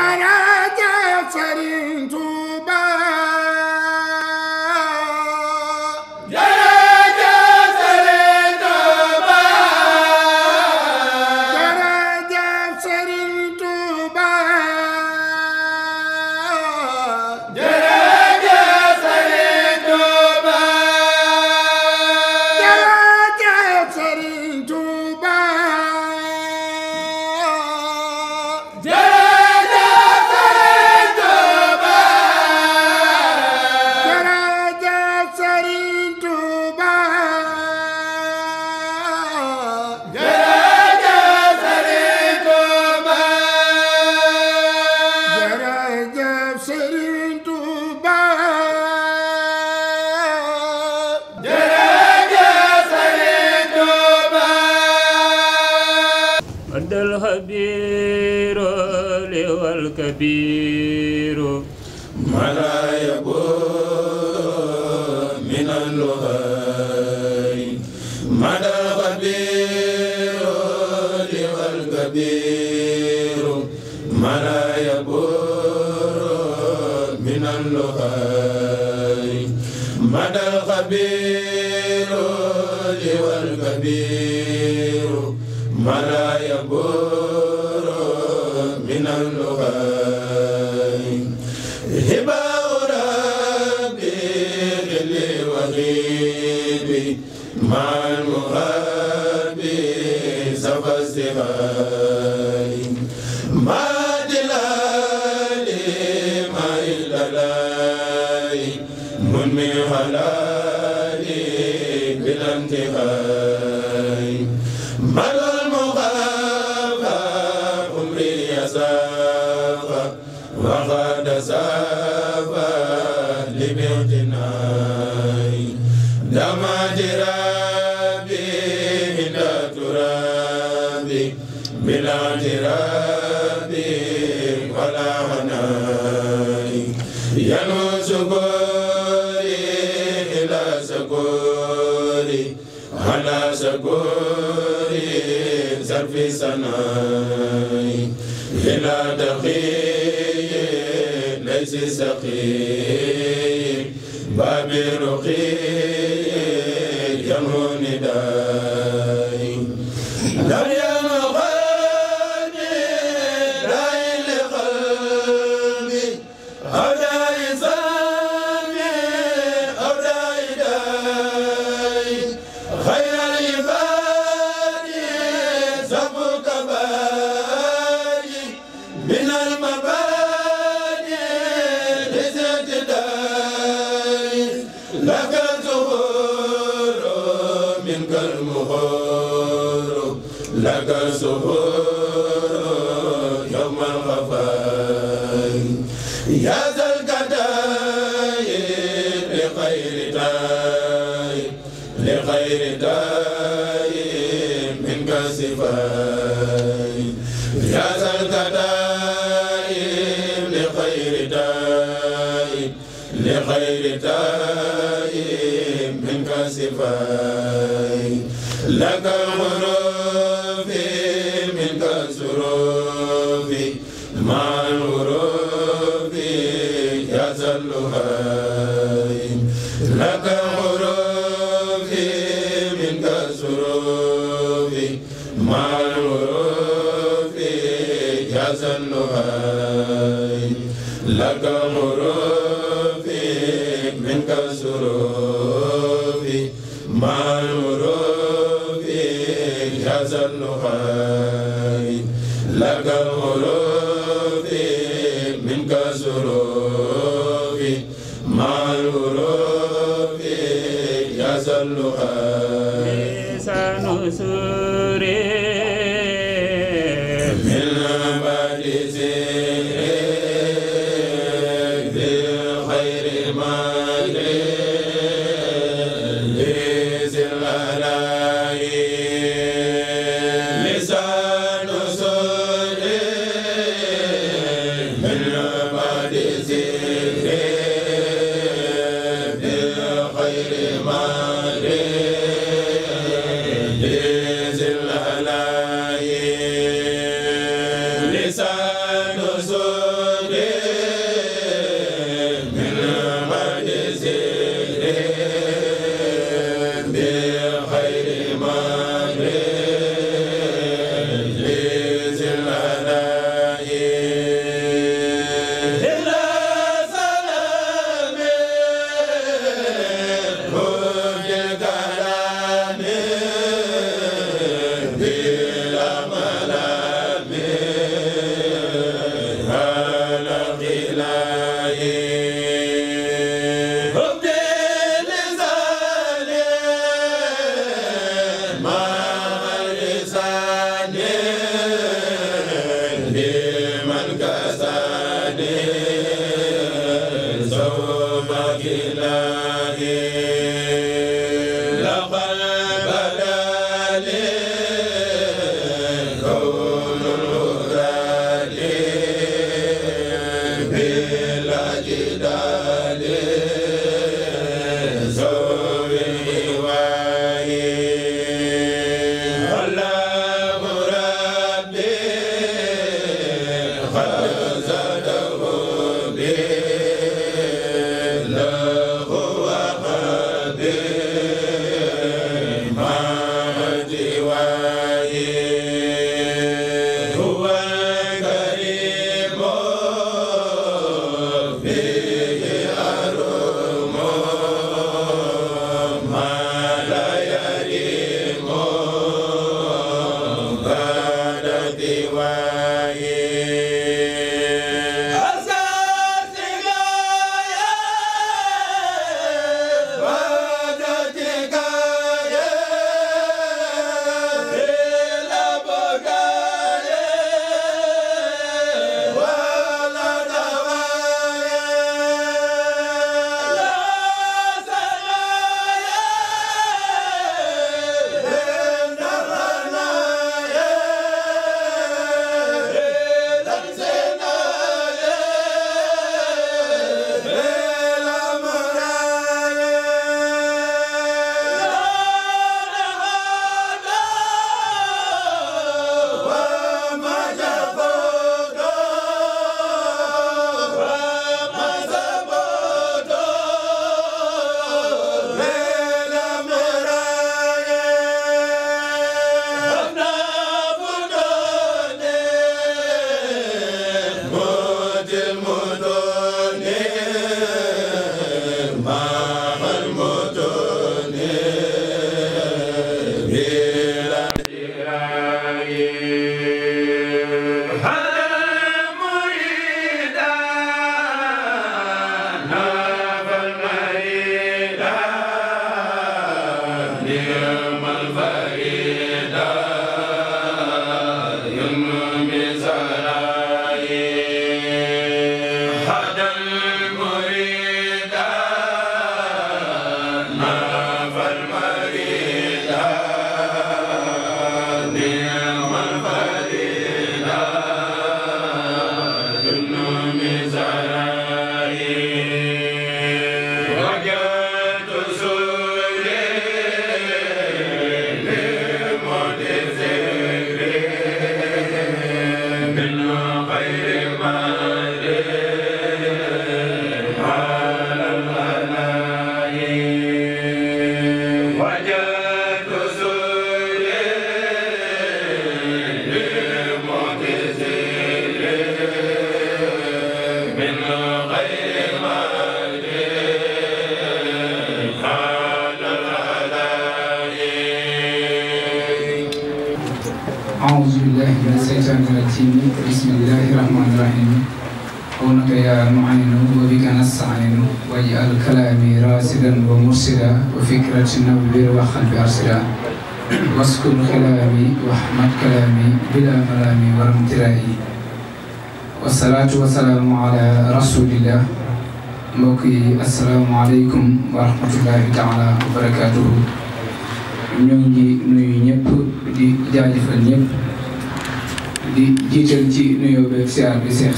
daraja Sëriñ Tuubaa إلى دقيق ليس سقيم باب رقيق يمون داي لغير تائب لغير تائب منك صفاي لك الغروب منك السروب مع الغروب يزلها laka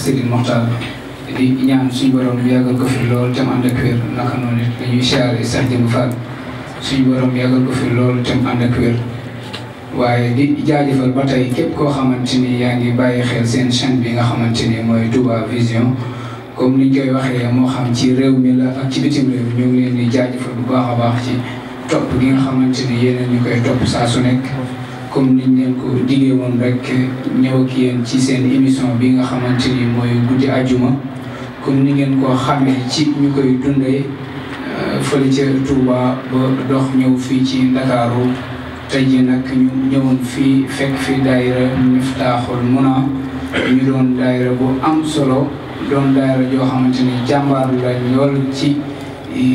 Serigne Mokhtar di ñaan suñu borom yàggal ko fi lool tam ànd ak wér naka noonu it dañuy siyaare Cheikh Jëmb Fall suñu borom yàggal ko fi lool tam ànd ak wér waaye di jaajëfal ba tey képp koo xamante ni yaa ngi bàyyi xel seen chaîne bi nga xamante ni mooy Touba Vision comme niñ koy waxee moo xam ci réew mi la ak ci bitim ñu ngi leen di jaajëfal bu baax a baax ci topp gi nga xamante ni yéen ñu koy topp saa su nekk. comme niñ leen ko diggee woon rek ñëw ak ci seen émission bi nga xamante ni mooy guddi àjjuma comme ni ngeen ko xamee ci ñu koy dundee euh, fële ca Touba dox ñëw fii ci Ndakaaru te ji nag ñëwoon fii fekk fi daayira Miftaaxul Muna ñu doon daayira bu am solo doon daayira joo xamante ni jàmbaar la lool ci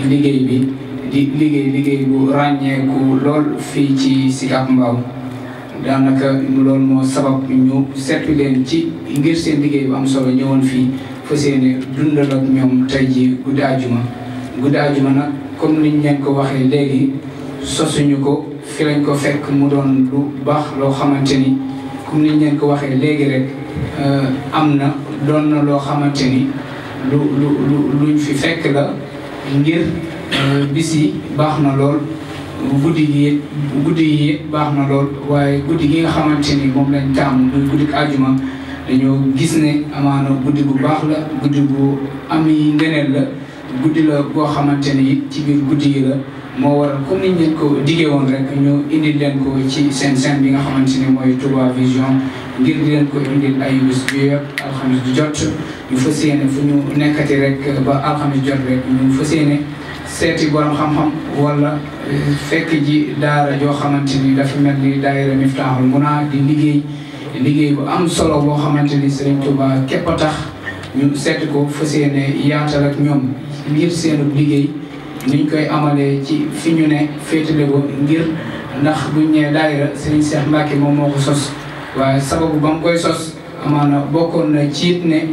liggéey bi di liggéey liggéey bu ràññeeku lool fii ci Sicap Mbao daanaka loolu moo sabab ñu seetlu leen ci ngir seen liggéey bu am solo ñëwoon fii fa yéene dundal ak ñoom tey ji guddi àjjuma guddi àjjuma nag comme niñ leen ko waxee léegi sosuñu ko fi lañ ko fekk mu doon lu baax loo xamante ni comme niñ leen ko waxee léegi rek euh, am na doon na loo xamante ni lu lu lu luñ fi fekk la ngir euh, bis yi baax na lool. guddi yi guddi yi baax na lool waaye guddi gi nga xamante ni moom lañ taamu muy guddi àjjuma dañoo gis ne amaana guddi bu baax la guddi bu am yi ngëneel la guddi la boo xamante ni ci biir guddi yi la moo waral comme niñ leen ko diggee woon rek ñu indil leen ko ci seen seen bi nga xamante ni mooy Touba Vision ngir di leen ko indil ay bés bi yëpp alxames jot ñu fas yéene fu ñu nekkati rek ba alxames jot rek ñu fas yéene seeti borom xam-xam wala eh, fekk ji daara joo xamante dafa mel ni daayira Miftahul Muna di liggéey liggéey bu am solo boo xamante ni Serigne Touba képp a tax ñu seeti ko fas yéene yaatal ak ñoom ngir seenub liggéey niñ koy amalee ci fi ñu ne féetale ko ngir ndax buñ nee daayira Serigne Cheikh Mbacke moom moo ko sos waaye sababu ba koy sos amaana bokkoon na ciit ne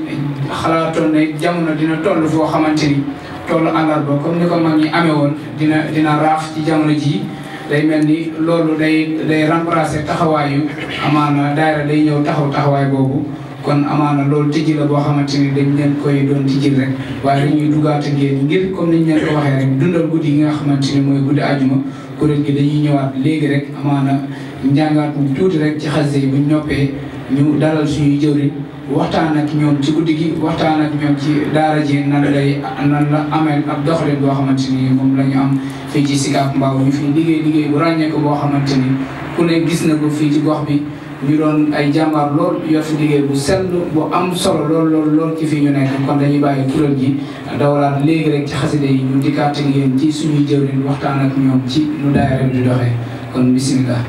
xalaatoon ne jamono dina toll foo xamante ni. toolu àllarba comme ni ko mag ñi amee woon dina dina raax ci jamono ji day mel ni loolu day day remplacer taxawaayu amaana daayira day ñëw taxaw taxawaay boobu kon amaana loolu tijji la boo xamante ni dañ leen koy doon tijjil rek waaye dañuy dugaat ngeen ngir comme niñ leen ko waxee rek dundal guddi gi nga xamante ni mooy guddi àjjuma kuréel gi dañuy ñëwaat léegi rek amaana njàngaat mu tuuti rek ci xasida yi buñ noppee ñu dalal suñuy jëwriñ waxtaan ak ñoom ci guddi gi waxtaan ak ñoom ci daara ji nan lay nan la amee ab doxalin boo xamante ni moom la am fii ci Sicap Mbao ñu fii liggéey liggéey bu ràññeeku boo xamante ni ku ne gis na ko fii ci box bi ñu doon ay jàmbaar lool yor fi liggéey bu sell bu am solo lool lool lool ci fii ñu nekk kon dañuy bàyyi kuréel gi dawalaat léegi rek ci xaside yi ñu dikkaat ak yéen ci suñuy jëwriñ waxtaan ak ñoom ci nu daayira bi di doxee kon bisimilah.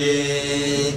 di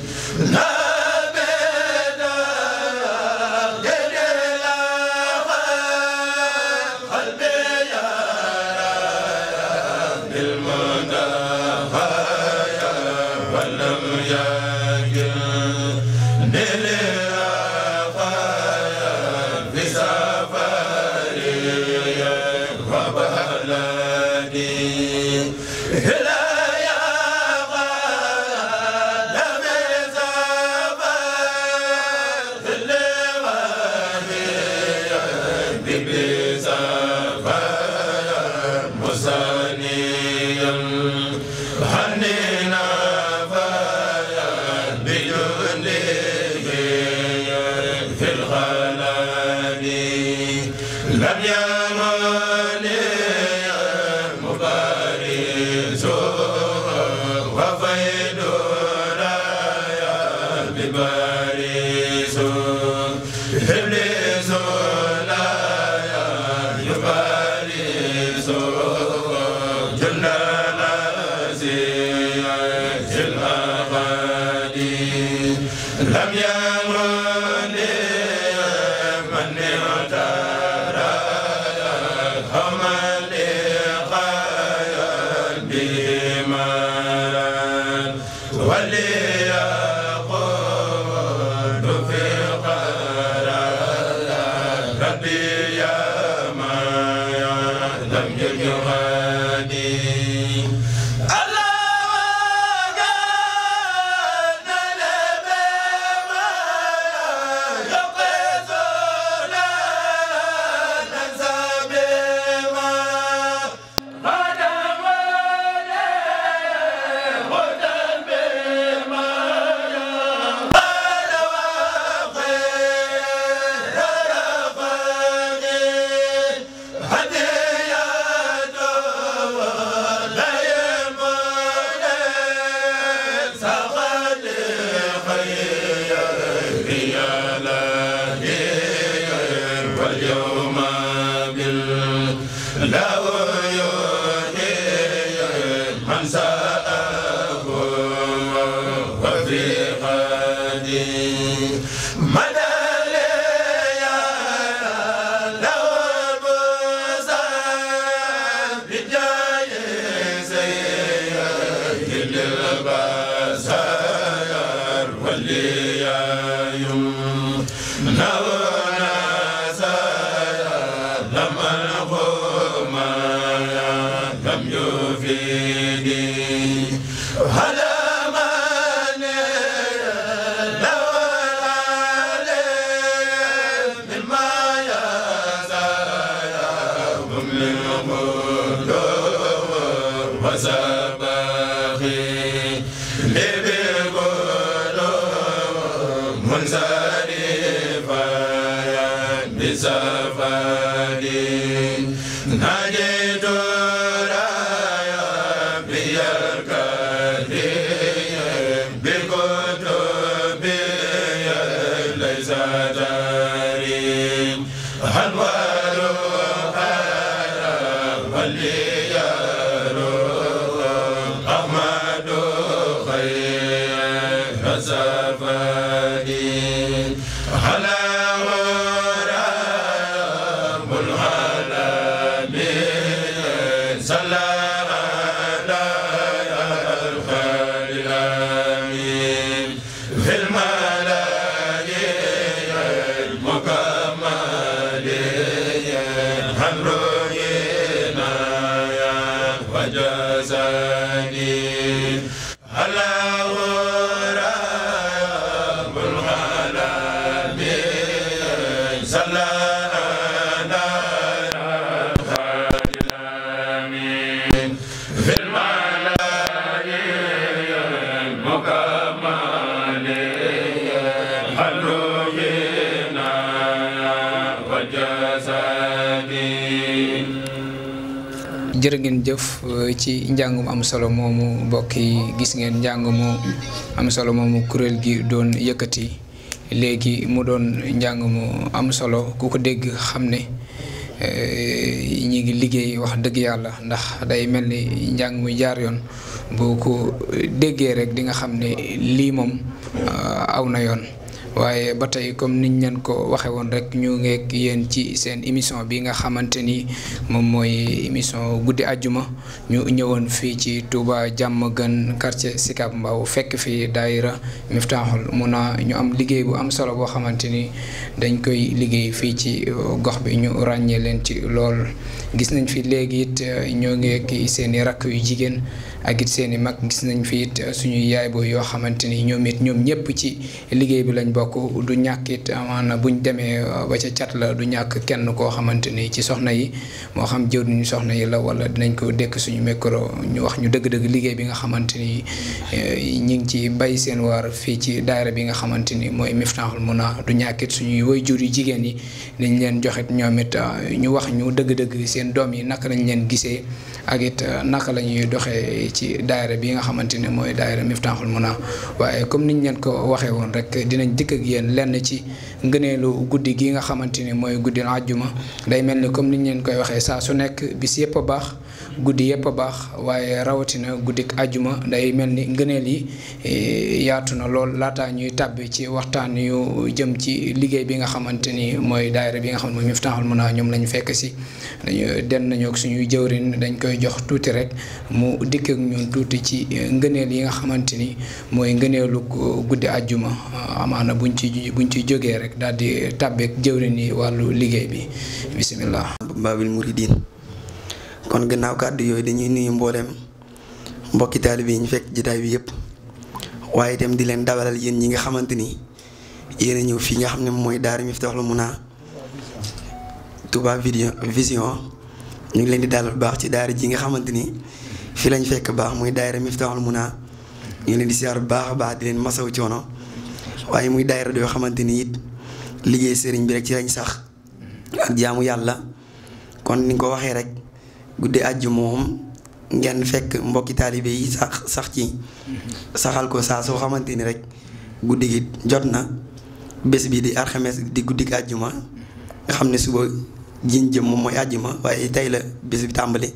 ngeen jëf euh, ci njàng am solo moomu mbokk yi gis ngeen njàng am solo moomu kuréel gi doon yëkkati léegi mu doon njàngumu am solo ku ko dégg xam ne euh, ñi ngi liggéey wax dëgg yàlla ndax day mel ni njàng muy jaar yoon boo ko déggee rek di nga xam ne lii moom euh, aw na yoon. waaye ba tey comme niñ leen ko waxe woon rek ñu ngeeg yéen ci seen émission bi nga xamante ni moom mooy émission guddi àjjuma ñu ñëwoon fii ci Touba Diamaguène quartier Sicap Mbao fekk fi daayira Miftahul a ñu am liggéey bu am solo boo xamante ni dañ koy liggéey fii ci uh, gox bi ñu ràññee leen ci lool gis nañ fi léegi it uh, ñoo ngeeg seeni rakk yu jigéen ak it seen i mag gis nañ fi it uh, suñuy yaay booy yoo xamante ni ñoom it ñoom ñëpp ci liggéey bi lañ bokk du ñàkk it amaana buñ demee uh, ba ca cat la du ñàkk kenn koo xamante ni ci soxna yi moo xam jëw ñu soxna yi la wala dinañ ko dëkk suñu micro ñu wax ñu dëgg-dëgg liggéey bi nga xamante ni uh, ñi ngi ci bay seen waar fii ci daayira bi nga xamante ni mooy Miftahoul Mouna du ñàkkit suñuy jur yu jigéen yi dañ leen joxit ñoomit it ñu wax ñu dëgg-dëgg seen doom yi naka lañ leen gisee agit it euh, naka la ñuy doxee ci daayira bi nga xamante ne mooy daayira Miftaaxul Muna waaye comme niñ leen ko waxee woon rek dinañ dikk ak yéen lenn ci ngëneelu guddi gi nga xamante ne mooy guddi àjjuma day mel ni comme niñ leen koy waxee saa su nekk bis yëpp a baax guddi yëpp a baax waaye rawatina guddik àjjuma day mel ni ngëneel yi e, yaatu na lool laataa ñuy tàbbi ci waxtaan yu jëm ci liggéey bi nga xamante ni mooy daayira bi nga xam ne mooy Miftaahul Muna ñoom lañu fekk si den nañu suñuy jëwrin dañ koy jox tuuti rek mu dikk ak tuuti ci ngëneel yi nga xamante ni mooy ngëneelu guddi àjjuma amaana buñ ci buñ ci jógee rek daal di tàbbeek jëwrin yi wàllu liggéey bi bisimilah. Baabil Muridiin kon gannaaw kàddu yooyu dañuy nuyu mbooleem mbokki taalibe yi ñu fekk jitaay bi yëpp waaye tam di leen dabalal yéen ñi nga xamante ni yéen a ñëw fii nga xam ne mooy Daara Miftahoul Mouna Touba Vision ñu ngi leen di dalal baax ci daara nga xamante ni fi lañ fekk baax muy daayira Miftahoul Mouna ñu ngi leen di siyaar bu baax a baax di leen masaw coono waaye muy daayira yoo xamante ni it liggéey sëriñ bi rek ci lañ sax ak jaamu yàlla kon ni ko waxee rek. guddi àjj moom ngeen fekk mbokki taalibe yi sax sax ci saxal ko saa soo xamante ni rek guddi gi jot na bés bi di alxames di guddi gi àjjuma nga xam ne suba jiñ jëm moom mooy ma waaye tey la bés bi tàmbali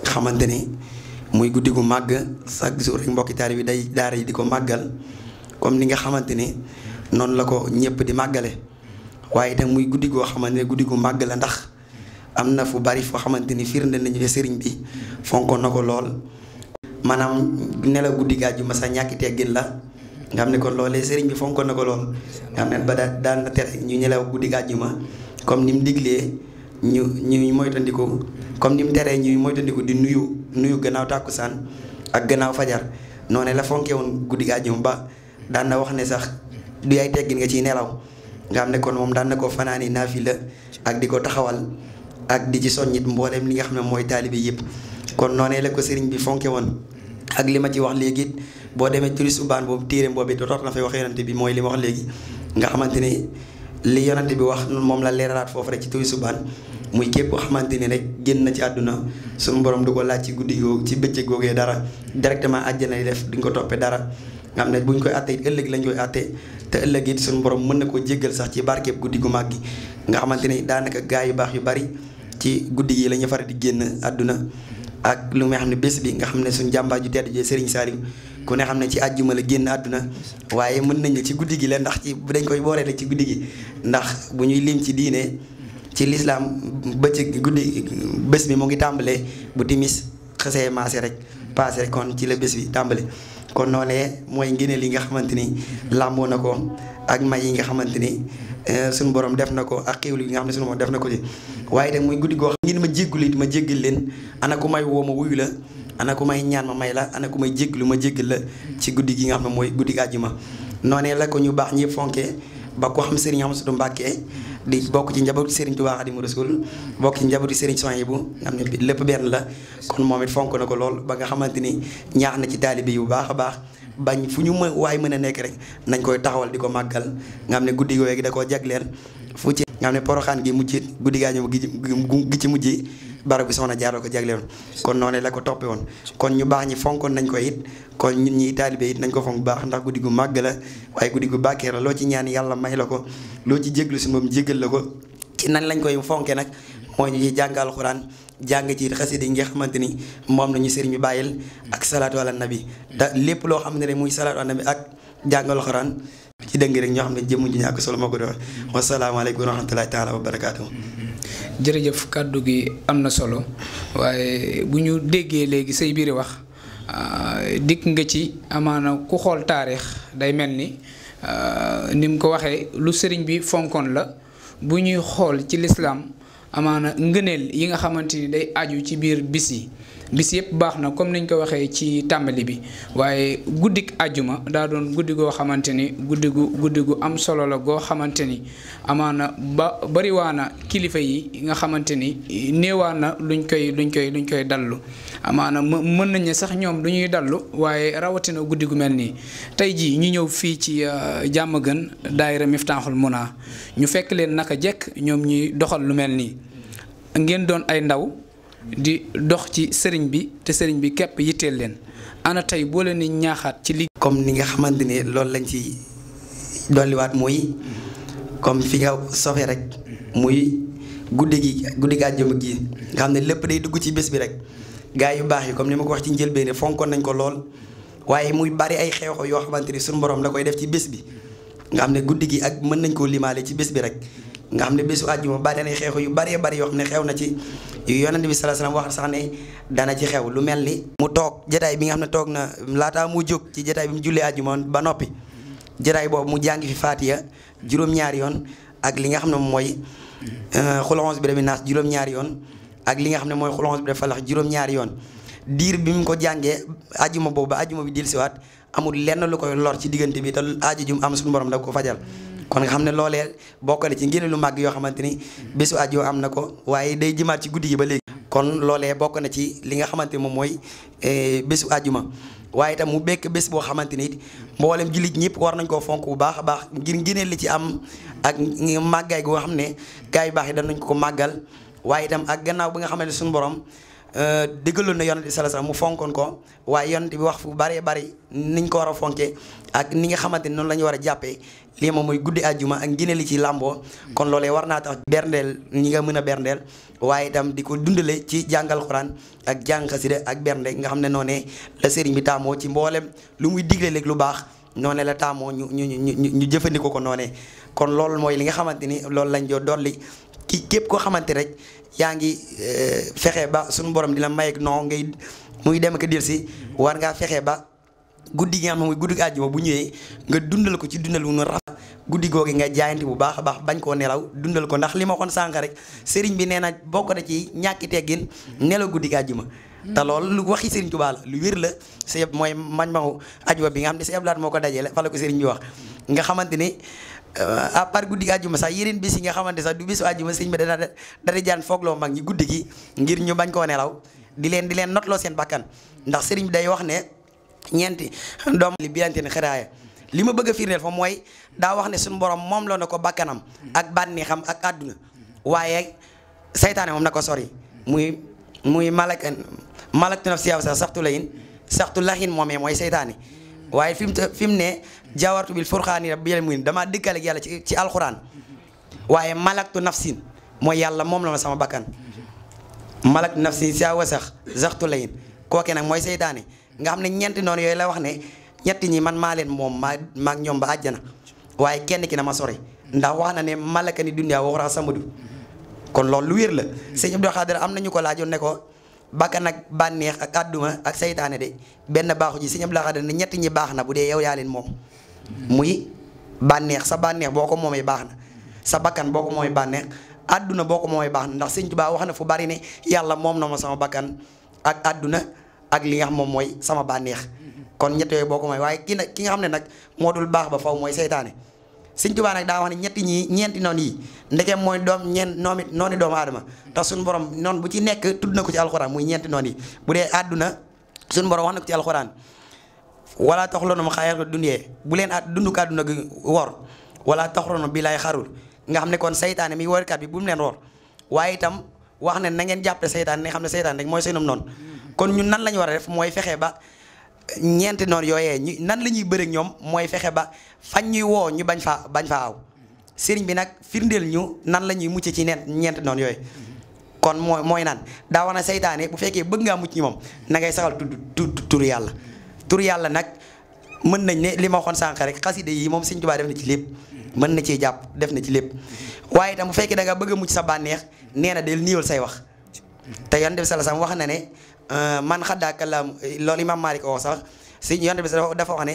nga xamante ni muy guddi gu màgg chaque jour rek mbokki taalibe day daar yi di ko màggal comme li nga xamante ni noonu la ko ñëpp di màggale waaye itam muy guddi koo xamante guddi gu màgg la ndax am na fu bari foo xamante ni firnde nañu ne sëriñ bi fonkoon na ko lool maanaam nelaw guddi gaaj ju ma sa ñàkki teggin la nga xam ne kon loolee sëriñ bi fonkoon na ko lool nga xam ne ba daan ñu nelaw guddi gaaj ma comme ni mu diglee ñu ñu moytandiku comme ni mu teree ñu moytandiku di nuyu nuyu gannaaw tàkkusaan ak gannaaw fajar noonu la fonkee woon guddi gaaj ju ma wax ne sax ay teggin nga ciy nelaw nga xam kon moom daan na ko fanaani naafi la ak di ko taxawal ak di ci soññit mbooleem li nga xam ne mooy taalibe yëpp kon noonee la ko sëriñ bi fonke woon ak li ma ci wax léegi boo demee turist ubbaan boobu téere boobu dootoot na fay wax yonante bi mooy li ma wax léegi nga xamante ni li yonante bi wax moom la leeralaat foofu rek ci turist ubbaan muy képp xamante ni rek génn na ci àdduna suñ borom du ko laaj ci guddi googu ci bëccëg googee dara directement àjjana yi def duñ ko toppee dara nga xam ne buñ koy àttee it ëllëg lañ koy àttee te ëllëg it borom mën na koo jéggal sax ci barkeeb guddi gu màgg nga xamante ni daanaka gaa yu baax yu bari ci guddi gi la ñu faral di génn àdduna ak lu nga xam ne bés bi nga xam ne suñ jàmbaar ju tedd jee Serigne Saliou ku ne xam ne ci àjjuma la génn àdduna waaye mën nañu ci guddi gi la ndax ci dañ koy booree ci guddi gi ndax bu ñuy lim ci diine ci lislaam bëccëg guddi bés bi mu ngi tàmbalee bu timis xasee maase rek paase rek kon ci la bés bi tàmbale kon noonee mooy ngëneel yi nga xamante ni làmboo na ko ak may yi nga xamante ni Eh, suñu borom def na ko ak xéwal yi nga xam ne suñu borom def na ko ci waaye itam muy guddi goo xam ngeen ma jéggalu it ma jéggal leen ana ku may woo ma wuyu la ana ku may ñaan ma may la ana ku may lu ma jéggal la ci guddi gi nga xam ne mooy guddi gi àjjuma noonee la ko ñu baax ñëpp fonkee ba ko xam Serigne Amsatou Mbacke di bokk ci njabootu Serigne Touba Xadimu Rasul bokk ci njabootu Serigne Souhaïbou nga xam ne lépp benn la kon moom it fonk na ko lool ba nga xamante ni ñaax na ci taalibe yu baax a baax bañ fu ñu mën waay mën a nekk rek nañ koy taxawal di ko màggal nga am ne guddi googu da koo jagleel fu ci nga xam ne poroxaan gi mujj guddi gaa ñëw gi ci mujj barab bi soxna jaaroo ko jagleeloon kon noonu la ko toppee woon kon ñu baax ñi fonkoon nañ ko it kon ñun ñi taalibe it nañ ko fonk baax ndax guddi gu màgg la waaye guddi gu bàkkee la loo ci ñaan yàlla may la ko loo ci jéglu si moom jégal la ko ci nan lañ koy fonke nag moo ñu jàngal xuraan jàng ci xasida yi nga xamante ni moom la ñu sëriñ bi bàyyil ak salaatu ala nabi da lépp loo xam ne muy salaatu ala nabi ak jàngal xoraan ci dëng rek ñoo xam ne jëmm ji ñàkk solo moo ko doon wasalaamaaleykum wa rahmatulahi taala wa barakaatu. gi am na solo waaye bu ñu déggee léegi say biir wax ah, dikk nga ci amaana ku xool taarix day mel ni ah, ni mu ko waxee lu sëriñ bi fonkoon la bu ñuy xool ci lislaam amaana ngëneel yi nga xamante ni day aju ci biir bis yi bis yëpp baax na comme niñ ko waxee ci tàmbali bi waaye guddik àjjuma daa doon guddi goo xamante ni guddi gu guddi gu am solo la goo xamante ni amaana ba bariwaana kilifa yi nga xamante ni néewaana luñ koy luñ koy luñ koy dallu amaana mën nañ sax ñoom du ñuy dallu waaye rawatina guddi gu mel nii tey jii ñu ñëw fii ci euh, jàmm gën daayira Miftaaxul Muna ñu fekk leen naka jekk ñoom ñuy doxal lu mel nii ngeen doon ay ndaw di dox ci sëriñ bi te sëriñ bi képp yitteel leen ana tey boo leen di ñaaxaat ci liggéey. comme ni nga xamante ne loolu lañ ci dolliwaat mooy comme fi nga sofe rek muy guddi gi guddi gi àjjuma gi nga xam ne lépp day dugg ci bés bi rek gaa yu baax yi comme ni ma ko wax ci njëlbéen fonkoon nañ ko lool waaye muy bari ay xew-xew yoo xamante ni suñu borom la koy def ci bés bi nga xam ne guddi gi ak mën nañ koo limaale ci bés bi rek nga xam ne bésu àjjuma bari na xeexu yu bari bari yoo xam ne xew na ci yu yonent bi sallallahu alayhi wasallam wax sax ne dana ci xew lu mel ni mu toog jotaay bi nga xam ne toog na laataa mu jóg ci jotaay bi mu jullee àjjuma ba noppi jotaay boobu mu jàngi fi faatiya juróom-ñaari yoon ak li nga xam ne mooy euh, xulonse bi dami naas juróom yoon ak li nga xam ne mooy xulonse bi dafa lax juróom-ñaari yoon diir bi mu ko jàngee àjjuma boobu ba àjjuma bi dil siwaat amul lenn lu koy lor ci diggante bi te aaju jum am suñu borom da ko fajal kon nga xam ne looleel bokk na ci ngeen lu màgg yoo xamante ni bésu aju am na ko waaye day jimaat ci guddi gi ba léegi. kon loolee bokk na ci li nga xamante ni moom mooy eh, bésu ajuma waaye itam mu bekk bés boo xamante ni it mboolem jullit ñëpp war nañ koo fonk bu baax a baax ngir ngëneel li ci am ak màggaay goo xam ne gars yu baax yi danañ ko màggal waaye itam ak gannaaw bi nga xamane ne suñu borom. Eh, dëggaloon na yonent bi sala sax mu fonkoon ko waaye yonent bi wax fu bëree bëri niñ ko war a fonke ak ni nga xamante ni noonu la ñu war a jàppee lii moom mooy guddi àjjuma ak ngëneel li ci làmboo kon loolee war naa tax berndeel ñi nga mën a berndeel waaye itam di ko dundale ci jàngal xuraan ak jàng xasida ak bernde nga xam ne noone la sëriñ bi taamoo ci mboolem lu muy digle léeg lu baax noone la taamoo ñu ñu ñu ñu jëfandikoo ko noonee kon loolu mooy li nga xamante ni loolu lañ joo dolli ki képp koo xamante rek yaa ngi eh, fexe ba suñu borom di la may ak ngay muy dem ak dir war ngaa fexe ba. guddi gi nga xam ne mooy guddi bu ñëwee nga dundal ko ci dundal wu nu rafet guddi googi nga jaayante bu baax a baax bañ koo nelaw dundal ko ndax li ma waxoon sànq rek sëriñ bi nee na bokk na ci ñàkki teggin nelaw guddi àjjuma te loolu lu waxi Serigne Touba la lu wér la sa yëpp mooy mañ maw ajwa bi nga xam ne sa yëblaat moo ko dajee la ko Serigne bi wax nga xamante ni euh, à part guddi gi àjjuma sax yeneen bis yi nga xamante sax du bisu àjjuma sëñ bi dana dana jaan foogloo mag ñi guddi gi ngir ñu bañ koo nelaw di leen di leen notloo seen bakkan ndax Serigne bi day wax ne ñeenti doom li biyante ne xëraaya li ma bëgg a firndeel fa mooy daa wax ne suñu borom moom la na ko bakkanam ak bànneexam ak àdduna waaye seytaane moom na ko sori muy muy malak malaktu sa saxtu layin saxtu laxin moomee mooy saytaane waaye fi mu fi mu ne jawartu bil furxaani rabbi yàlla muy damaa dëkkale ci ci alxuraan waaye malaktu nafsin mooy yàlla moom la ma sama bakkan malaktu nafsin siyaw sax saxtu layin kooke nag mooy saytaane nga xam ne ñeenti noonu yooyu la wax ne ñetti ñi man maa leen moom maa maag ñoom ba àjjana waaye kenn ki na ma sore ndax wax na ne malaka ni dunyaa waxuraa samadu kon loolu lu la sëñ Abdou Khadir am nañu ko laajoon ne ko bakkan ak bànneex ak àdduma ak saytaane de benn baaxu ji sëñ Abdou Khadir ne ñetti ñi baax na bu dee yow yaa leen moom muy bànneex sa bànneex boo ko moomee baax na sa bakkan boo ko moomee àdduna boo ko moomee baax na ndax sëñ Tuubaa wax na fu bari ne yàlla moom na ma sama bakkan ak àdduna ak li nga xam moom mooy sama bànneex kon ñett yooyu boo ko mooy waaye ki nag ki nga xam ne nag moo dul baax ba faw mooy seytaane Sëñ Tuubaa nag daa wax ne ñetti ñii ñeenti noonu yi ndegem mooy doom ñeent noomi noonu doomu aadama tax suñu borom noonu bu ci nekk tudd na ko ci alxuraan muy ñeenti noonu yi bu dee àdduna suñu borom wax na ko ci alxuraan wala taxulonum xayal dundee bu leen at dunduk àdduna gi wor wala taxulonum bi lay xarul nga xam ne kon seytaane mi workat bi bu mu leen wor waaye itam wax ne na ngeen jàppale seytaane ne xam ne seytaane rek mooy seenum noonu kon ñun nan la ñu war a def mooy fexe ba ñeenti noonu yooye ñu nan la ñuy bëreeg ñoom mooy fexe ba fañ ñuy woo ñu bañ faa bañ faa aw sëriñ bi nag firndeel ñu nan la ñuy mucc ci neen ñeenti noonu yooyu. kon mooy mooy naan daa war a seytaane bu fekkee bëgg ngaa mucc ñi moom na ngay saxal tudd tur yàlla tur yàlla nag mën nañ ne li ma waxoon sànq rek xaside yi moom Sëriñ Tuubaa def na ci lépp. mën na cee jàpp def na ci lépp waaye itam bu fekkee da nga bëgg a mucc sa bànneex nee del niiwal say wax te Yonent bi wax na ne. Euh, man xaddaa kàllaamu loolu imaam Maalik wax sax si yonent bi dafa wax ne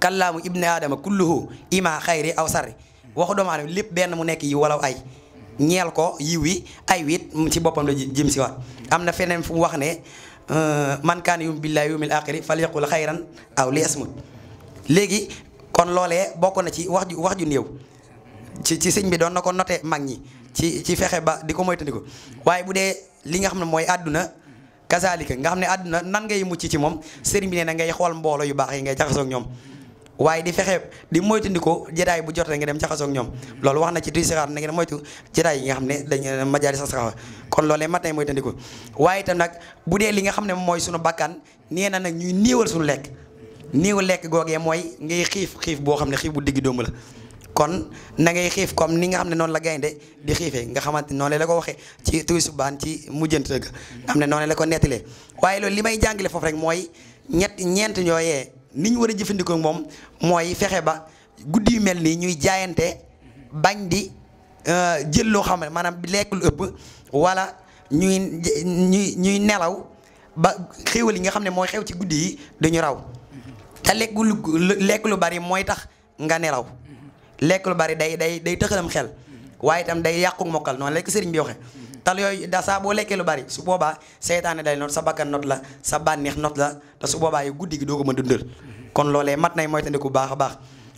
kàllaamu ibni aadama kulluhu ima xayri aw sarri waxu doomu lépp benn mu nekk yi walaw ay ñeel ko yiw wi ay wit ci boppam la jëm si am na feneen fu mu wax ne euh, man kaan yum billahi yumil axiri falyaqul xayran aw li asmut léegi kon loole bokk na ci wax ju wax ju néew ci ci sëñ bi doon na ko noté mag ñi ci ci fexe ba di ko moytandiku waaye bu dee li nga xam ne mooy àdduna kasaalika nga xam ne àdduna nan ngay mucc ci moom sëriñ bi nee na ngay xool mbooloo yu baax yi ngay jaxasoo ak ñoom waaye di fexe di moytandikoo jotaay bu jotee nga dem jaxasoo ak ñoom loolu wax na ci tuy sixaar na ngeen moytu jotaay yi nga xam ne dañ majaali sa saxawa kon loolee mat nay moytandiko waaye itam nag bu dee li nga xam ne mooy suñu bàkkan nee na nag ñuy néewal suñu lekk néewal lekk googee mooy ngay xiif xiif boo xam ne xiif bu digg doomu la kon na ngay xiif comme ni nga xam ne noonu la gaynde di xiifee nga xamante noonu la ko waxee ci tuuti subaan ci mujjant ga nga ne noonu la ko lee waaye loolu li may jàngale foofu rek mooy ñett ñeent ñooyee ni ñu war a jëfandikoo moom mooy fexe ba guddi yu mel nii ñuy jaayante bañ di euh, jël loo xam ne maanaam lekk lu wala ñuy ñuy ñuy nelaw ba xéwal yi nga xam ne mooy xew ci guddi yi dañu raw te lekk lu lekk lu bari mooy tax nga nelaw. lekk lu bari day day day tëxalam xel waaye tam day yàqu mokkal noonu lekk sëriñ bi waxee tal yooyu da saa boo lekkee lu bari su boobaa seytaane day not sa bakkan not la sa bànneex not la te su boobaa yow guddi gi doo ko mën dundal kon loolee mat nay moytandiku baax a baax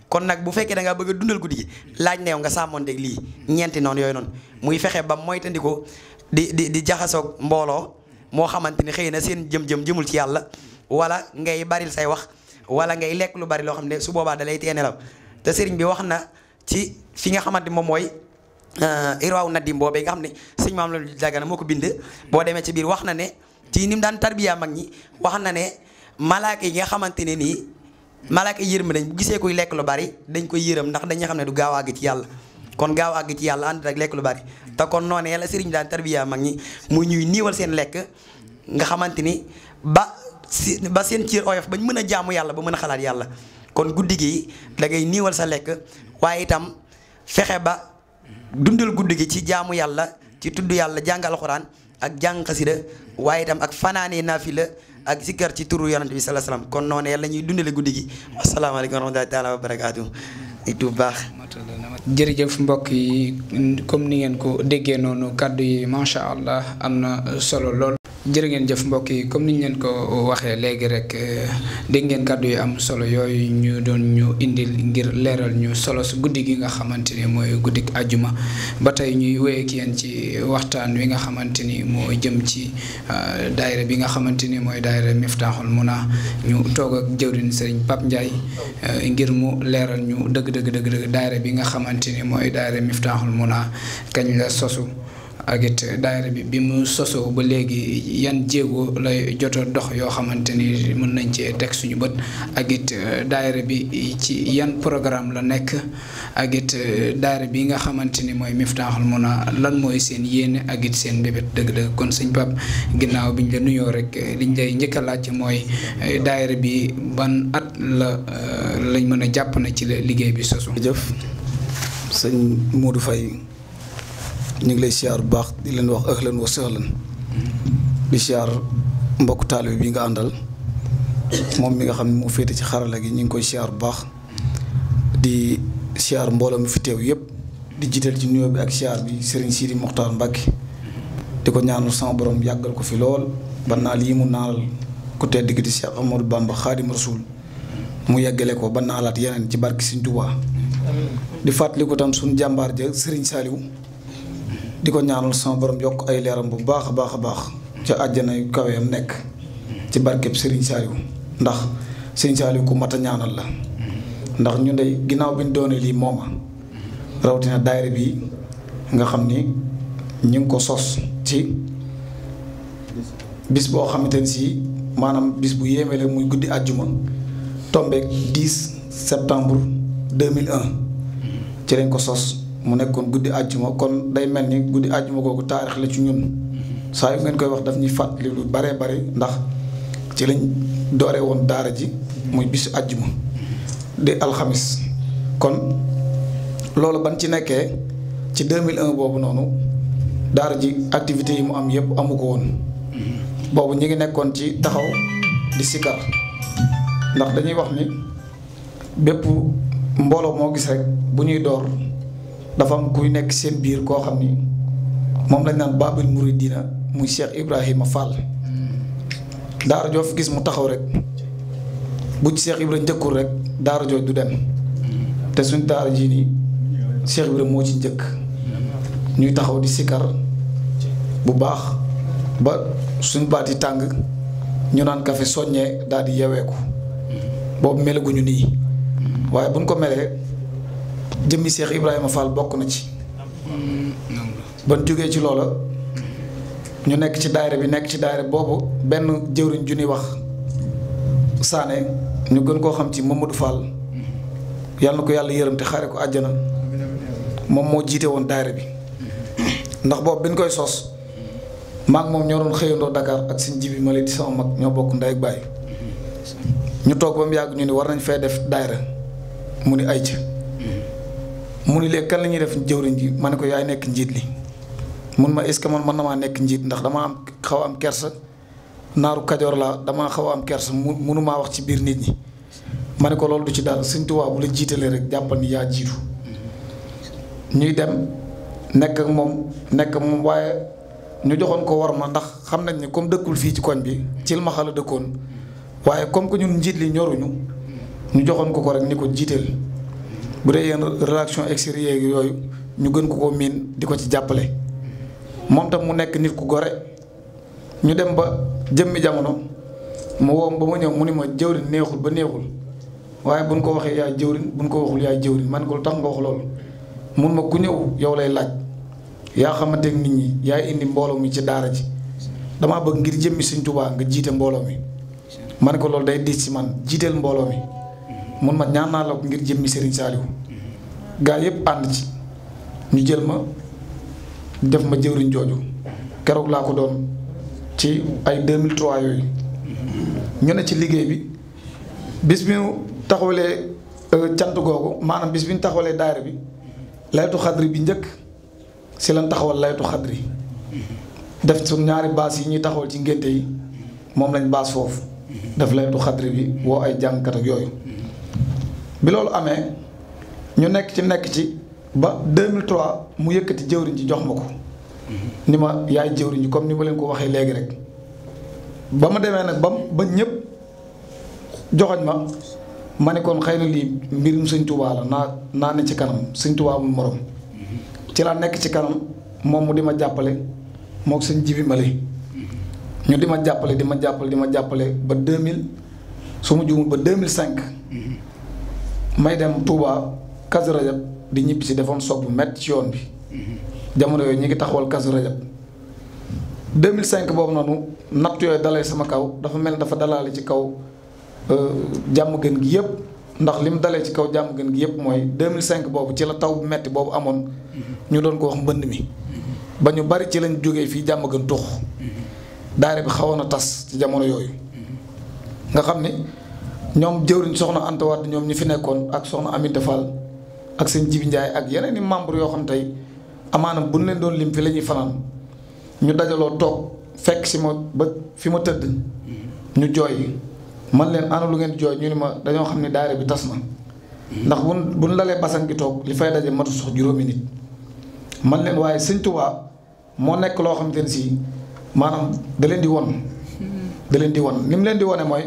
kon nag bu fekkee da bëgg a dundal guddi gi laaj na yow nga sàmmonteeg lii ñeenti noonu yooyu noonu muy fexe ba moytandiku di di di jaxasoog mbooloo moo xamante ni xëy na seen jëm-jëm jëmul ci yàlla wala ngay baril say wax wala ngay lekk lu bari loo xam ne su boobaa da lay teenelaw te sëriñ bi wax na ci fi nga xamante moom mooy euh, irwaaw nadim boobee nga xam ne sëñ maam la dagana moo ko bind boo demee ci biir wax na ne ci ni mu daan tarbiya mag ñi wax na ne malaaka yi nga xamante ne nii malaaka yi yërëm nañ gisee kuy lekk lu bari dañ koy yërëm ndax dañuy xam ne du gaaw àgg ci yàlla kon gaaw àgg ci yàlla ànd ak lekk lu bari te kon noonu yàlla sëriñ bi daan tarbiya mag ñi mu ñuy niiwal seen lekk nga xamante ni ba si seen ciir oyof bañ mën a jaamu yàlla ba mën a xalaat yàlla kon guddi gi dangay niiwal sa lekk waaye itam fexe ba dundal guddi gi ci jaamu yàlla ci tudd yàlla jàng alxuraan ak jàng xasida waaye itam ak fanaanee naafila ak zikkar ci turu yonante bi salaa salaam kon noonu yàlla ñuy dundale guddi gi wasalaamaaleykum wa rahmatullahi taala wa barakaatu bu baax jërëjëf mbokk yi comme ni ngeen ko déggee noonu kàddu yi macha allah am na solo lool jërë jëf mbokk yi comme niñ leen ko waxee léegi rek eh, dégg ngeen kàddu yi am solo yooyu ñu doon ñu indil ngir leeral ñu solo su guddi gi nga xamante ni mooy guddik àjjuma ba tey ñuy wéy ak yéen ci waxtaan wi nga xamante ni moo jëm ci eh, daayira bi nga xamante ni mooy daayira Miftaaxul Muna ñu toog ak jëwriñ Sëriñ Pape Ndiaye eh, ngir mu leeral ñu dëgg dëgg dëgg dëgg daayira bi nga xamante ni mooy daayira Miftaaxul Muna kañ la sosu agit it bi bi mu sosoo ba léegi yan jéego lay jot dox yoo xamante ni mën nañ cee teg suñu bët ak it euh, bi ci yan programme la nekk ak it euh, daayira bi nga xamante ni mooy Miftahul Muna lan mooy seen yéene agit seen mbébét dëgg-dëgg kon sëñ Pape ginnaaw biñ la nuyoo rek liñ lay njëkk a laaj mooy euh, daayira bi ban at la lañ mën a jàpp na ci la liggéey bi sosu. jëf sëñ ñu ngi lay siyaar bu baax di leen wax ahlan wa sahlan di siyaar mbokku taalibe bi nga àndal moom mi nga xam ne moo féete ci xarala gi ñu ngi koy siyaar bu baax di siyaar mbooloo mu fi teew yëpp di jiital ci nuyoo bi ak siyaar bi Serigne Sidi Mokhtar Mbacke di ko ñaanal sama borom yàggal ko fi lool ba naal yi mu naal ku tedd gi di Cheikh Amadou Bamba Khadim Rasoul mu yàggale ko ba naalaat yeneen ci barke Serigne Touba di fàttaliku tam suñu jàmbaar ja Serigne Saliou di ko ñaanal sama borom yokk ay leeram bu baax a baax a baax ca àjjana yu kaweem nekk ci barkeb Serigne Saliou ndax Serigne Saliou ku mat a ñaanal la ndax ñu de ginnaaw bi ñu doonee lii mooma rawatina daayira bi nga xam ni ñu ngi ko sos ci bis boo xamante ni si maanaam bis bu yéeme la muy guddi àjjuma tombeek 10 septembre mille en ci lañ ko sos. mu nekkoon guddi àjjuma kon day mel ni guddi àjjuma kooku taarix la ci ñun saa yu ngeen koy wax daf ñuy fàttali lu bare bare ndax ci lañ doore woon daara ji muy bisu àjjuma di alxamis kon loolu ban ci nekkee ci 2001 boobu noonu daara ji activité yi mu am yëpp amu ko woon boobu ñu ngi nekkoon ci taxaw di sikar ndax dañuy wax ni bépp mbooloo moo gis rek bu ñuy door dafa am kuy nekk seen biir koo xam ni moom lañ naan Babul Mouridina muy Cheikh Ibrahima Fall daara joo fi gis mu taxaw rek bu ci Cheikh Ibrahima njëkkul rek daara joo du dem te suñ daara jii nii Cheikh Ibrahima moo ci njëkk ñuy taxaw di sikar bu baax ba suñ baat yi tàng ñu naan kafe soññee daal di yeweeku boobu melaguñu nii waaye buñ ko melee jëmmi Cheikh Ibrahima Fall bokk na ci. ban jógee ci loola ñu nekk ci daayira bi nekk ci daayira boobu benn jëwriñ ju ñuy wax Sané ñu gën koo xam ci Mamadou Fall yàlla na ko yàlla yërëm te xaare ko àjjana moom moo jiite woon daayira bi ndax boobu bi ñu koy sos maa moom ñoo doon xëyandoo Dakar ak seen jibi ma di sama mag ñoo bokk ndey ak baay ñu toog ba mu yàgg ñu ni war nañ fay def daayira mu ni ay ca mu ni léegi kan la def jëwriñ ji ma ne ko yaay nekk njiit li mun ma est ce que man mën na maa nekk njiit ndax dama am xaw am kersa naaru kajoor laa dama xaw am kersa mu munumaa wax ci biir nit ñi ma ne ko loolu du ci daal Sëñ Tuubaa bu la jiitalee rek jàppal ni yaa jiitu ñuy dem nekk ak moom nekk moom waaye ñu joxoon ko war ma ndax xam nañ ne comme dëkkul fii ci koñ bi ci ma xala dëkkoon waaye comme que ñun njiit li ñoruñu ñu joxoon ko ko rek ni ko jiiteel bu dee yenn relation extérieure yooyu ñu gën ko ko miin di ko ci jàppale moom tam mu nekk nit ku gore ñu dem ba jëmmi jamono mu woom ba ma ñëw mu ni ma jëwriñ neexul ba neexul waaye buñ ko waxee yaay jëwriñ buñ ko waxul yaay jëwriñ man ko tax nga wax loolu mun ma ku ñëw yow lay laaj yaa xamante nit ñi yaay indi mbooloo mi ci daara ji damaa bëgg ngir jëmmi Sëñ tubaa nga jiite mbooloo mi man ko loolu day diis ci man jiiteel mbooloo mi mun ma ñaan naa la ko ngir jëmmi Serigne Saliou gaa yëpp ànd ci ñu jël ma def ma jëwriñ jooju keroog laa ko doon ci ay 2003 yooyu ñu ne ci liggéey bi bis bi ñu taxawalee euh, cant googu maanaam bis bi ñu taxawalee daayira bi laytu xadri bi njëkk si lan taxawal laytu xadri def suñ ñaari baas yi ñuy taxawal ci ngénte yi moom lañ baas foofu def laytu xadri bi woo ay jàngkat yooyu bi loolu amee ñu nekk ci nekk ci ba 2003 mu yëkkati jëwriñ ji jox ma ko. Mm-hmm. ni ma yaay jëwriñ ji comme ni ma leen ko waxee léegi rek. ba ma demee nag ba ba ñëpp joxoñ ma ma ne kon xëy na lii mbirum sëñ Tuubaa la naa naa ne ci kanam sëñ Tuubaa mu morom. Mm-hmm. ci laa nekk ci kanam moom mu di ma jàppale moog sëñ Jibi Mali mm-hmm. ñu di ma jàppale di ma jàppale di ma jàppale ba 2000 su ma juumul ba 2005. may dem Touba Kazu Rajab di ñibbi si defoon soog bu métti ci yoon bi jamono yooyu ñu ngi taxawal Kazu Rajab 2005 boobu noonu natt yooyu dalay sama kaw dafa mel dafa dalaale ci kaw euh, jàmm gën gi yëpp ndax li mu dalee ci kaw jàmm gën gi yëpp mooy 2005 boobu ci la taw bu metti boobu amoon ñu doon ko wax mbënd mi ba ñu bari ci lañ jógee fii jàmm gën tux daare bi xawoon a tas ci jamono yooyu nga xam ni ñoom jëwriñ soxna Anta Wade ñoom ñu fi nekkoon ak soxna Aminta Fall ak seen Jibi njaay ak yeneen i membre yoo xam tey amaanam bu ñu leen doon lim fi la ñuy fanaan ñu dajaloo toog fekk si ma ba fi ma tëdd mm-hmm. ñu jooy man leen ana lu ngeen jooy ñu ni ma dañoo xam ne daayira bi tas na mm-hmm. ndax bu bu ñu lalee basan gi toog li fay daje matu sox juróomi nit man leen waaye sëñ Tuubaa moo nekk loo xamante ne si maanaam da leen di won mm-hmm. da leen di won ni mu leen di wone mooy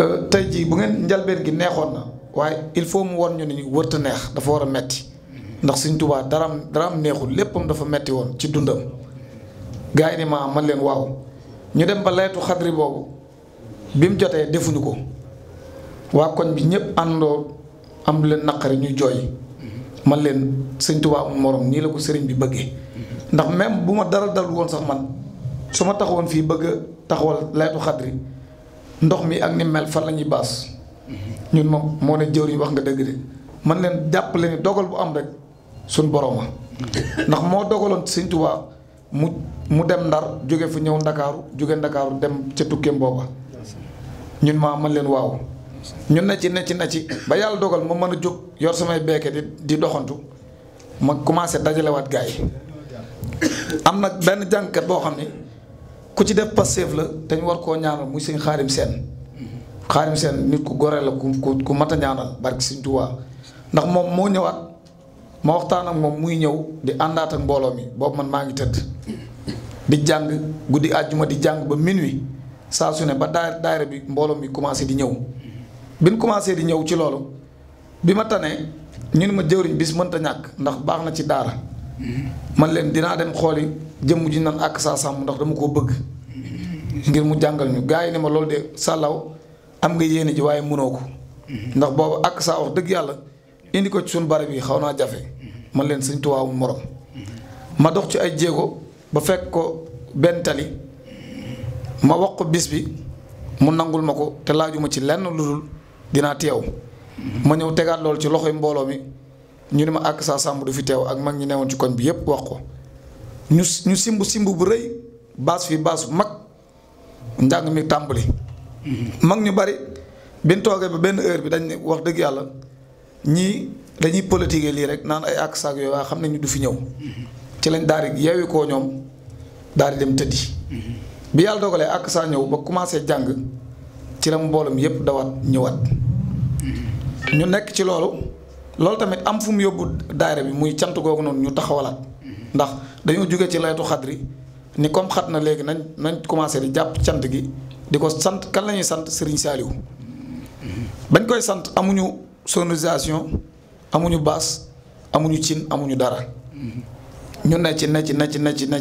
Euh, tey jii bu ngeen njalbeen gi neexoon na waaye il faut mu war ñu ni wërta neex dafa war a metti ndax Sëñ Tuubaa dara daraam neexul léppam dafa metti woon ci dundam gaa yi ni ma man leen waaw ñu dem ba laytu xadri boobu bi mu jotee defuñu ko waa koñ bi ñëpp àndoo am leen naqari ñu jooy man leen Sëñ Tuubaa amul morom nii la ko sëriñ bi bëggee ndax même bu ma dara dal woon sax man su ma taxawoon fii bëgg taxawal laytu xadri ndox mi ak ni mel fan la ñuy baas ñun moom moo ne jëwriñ wax nga dëgg de man leen jàpp ni dogal bu am rek suñ borooma ndax moo dogaloon Sëñ Tuubaa mu mu dem ndar jóge fu ñëw ndakaaru jóge ndakaaru dem ca tukkeem booba ñun maa man leen waaw ñun ne ci ne ci ne ci ba yàlla dogal ma mën a jóg yor samay beeke di di doxantu ma commencé dajalewaat gars yi am na benn jàngkat boo xam ni ku ci def Pastef la te war koo ñaanal muy sëñ Xaadim Seen Xaadim Seen nit ku gore la ku ku ku mat a ñaanal barki sëñ Tuubaa ndax moom moo ñëwaat ma waxtaan ak moom muy ñëw di àndaat ak mbooloo mi boobu man maa ngi tëdd di jàng guddi àjjuma di jàng ba minuwi saa su ne ba daayira daayira bi mbooloo mi commencé di ñëw bi ñu commencé di ñëw ci loolu bi ma tanee ñu ne ma jëwriñ bis mënta ñàkk ndax baax na ci daara man leen dinaa dem xooli jëmm ji nan ak saa sàmm ndax dama ko bëgg. ngir mu jàngal ñu gars yi ne ma loolu de sàllaw am nga yéene ji waaye mënoo ko. ndax boobu ak saa wax dëgg yàlla indi ko ci suñu barab yi xaw naa jafe. man leen sëñ Tuubaa amul morom. ma dox ci ay jéego ba fekk ko benn tali ma wax ko bis bi mu nangul ma ko te laajuma ci lenn lu dul dinaa teew. ma ñëw tegaat loolu ci loxo yi mbooloo mi. ñu ne ma àkk saa sàmb du fi teew ak mag ñi newoon ci koñ bi yépp wax ko ñu simb simb bu rëy baas fi baas bu mag njàng mi tàmbali. mag ñu bari biñ toogee ba benn heure bi dañ ne wax dëgg yàlla ñii dañuy politiquer lii rek naan ay àkk saak yooyu waaye xam nañ ñu du fi ñëw. ci lañ daal di yeewi koo ñoom daal di dem tëddi. bi yàlla dogalee àkk saa ñëw ba commencé jàng ci la mbooloom yépp dawaat ñëwaat. ñu nekk ci loolu. loolu tamit am fu mu yóbbu daayira bi muy cant googu noonu ñu taxawalaat ndax dañoo jógee ci laytu xadri ni comme xat na léegi nañ nañ commencé di jàpp cant gi di ko sant kan lañuy ñuy sant Serigne Saliou bañ koy sant amuñu sonorisation amuñu baas amuñu cin amuñu dara ñu ne ci ne ci ne ci ne ci ne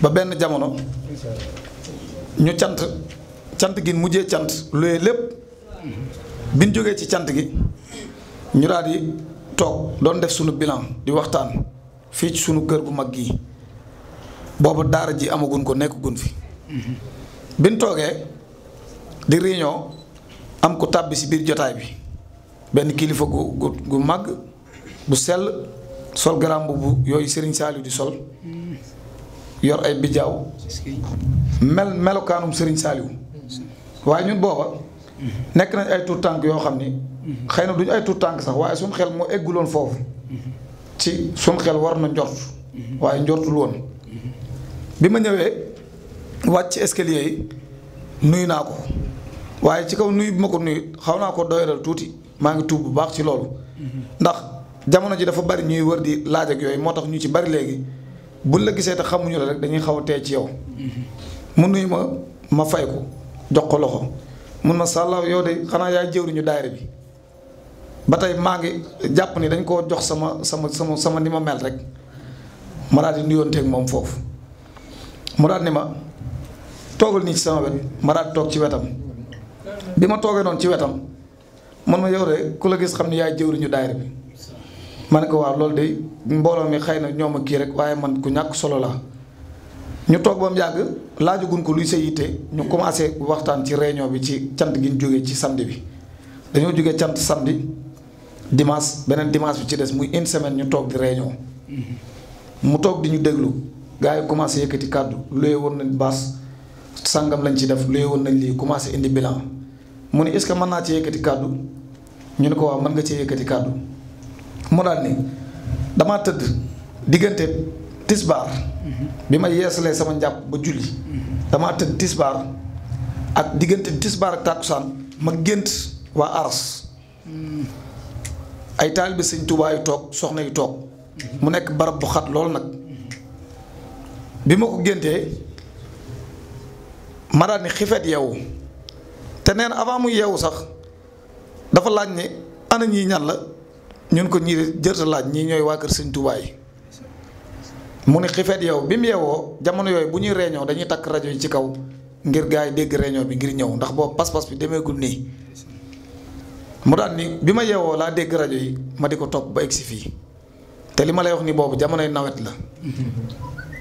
ba benn jamono ñu cant cant gi mujjee cant looyee lépp biñ jógee ci cant gi. ñu daal di toog doon def suñu bilan di waxtaan fii ci sunu kër bu mag gii boobu daara ji amaguñ ko nekkagun fi biñ toogee di réunion am ko tàbbi si biir jotaay bi benn kilifa gu gu gu mag bu sell sol garam bu yooyu sëriñ Saliou di sol yor ay bijaaw mel melokaanum sëriñ Saliou waaye ñun booba nekk nañ ay tuur tànk yoo xam ni xëy na du ñu ay tuut tànk sax waaye suñu xel moo egguloon foofu ci suñu xel war na njort waaye njortul woon bi ma ñëwee wàcc escalier yi nuyu naa ko waaye ci kaw nuyu bi ma ko nuyu xaw naa ko doyalal tuuti maa ngi tuub bu baax ci loolu ndax jamono ji dafa bari ñuy wër di laaj ak yooyu moo tax ñu ci bari léegi buñ la gisee te xamuñu la rek dañuy xaw a tee ci yow mu nuyu ma ma fay ko jox ko loxo mun na sàllaaw yow de xanaa yaay jëwriñu daayira bi ba tey maa ngi jàpp ni dañ ko jox sama sama sama sama ni ma mel rek ma daal di nuyonteeg moom foofu mu daal ni ma toogal nii ci sama wet ma toog ci wetam bi ma toogee noonu ci wetam man ma yow de ku la gis xam ne yaay jëwriñu daayira bi ma ne ko waaw loolu de mbooloo mi xëy na ñoom a kii rek waaye man ku ñàkk solo la ñu toog ba mu yàgg laajagun ko luy sa yitte ñu commencé waxtaan ci réunion bi ci cant gi ñu jógee ci samedi bi dañoo jógee cant samedi. dimanche beneen dimanche bi ci des muy une semaine ñu toog di réunion mu toog di ñu déglu gars yi commencé yëkkati kàddu looy woon nañ baas sàngam lañ ci def looy woon nañ lii commencé indi bilan mu ne est-ce que mën naa ci yëkkati kàddu ñu ne ko waaw mën nga ci yëkkati kàddu mu daal ni damaa tëdd diggante tisbaar bi ma yeesalee sama njàpp ba julli damaa tëdd tisbaar ak diggante tisbaar ak tàkkusaan ma gént waa aras ay taalibe sëñ Tuubaa yu toog soxna yu toog mu nekk barab bu xat lool nag bi ma ko géntee ma daal ni xifeet yeewu te neen avant muy yeewu sax dafa laaj ne ana ñii ñan la ñun ko ñii de jërta laaj ñii ñooy waa kër sëñ Tuubaa mu ne xifeet yow bi mu yeewoo jamono yooyu bu ñuy réunion dañuy takk rajo yi ci kaw ngir gars yi dégg reñoo bi ngir ñëw ndax boo pas-pas bi demeegul nii mu daal ni bi ma yeewoo laa dégg rajo yi ma di ko topp ba egsi fii te li ma lay wax ni boobu jamonoy nawet la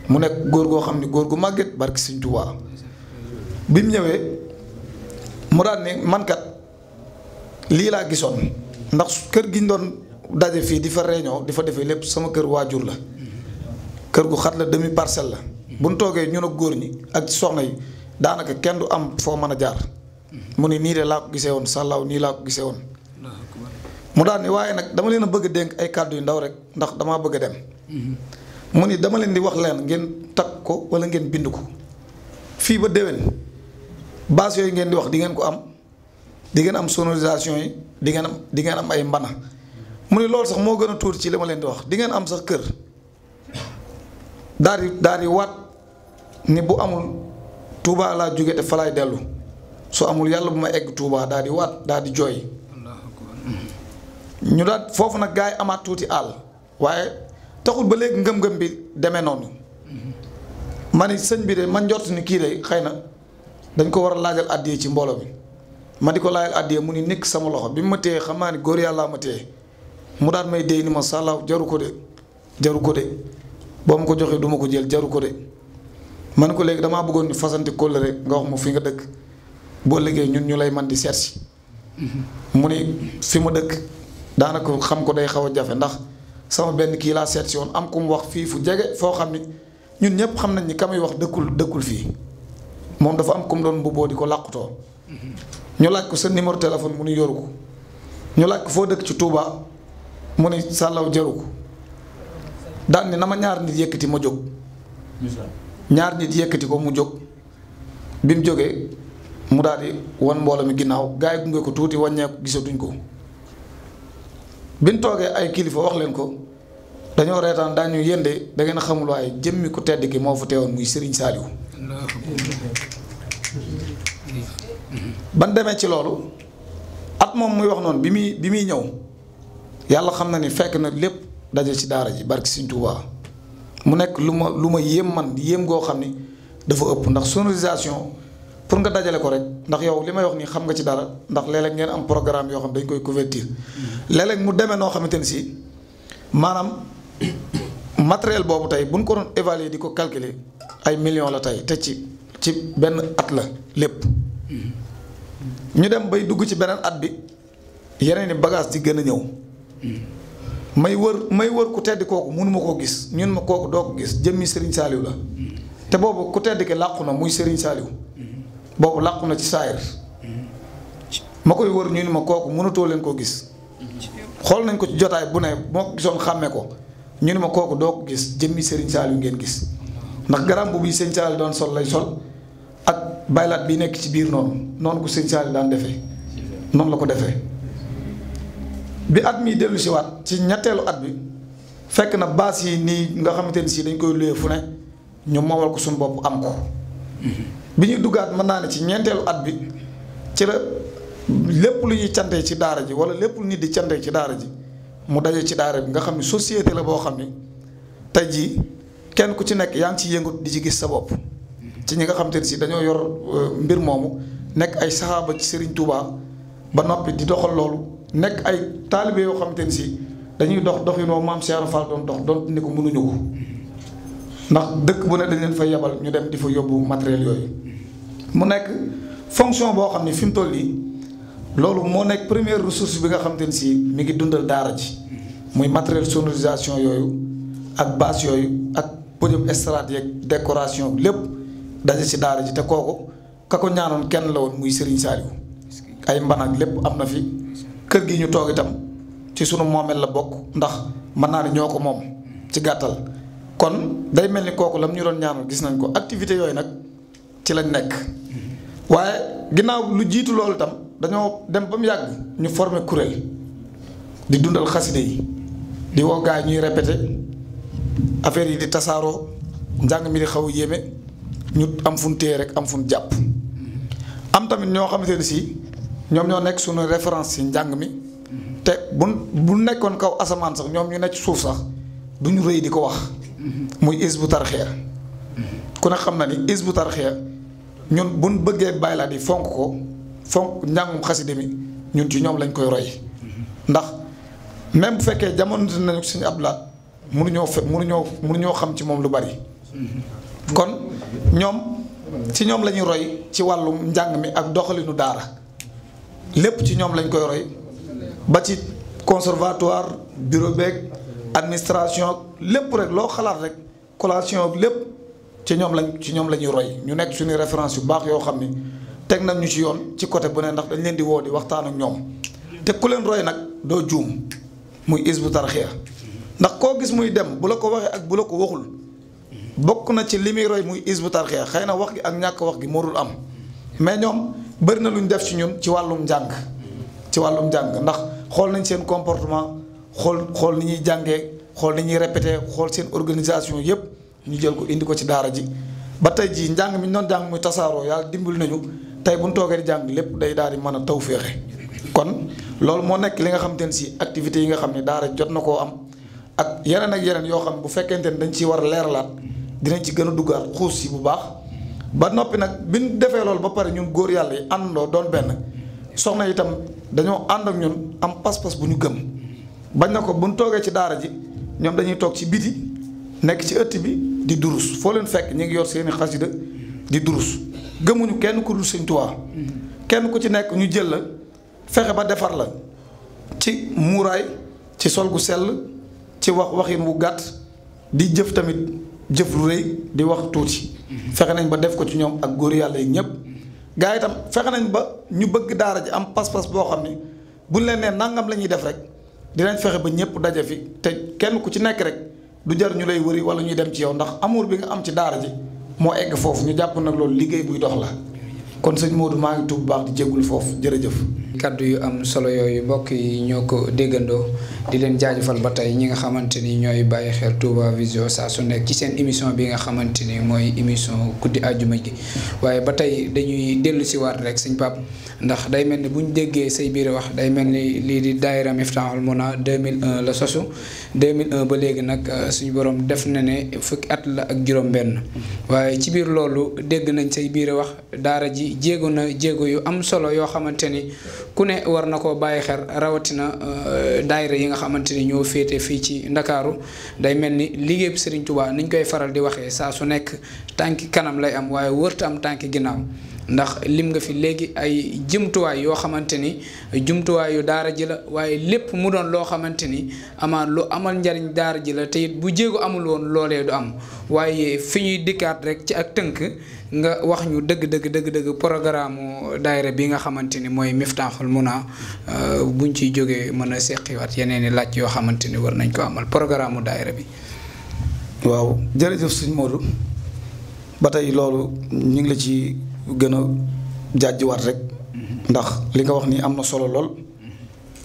mu nekk góor goo xam ni góor gu màgget barki Sëñ Tuubaa bi mu ñëwee mu daal ni mankat lii laa gisoon ndax kër gi doon daje fii di fa réunion di fa defee lépp sama kër waajur la kër gu xat la demi parcelle la bu ñu toogee ñun ak góor ñi ak soxna yi daanaka kenn du am foo mën a jaar mu ne nii de laa ko gisee woon sàllaaw nii laa ko gisee woon mu daal ni waaye nag dama leen a bëgg a dénk ay kàddu yu ndaw rek ndax damaa bëgg a dem mm-hmm. mu ni dama leen di wax leen ngeen takk ko wala ngeen bind ko fii ba déwén base yooyu ngeen di wax di ngeen ko am di ngeen am sonorisation yi di ngeen am di ngeen am ay mbana mu ni loolu sax moo gën a tuur ci dama leen di wax di ngeen am sax kër daal di daal di waat ni bu amul Touba laa jóge te fa laay dellu su amul yàlla bu ma egg tuubaa daal di waat daal di jooy ñu daal foofu nag gars yi amaat tuuti àll waaye taxul ba léegi ngëm-ngëm bi demee noonu ma ni sëñ bi de man njort ni kii de xëy na dañ ko war a laajal àddiyee ci mbooloo mi ma di ko laajal àddiyee mu ni nekk sama loxo bi mu ma téye xam naa ni góor yàllaa ma téye mu daal may déy ni ma sàllaaw jaru ko de jaru ko de boo ma ko joxee duma ko jël jaru ko de ma ne ko léegi damaa bëggoon ni fasante kóllëre nga wax ma fi nga dëkk boo liggéey ñun ñu lay man di seet si mm-hmm. mu ni fi ma dëkk daanaka xam ko day xaw a jafe ndax sama benn kii laa seet si woon am ku mu wax fii fu jege foo xam ni ñun ñëpp xam nañ ni ka muy wax dëkkul dëkkul fii moom dafa am ku doon mbubboo di ko làqutoo ñu laaj ko sa numéro téléphone mu ni yoru ko ñu laaj ko foo dëkk ci tuubaa mu ni sàllaw jaru ko daan ni na ma ñaar nit yëkkati ma jóg ñaar nit yëkkati ko mu jóg bi mu jógee mu daal di wan mbooloo mi ginnaaw gaa yi gunge ko tuuti wàññeeku gisatuñ ko bi nu toogee ay kilifa wax leen ko dañoo reetaan daañu yënde dangeen xamuloo ay waaye jëmmi ku tedd ki moo fa woon muy Serigne Saliou. ban demee ci loolu at moom muy wax noonu bi muy bi muy ñëw yàlla xam na ni fekk na lépp daje ci daara ji barki Serigne Touba mu nekk lu ma lu ma yéem man yéem goo xam ni dafa ëpp ndax sonorisation pour nga dajale ko rek ndax yow li may wax nii xam nga ci dara ndax léeg ngeen am programme yoo xam dañ koy couverture mm-hmm. léeg mu demee noo xamante ni si maanaam matériel boobu tey bu ñu ko doon évaluer di ko calculer ay millions la tey te ci ci benn at la lépp. Mm-hmm. ñu dem bay dugg ci beneen at bi yeneen i bagage di gën a ñëw. Mm-hmm. may wër may wër ku tedd kooku mënuma koo gis ñun ma kooku doo ko gis jëmmi Serigne Saliou la. te boobu ku tedd ki làqu na muy Serigne Saliou. boobu làqu na ci saayir ma koy wër ñu ma kooku mënatoo leen koo gis xool nañ ko ci jotaay bu ne moo ko gisoon xàmme ko ñu ni ma kooku doo ko gis jëmmi Serigne Saliou ngeen gis ndax garam bu bi Serigne Saliou doon sol lay sol ak baylaat bi nekk ci biir noonu noonu ko Serigne Saliou daan defee noonu la ko defee bi at mi dellu si waat ci ñetteelu at bi fekk na baas yi nii nga xamante ni si dañ koy luye fu ne ñu moomal ko suñu bopp am ko bi ñuy duggaat mën naa ne ci ñeenteelu at bi ci la lépp lu ñuy cantee ci daara ji wala lépp lu nit di cantee ci daara ji mu daje ci daara bi nga xam ne société la boo xam ne tey jii kenn ku ci nekk yaa ngi ci yëngut di ci gis sa bopp ci ñi nga xam te si dañoo yor euh, mbir moomu nekk ay saxaaba ci Serigne Touba ba noppi di doxal loolu nekk ay taalibe yoo xam te ne si dañuy dox doxinoo maam Cheikh Fall doon dox doon ni ko mënuñu ko ndax dëkk bu ne dañ leen fay yebal ñu dem di fa yóbbu matériel yooyu mu nekk fonction boo xam ne fi mu toll nii loolu moo nekk première ressource bi nga xam te ne si mi ngi dundal daara ji muy matériel sonorisation yooyu ak bâche yooyu ak podium estrade yeeg décoration lépp daje si daara ji te kooku ka ko ñaanoon kenn la woon muy Serigne Saliou ay mbanak lépp am na fi kër gi ñu toog itam ci sunu moomeel la bokk ndax mën naa ne ñoo ko moom ci gàttal. kon day mel ni kooku lam ñu doon ñaanal gis nañ ko activité yooyu nag ci lañ nekk waaye ginnaaw lu jiitu loolu tam dañoo dem ba mu yàgg ñu former kuréel di dundal xaside yi di woo gaa yi ñuy répété affaire yi di tasaaroo njàng mi di xaw a yéeme ñu am fu mu téye rek am fu mu jàpp am tamit ñoo xam ne si ñoom ñoo nekk suñu référence si njàng mi te bu bu nekkoon kaw asamaan sax ñoom ñu nekk suuf sax du ñu di ko wax. muy Hizbut Tarqiyyah ku ne xam na ni Hizbut Tarqiyyah ñun buñ bëggee bàyyi laa di fonk ko fonk njàngum xaside mi ñun ci ñoom lañ koy roy ndax même bu fekkee jamono nañu suñu ab laat mënuñoo fe mënuñoo mënuñoo xam ci moom lu bari kon ñoom ci ñoom lañuy roy ci wàllu njàng mi ak doxalinu daara lépp ci ñoom lañ koy roy ba ci conservatoire bureau beeg administration lépp rek loo xalaat rek collation lépp ci ñoom lañ ci ñoom la ñuy roy ñu nekk suñu référence yu baax yoo xam ni teg nañ ñu ci yoon ci côté bu ne ndax dañ leen di woo di waxtaan ak ñoom te ku leen roy nag doo juum muy Hizbut Tarqiyyah ndax koo gis muy dem bu la ko waxee ak bu la ko waxul bokk na ci li muy roy muy Hizbut Tarqiyyah xëy na wax gi ak ñàkk wax gi moo dul am mais ñoom bëri na lu ñu def ci ñun ci wàllum njàng ci wàllum njàng ndax xool nañ seen comportement xool xool ni ñuy jàngee. xool nañuy répété xool seen organisation yëpp ñu jël ko indi ko ci daara ji ba tey jii njàng mi ñu doon jàng muy tasaaroo yàlla dimbali nañu tey bu ñu toogee di jàng lépp day daal di mën a taw féexe kon loolu moo nekk li nga xamante ne si activités yi nga xam ne daara jot na koo am ak yeneen ak yeneen yoo xam bu fekkente ne dañ ciy war a leeralaat dinañ ci gën a duggaat xuus si bu baax ba noppi nag bi ñu defee loolu ba pare ñun góor yàlla yi àndandoo doon benn soxna itam dañoo ànd ak ñun am pas-pas bu ñu gëm bañ na ko bu ñu toogee ji. ñoom dañuy toog ci biti nekk ci ëtt bi di durus foo leen fekk ñu ngi yor seeni xasida di durus gëmuñu kenn ku dul Sëñ Tuubaa kenn ku ci nekk ñu jël la fexe ba defar la ci muuraay ci sol gu sell ci wax waxin wu gàtt di jëf tamit jëf lu rëy di wax tuuti fexe nañ ba def ko ci ñoom ak góor yàlla yi ñëpp gaa yi itam fexe nañ ba ñu bëgg daara ji am pas-pas boo xam ni buñ leen nee nangam la ñuy def rek dinañ fexe ba ñëpp daje fi te kenn ku ci nekk rek du jar ñu lay wëri wala ñuy dem ci yow ndax amour bi nga am ci daara ji moo egg foofu ñu jàpp nag loolu liggéey buy dox la kon sëñ Modou maa ngi tuub baax di jégul foofu jërëjëf. kàddu yu am solo yooyu mbokk yi ñoo ko déggandoo di leen jaajëfal ba tey ñi nga xamante ni ñooy bàyyi xel Touba Vision saa su nekk ci seen émission bi nga xamante ni mooy émission guddi àjjuma gi waaye ba tey dañuy dellu si waat rek sëñ Pape ndax day mel ni bu ñu déggee say biir wax day mel ni lii di daayira Miftahul Muna 2001 la sosu 2001 ba léegi nag euh, suñu borom def na ne fukki at la ak juróom-benn waaye ci biir loolu dégg nañ jéego na jéego yu am solo yoo xamante ni ku ne war na koo bàyyi xel rawatina euh, daayira yi nga xamante ni ñoo féete fii ci ndakaaru day mel ni liggéey Serigne Touba niñ koy faral di waxee saa su nekk tànki kanam lay am waaye wërta am tànki ginnaaw ndax lim nga fi léegi ay jumtuwaay yoo xamante ni jumtuwaay yu daara ji la waaye lépp mu doon loo xamante ni amaan lu amal njariñ daara ji la te bu jéego amul woon loolee du am waaye fi ñuy dikkaat rek ci ak tënk nga wax ñu dëgg dëgg dëgg dëgg programme daayira bi nga xamante ni mooy Miftahul Muna euh, buñ ciy jógee mën a seqiwaat yeneen i laaj yoo xamante ni war nañ ko amal programme mu daayira bi. waaw jërëjëf sëñ Modou ba tey loolu ñu ngi la ci. gën a jàjjiwaat rek ndax li nga wax ni am na solo lool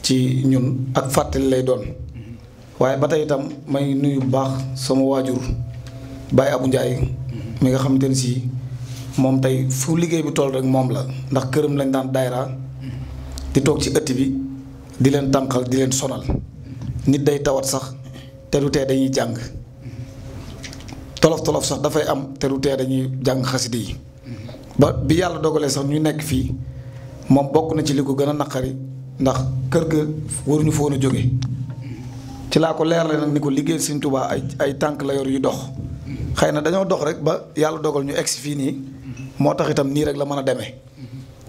ci ñun ak fàttali lay doon waaye ba tey itam may nuyu bu baax sama waajur Baye Abou njaay mi nga xamante ne si moom tey fu liggéey bi tool rek moom la ndax këram lañ daan daayra di toog ci ëtt bi di leen tànqal di leen sonal nit day tawat sax te du tee dañuy jàng tolof tolof sax dafay am te du tee dañuy jàng xasida yi ba bi yàlla dogalee sax ñu nekk fii moom bokk na ci li ko gën a naqari ndax kër ga waruñu foon a jóge ci laa ko leerale nag ni ko liggéey Sëñ Tuubaa ay ay tànk la yor yu dox xëy na dañoo dox rek ba yàlla dogal ñu si fii nii moo tax itam nii rek la mën a demee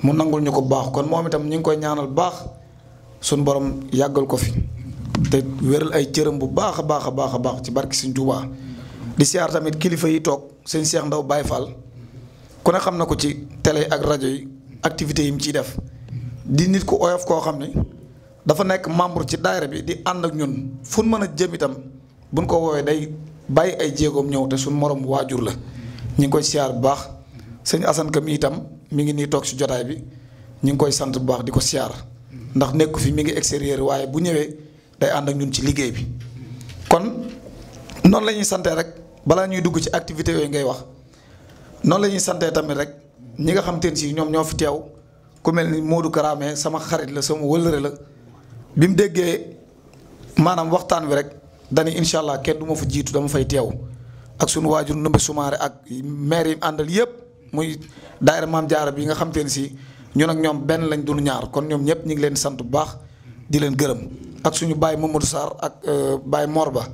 mu nangul ñu ko baax kon moom itam ñu ngi koy ñaanal baax suñ borom yàggal ko fi te wéral ay cërëm bu baax a baax a baax a baax ci barki Sëñ Tuubaa di siyaar tamit kilifa yi toog sëñ Seex Ndaw Baay ku ne xam na ko ci télé ak rajo yi activités yi mu ciy def di nit ku oyof koo xam ne dafa nekk membre ci daayira bi di ànd ak ñun fu mën a jëm itam buñ ko woowee day bàyyi ay jéegoom ñëw te suñ morom waajur la ñu ngi koy siyaar bu baax sëñ Assane Ka mi itam mi ngi nii toog ci jotaay bi ñu ngi koy sant bu baax di ko siyaar ndax nekku fi mu ngi extérieur waaye bu ñëwee day ànd ak ñun ci liggéey bi kon noonu la ñuy santee rek balaa ñuy dugg ci activité yooyu ngay wax noonu la ñuy santee tamit rek ñi nga xam te sii ñoom ñoo fi teew ku mel ni Modou Karaame sama xarit la sama wëllëre la bi mu déggee maanaam waxtaan wi rek dañuy incha allah kenn du ma fa jiitu dama fay teew ak suñu waajur Ndumbe Soumaré ak maire yu àndal yëpp muy daayira maam jaara bi nga xam te ne si ñun ak ñoom benn lañ dunu ñaar kon ñoom ñëpp ñu ngi leen sant bu baax di leen gërëm ak suñu baay Mamadou Sarr ak euh, baay Morba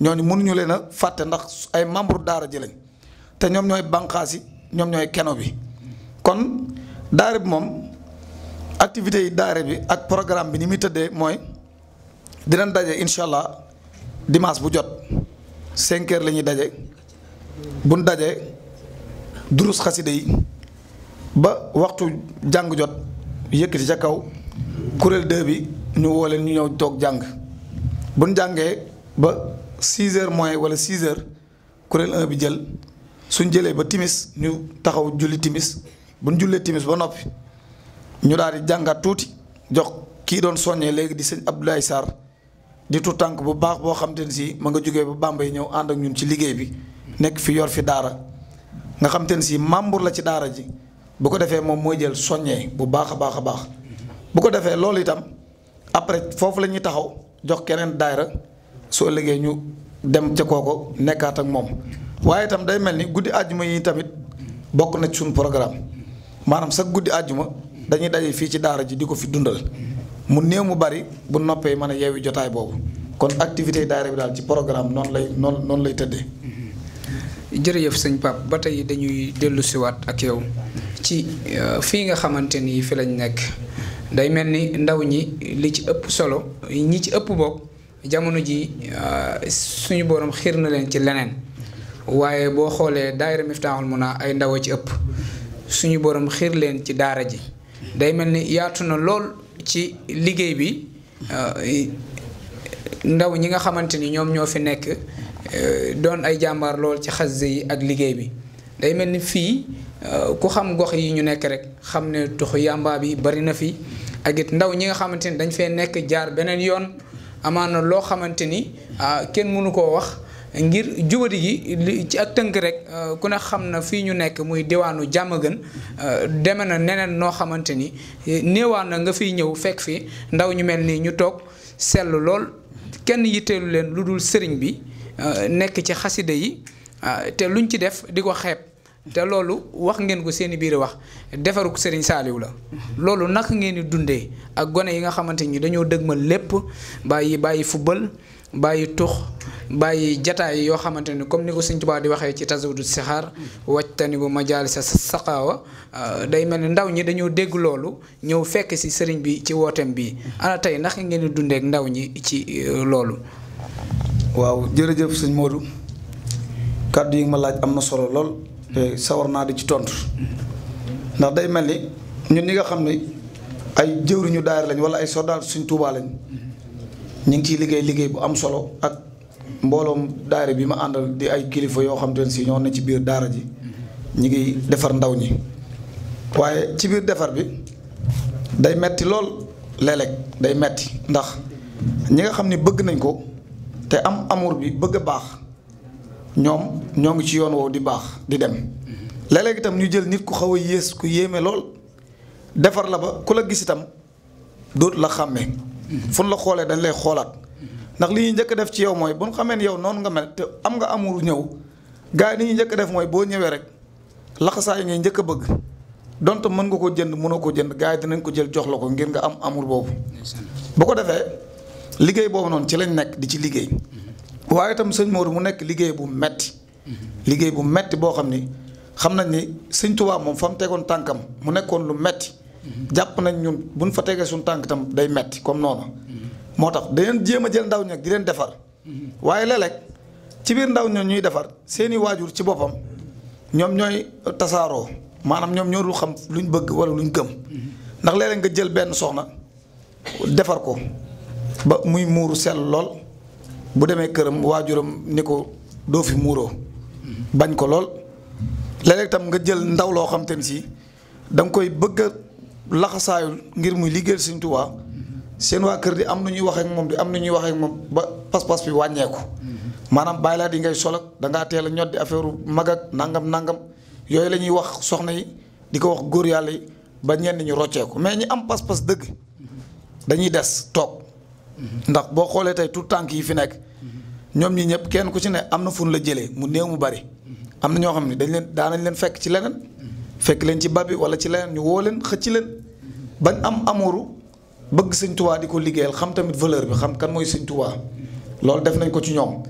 ñooñu munuñu leen a fàtte ndax ay membre daara ji te ñoom ñooy bànqaas yi ñoom ñooy keno bi kon daara bi moom activité yi daara bi ak programme bi ni muy tëddee mooy dinañ daje incha allah dimaas bu jot cinq lañuy daje buñ daje durus xasida yi ba waxtu jàng jot yëkkati ca kaw kuréel 2 bi ñu woo leen ñu ñëw toog jàng buñ jàngee ba six heures moins wala six heures kuréel 1 bi jël suñ jëlee ba timis ñu taxaw julli timis buñ jullee timis ba noppi ñu daal di jàngat tuuti jox kii doon soññee léegi di sëñ Abdoulaye Sarr di tu tànk bu baax boo xam te sii si ma nga jógee ba Bambey ñëw ànd ak ñun ci liggéey nekk fi yor fi daara nga xam ne si membre la ci daara ji bu ko defee moom mooy jël soññee bu baax a baax a baax bu ko defee loolu itam après foofu la ñuy taxaw jox keneen daayra soo liggéey ñu dem ca kooko nekkaat ak moom waaye itam day mel ni guddi àjjuma yi tamit bokk na suñ suñu programme maanaam sax guddi àjjuma dañuy daje fii ci daara ji di ko fi dundal mu néew mu bari bu noppee mën a yeewi jotaay boobu kon activité daara bi daal ci programme noonu lay noonu noonu lay tëddee. jërëjëf sëñ ba tey dañuy dellu siwaat ak yow ci euh, fii nga xamante ni fi lañ nekk day mel ni ndaw ñi li ci ëpp solo ñi ci ëpp bokk jamono ji euh, suñu borom xiir na leen ci leneen. waaye boo xoolee daayira Miftahul Muna ay ndaw a ci ëpp suñu borom xiir leen ci daara ji day mel ni yaatu na lool ci liggéey bi euh, ndaw ñi nga xamante ni ñoom ñoo fi nekk euh, doon ay jàmbaar lool ci xasida yi ak liggéey bi day mel ni fii euh, ku xam gox yi ñu nekk rek xam ne tuxu yàmbaa bi bari na fi ak ndaw ñi nga xamante ni dañ fee nekk jaar beneen yoon amaana loo xamante ni ah, kenn mënu koo wax ngir jubadi gi ci ak tënk rek euh, ku ne xam na fii ñu nekk muy diwaanu jàmm gën euh, deme na neneen noo xamante ni euh, néewaan na nga fiy ñëw fekk fi ndaw ñu mel nii ñu toog seetlu lool kenn yitteelu leen lu dul sëriñ bi nekk ci xasida yi te lu luñ ci def di ko xeeb te loolu wax ngeen ko seeni biir wax defaru sëriñ saaliw la loolu naka ngeen di dundee ak gone yi nga xamante ni dañoo dëgmal lépp bàyyi bàyyi fubal bàyyi tux bàyyi jataay yoo xamante ni comme ni ko sëñ Tuubaa di waxee ci tasawudu sixaar wajtani bu majaalisa saqaawa euh, day mel ni ndaw ñi dañoo dégg loolu ñëw fekk si sëriñ bi ci wooteem bi ana tey ndax ngeen dundeek ndaw ñi ci euh, loolu waaw jërëjëf sëñ Modou kàddu yi ma laaj am na solo lool te sawar naa di ci tontu ndax day mel ni ñun ñi nga xam ne ay jëwriñu daayira lañ wala ay soldaar suñ Tuubaa lañu ñu ngi ciy liggéey liggéey bu am solo ak mbooloom daare bi ma àndal di ay kilifa yoo xam te ne si ñoo ne ci biir daara ji ñu ngi defar ndaw ñi waaye ci biir defar bi day metti lool léeg day metti ndax ñi nga xam ni bëgg nañ ko te am amur bi bëgg a baax ñoom ñoo ngi ci yoon woowu di baax di dem léeg itam ñu jël nit ku xaw a yées ku yéeme lool defar la ba ku la gis itam dootu la xàmme fu la xoolee dañ lay xoolaat ndax li ñuy njëkk def ci yow mooy bu ñu xamee ne yow noonu nga mel te am nga amul ñëw gars yi ñu ñuy njëkk def mooy boo ñëwee rek laxasaay ngay njëkk a bëgg donte mën nga ko jënd mënoo ko jënd gars yi dinañ ko jël jox ko ngir am amul boobu. ko defee liggéey boobu noonu ci lañ nekk di ci liggéey waaye itam sëñ Modou mu nekk liggéey bu metti liggéey bu metti boo xam ni xam nañ ni sëñ Tuubaa moom fa mu tegoon tànkam mu nekkoon lu metti jàpp nañ ñun buñ fa tegee suñu tànk itam day metti comme noonu moo tax da ngeen jéem a jël ndaw ñag di leen defar waaye léeg ci biir ndaw ñoo ñuy defar seeni waajur ci boppam ñoom ñooy tasaaroo maanaam ñoom ñoo dul xam ñu bëgg wala luñ gëm ndax léeg nga jël benn soxna defar ko ba muy muuru sell lool bu demee këram waajuram ni ko doo fi muuroo bañ ko lool léeg tam nga jël ndaw loo xam te ni si danga koy bëgg a laxasaayul ngir muy liggéeyal Sëñ Tuubaa seen waa kër di am nu ñuy waxeek moom di am nu ñuy wax moom ba pas-pas bi wàññeeku. maanaam bàyyi laa di ngay sol ak da ngaa teel a ñot di affaire mag ak nangam nangam yooyu lañuy wax soxna yi di ko wax góor yàlla yi ba ñenn ñu rocceeku mais ñu am pas-pas dëgg dañuy des toog. ndax boo xoolee tey tout tànk yi fi nekk ñoom ñi ñëpp kenn ku ci ne am na fun la jëlee mu néew mu bari am na ñoo xam ne dañ leen daanañ leen fekk ci leneen fekk leen ci babi wala ci leneen ñu woo leen xëcc leen bañ am amuru bëgg sëñ tubaa di ko liggéeyal xam tamit valeur bi xam kan mooy sëñ tubaa loolu def nañ ko ci ñoom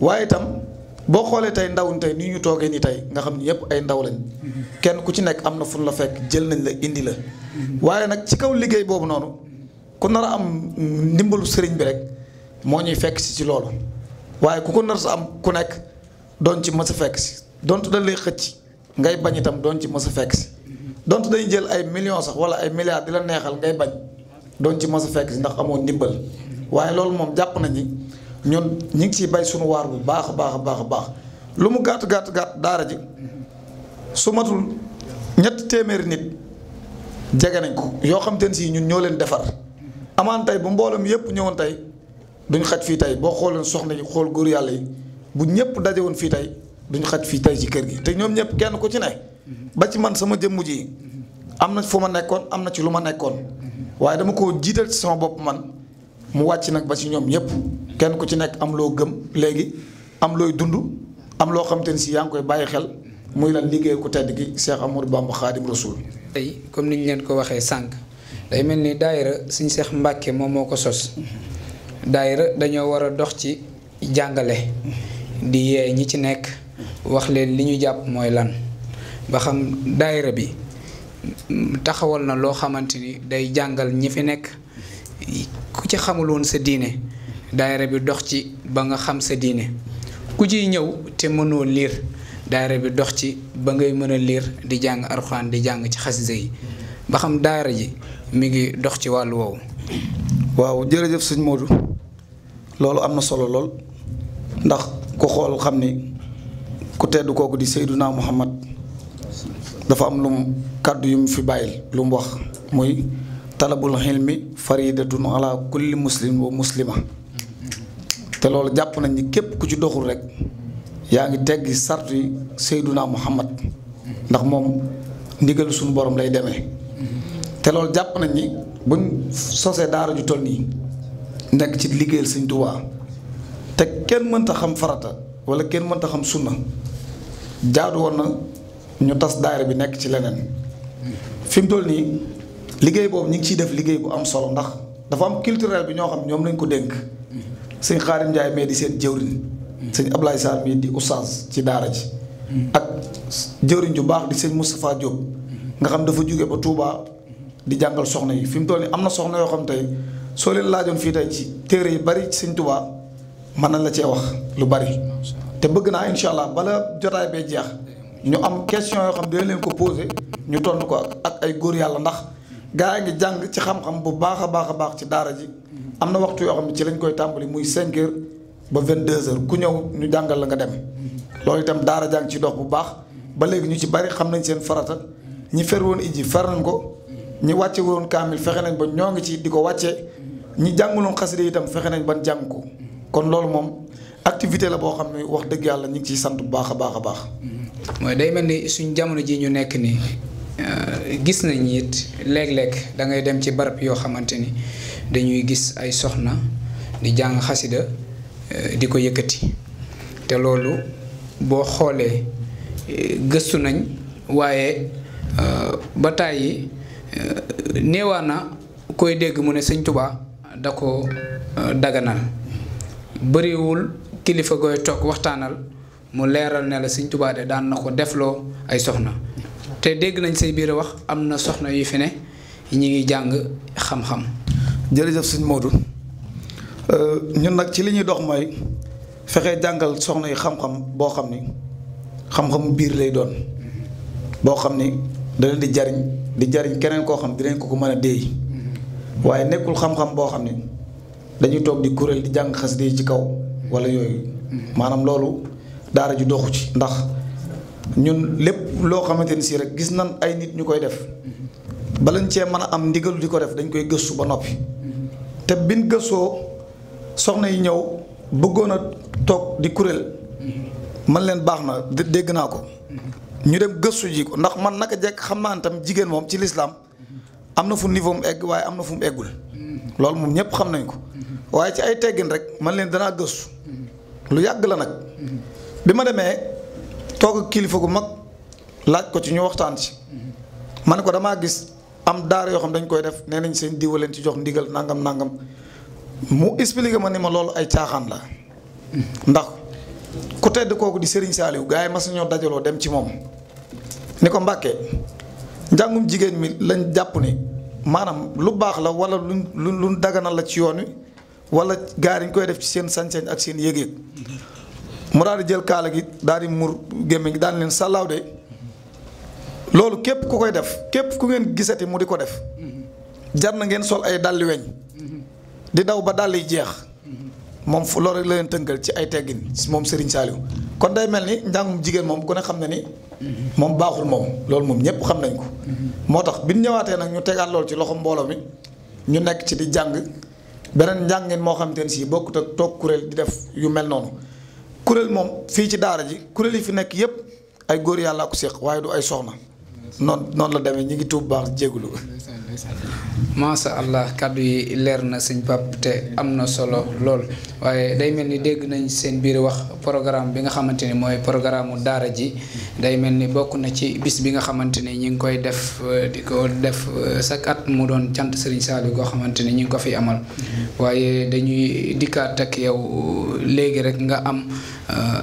waaye itam boo xoolee tey ndaw ñi tey nii ñu toogee nii tey nga xam ni yëpp ay ndaw lañ kenn ku ci nekk am na fu la fekk jël nañ la indi la waaye nag ci kaw liggéey boobu noonu ku nar a am ndimbalu sëriñ bi rek moo ñuy fekk si ci loolu waaye ku ko nar sa am ku nekk doon ci mës a fekk si donte dañ lay xëcc ngay bañ itam doon ci mës sa fekk si donte dañuy jël ay millions sax wala ay milliards di la neexal ngay bañ. doon ci mos a fekk ndax amoon ndimbal waaye loolu moom jàpp nañ ni ñun ñu ngi ciy bay suñu waar bu baax a baax a baax a baax lu mu gàtt gàtt gàtt daara ji su matul ñetti téeméeri nit jege nañ ko yoo xam te ne si ñun ñoo leen defar amaan tey bu mbooloo mi yëpp ñëwoon tey duñ xaj fii tey boo xoolee soxna yi xool góor yàlla yi bu ñëpp daje woon fii tey duñ xaj fii tey ci kër gi te ñoom ñëpp kenn ku ci ne ba ci man sama jëmm ji am na fu ma nekkoon am na ci lu ma nekkoon. waaye dama ko jiital ci sama bopp man mu wàcc nag ba ci ñoom ñëpp kenn ku ci nekk am loo gëm léegi am looy dund am loo xam te ni si yaa ngi koy bàyyi xel muy lan liggéey ku tedd gi Cheikh Amadou Bamba Khadim Rasoul. tey comme ni ñu leen ko waxee sànq day mel ni daayira suñu Cheikh mbàkke moom moo ko sos daayra dañoo war a dox ci jàngale di yee ñi ci nekk wax leen li ñu jàpp mooy lan ba xam daayira bi. taxawal na loo xamante ni day jàngal ñi fi nekk ku ci xamul woon sa diine daayira bi dox ci ba nga xam sa diine ku ciy ñëw te mënoo liir daayira bi dox ci ba ngay mën a liir di jàng arxaan di jàng ci xasida yi ba xam daara ji mi ngi dox ci wàllu woowu. waaw jërëjëf sëñ Modou loolu am na solo lool ndax ku xool xam ni ku tedd kooku di naa Muhammad dafa am lu mu kàddu yu mu fi bàyyil lu mu wax muy talabul xilmi faridatun ala kulli muslim wa muslima te loolu jàpp nañ ni képp ku ci doxul rek yaa ngi teggi sart yi Seyduna Muhammad ndax moom ndigal suñu borom lay demee te loolu jàpp nañ ni buñ sosee daara ju toll nii nekk ci liggéeyal Sëñ Tuubaa te kenn mënta xam farata wala kenn mënta xam sunna jaadu woon na ñu tas daayira bi nekk ci leneen fi mu toll nii liggéey boobu ñu ngi ciy def liggéey bu am solo ndax dafa am culturel bi ñoo xam ñoom lañ ko dénk sëñ Xaadim Njaay mais di seen jëwriñ sëñ Ablaye Sarr mii di oustaz ci daara ji ak jëwriñ ju baax di sëñ Moustapha Diop nga xam dafa jóge ba Touba di jàngal soxna yi fi mu toll nii am na soxna yoo xam tey soo leen laajoon fii tey ci téere yi bari ci sëñ Touba mën na la cee wax lu bari te bëgg naa incha allah bala jotaay bee jeex ñu am question yoo xam ne leen ko posé ñu tontu ko ak ay góor yàlla ndax gaa ngi jàng ci xam-xam bu baax a baax a baax ci daara ji am na waxtu yoo xam ci lañ koy tàmbali muy 5 ba ba 22 heures ku ñëw ñu jàngal la nga dem loolu itam daara jàng ci dox bu baax ba léegi ñu ci bari xam nañ seen farata ñi fer woon iji fer nañ ko ñi wàcce woon kaamil fexe nañ ba ñoo ngi ci di ko wàcce ñi jànguloon xasida itam fexe nañ ban jàng ko kon activité la boo xam ne wax dëgg yàlla ñu ngi ciy sant bu baax baax a baax. Mm-hmm. mooy day mel ni suñ jamono ji ñu nekk nii euh, gis nañ it léeg-léeg da dem ci barab yoo xamante ni dañuy gis ay soxna di jàng xasida euh, di ko yëkkati te loolu boo xoolee euh, gëstu nañ waaye ba tàyyi néewaa na koy dégg mu ne sëñ Tuubaa da ko daganal bëriwul. kilifa gooy toog waxtaanal mu leeral ne la Sëñ Tuubaa de daan na ko defloo ay soxna te dégg nañ say biir wax am na soxna yu fi ne ñi ngi jàng xam-xam. jërëjëf sëñ Modou euh, ñun nag ci li dox mooy fexe jàngal soxna yi xam-xam boo xam ni xam-xamu biir lay doon boo xam ni da di jariñ di jariñ keneen koo xam dinañ ko ko mën a déey mm-hmm. waaye nekkul xam-xam boo xam ni dañuy toog di kuréel di jàng xas yi ci kaw. wala yooyu maanaam loolu daara ji doxu ci ndax ñun lépp loo xamante ni si rek gis nan ay nit ñu koy def balañ cee mën a am ndigalu di ko def dañ koy gëstu ba noppi te bin gëstoo soxna yi ñëw bëggoon a toog di kuréel man leen baax na dégg naa ko ñu dem gëstu ji ko ndax man naka jekk xam naa tam jigéen moom ci lislaam am na fu niveau mu egg waaye am na fu mu eggul loolu moom ñëpp xam nañ ko waaye ci ay teggin rek man leen danaa gëstu lu yàgg la nag bi ma demee toog kilifa gu mag laaj ko ci ñu waxtaan ci ma ne ko damaa gis am daara yoo xam dañ koy def nee nañ seen diwa leen ci jox ndigal nangam nangam mu expliqué ma ni ma loolu ay caaxaan la ndax ku tedd kooku di Serigne Saliou gars yi mas ñoo dajaloo dem ci moom ni ko Mbàkke njàngum jigéen mi lañ jàpp ni maanaam lu baax la wala lu lu daganal la ci yoon wi wala gaar yi ñu koy def ci seen sañ ak seen yëg-yëg mu daal di jël kaala gi daal di mur gémmiñ gi daan leen sàllaaw de loolu képp ku koy def képp ku ngeen gisati mu di ko def jar na ngeen sol ay dàlli weñ di daw ba dàll yi jeex moom fu loolu la leen tënkal ci ay teggin moom Serigne Saliou kon day mel ni njàngum jigéen moom ku ne xam na ni moom baaxul moom loolu moom ñëpp xam nañ ko moo tax bi ñëwaatee nag ñu tegaat loolu ci loxo mbooloo mi ñu nekk ci di jàng beneen njàngin moo xam te sii si bokkut ak toog kuréel di def yu mel noonu kuréel moom fii ci daara ji kuréel yi fi nekk yëpp ay góor yàlla ko séq waaye du ay soxna noon noonu la demee ñu ngi tuub baax jégalu macha allah kàddu yi leer na sëñ Pape te am na solo lool waaye day mel ni dégg nañ seen biir wax programme bi nga xamante ni mooy programme mu daara ji day mel ni bokk na ci bis bi nga xamante ni ñi ngi koy def euh, di ko def euh, chaque at mu doon cant Serigne Saliou goo xamante ni ñi ngi ko fi amal waaye dañuy dikkaat ak yow euh, léegi rek nga am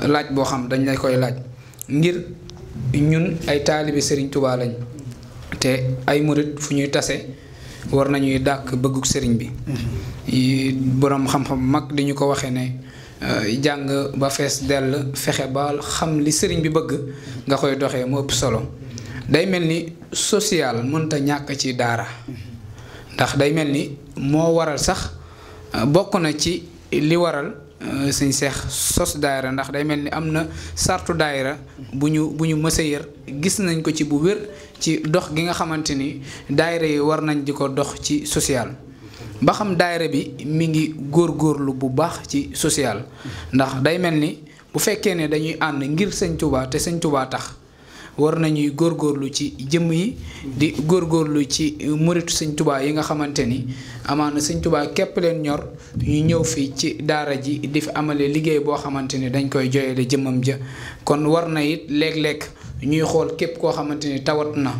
laaj boo xam dañ la koy laaj ngir ñun ay taalibi Serigne tubaa lañ. te ay murit fu ñuy tase war nañuy dàq bëggug sëriñ bi mm-hmm. boroom xam-xam mag di ñu ko waxee ne euh, jàng ba fees dell fexe ba xam li sëriñ bi bëgg nga koy doxee mu ëpp solo day mel ni social mënta ñàkk ci daara mm-hmm. ndax day mel ni moo waral sax euh, bokk na ci li waral euh, sëñ seex sos daayira ndax day mel ni am na sartu daayira bu ñu bu ñu mësa yër gis nañ ko ci bu wér ci dox gi nga xamante ni daayira yi war nañ di ko dox ci social ba xam daayira bi mi ngi góor góorlu bu baax ci social ndax day mel ni bu fekkee ne dañuy ànd ngir sëñ Tuubaa te sëñ Tuubaa tax war nañuy góor góorlu ci jëmm yi di góor góorlu ci muritu sëñ Tuubaa yi nga xamante ni amaana sëñ Tuubaa képp leen ñor ñu ñëw fii ci daara ji di fi amale liggéey boo xamante ni dañ koy jooyale jëmmam ja kon war na it léeg-léeg ñuy xool képp koo xamante ni tawat na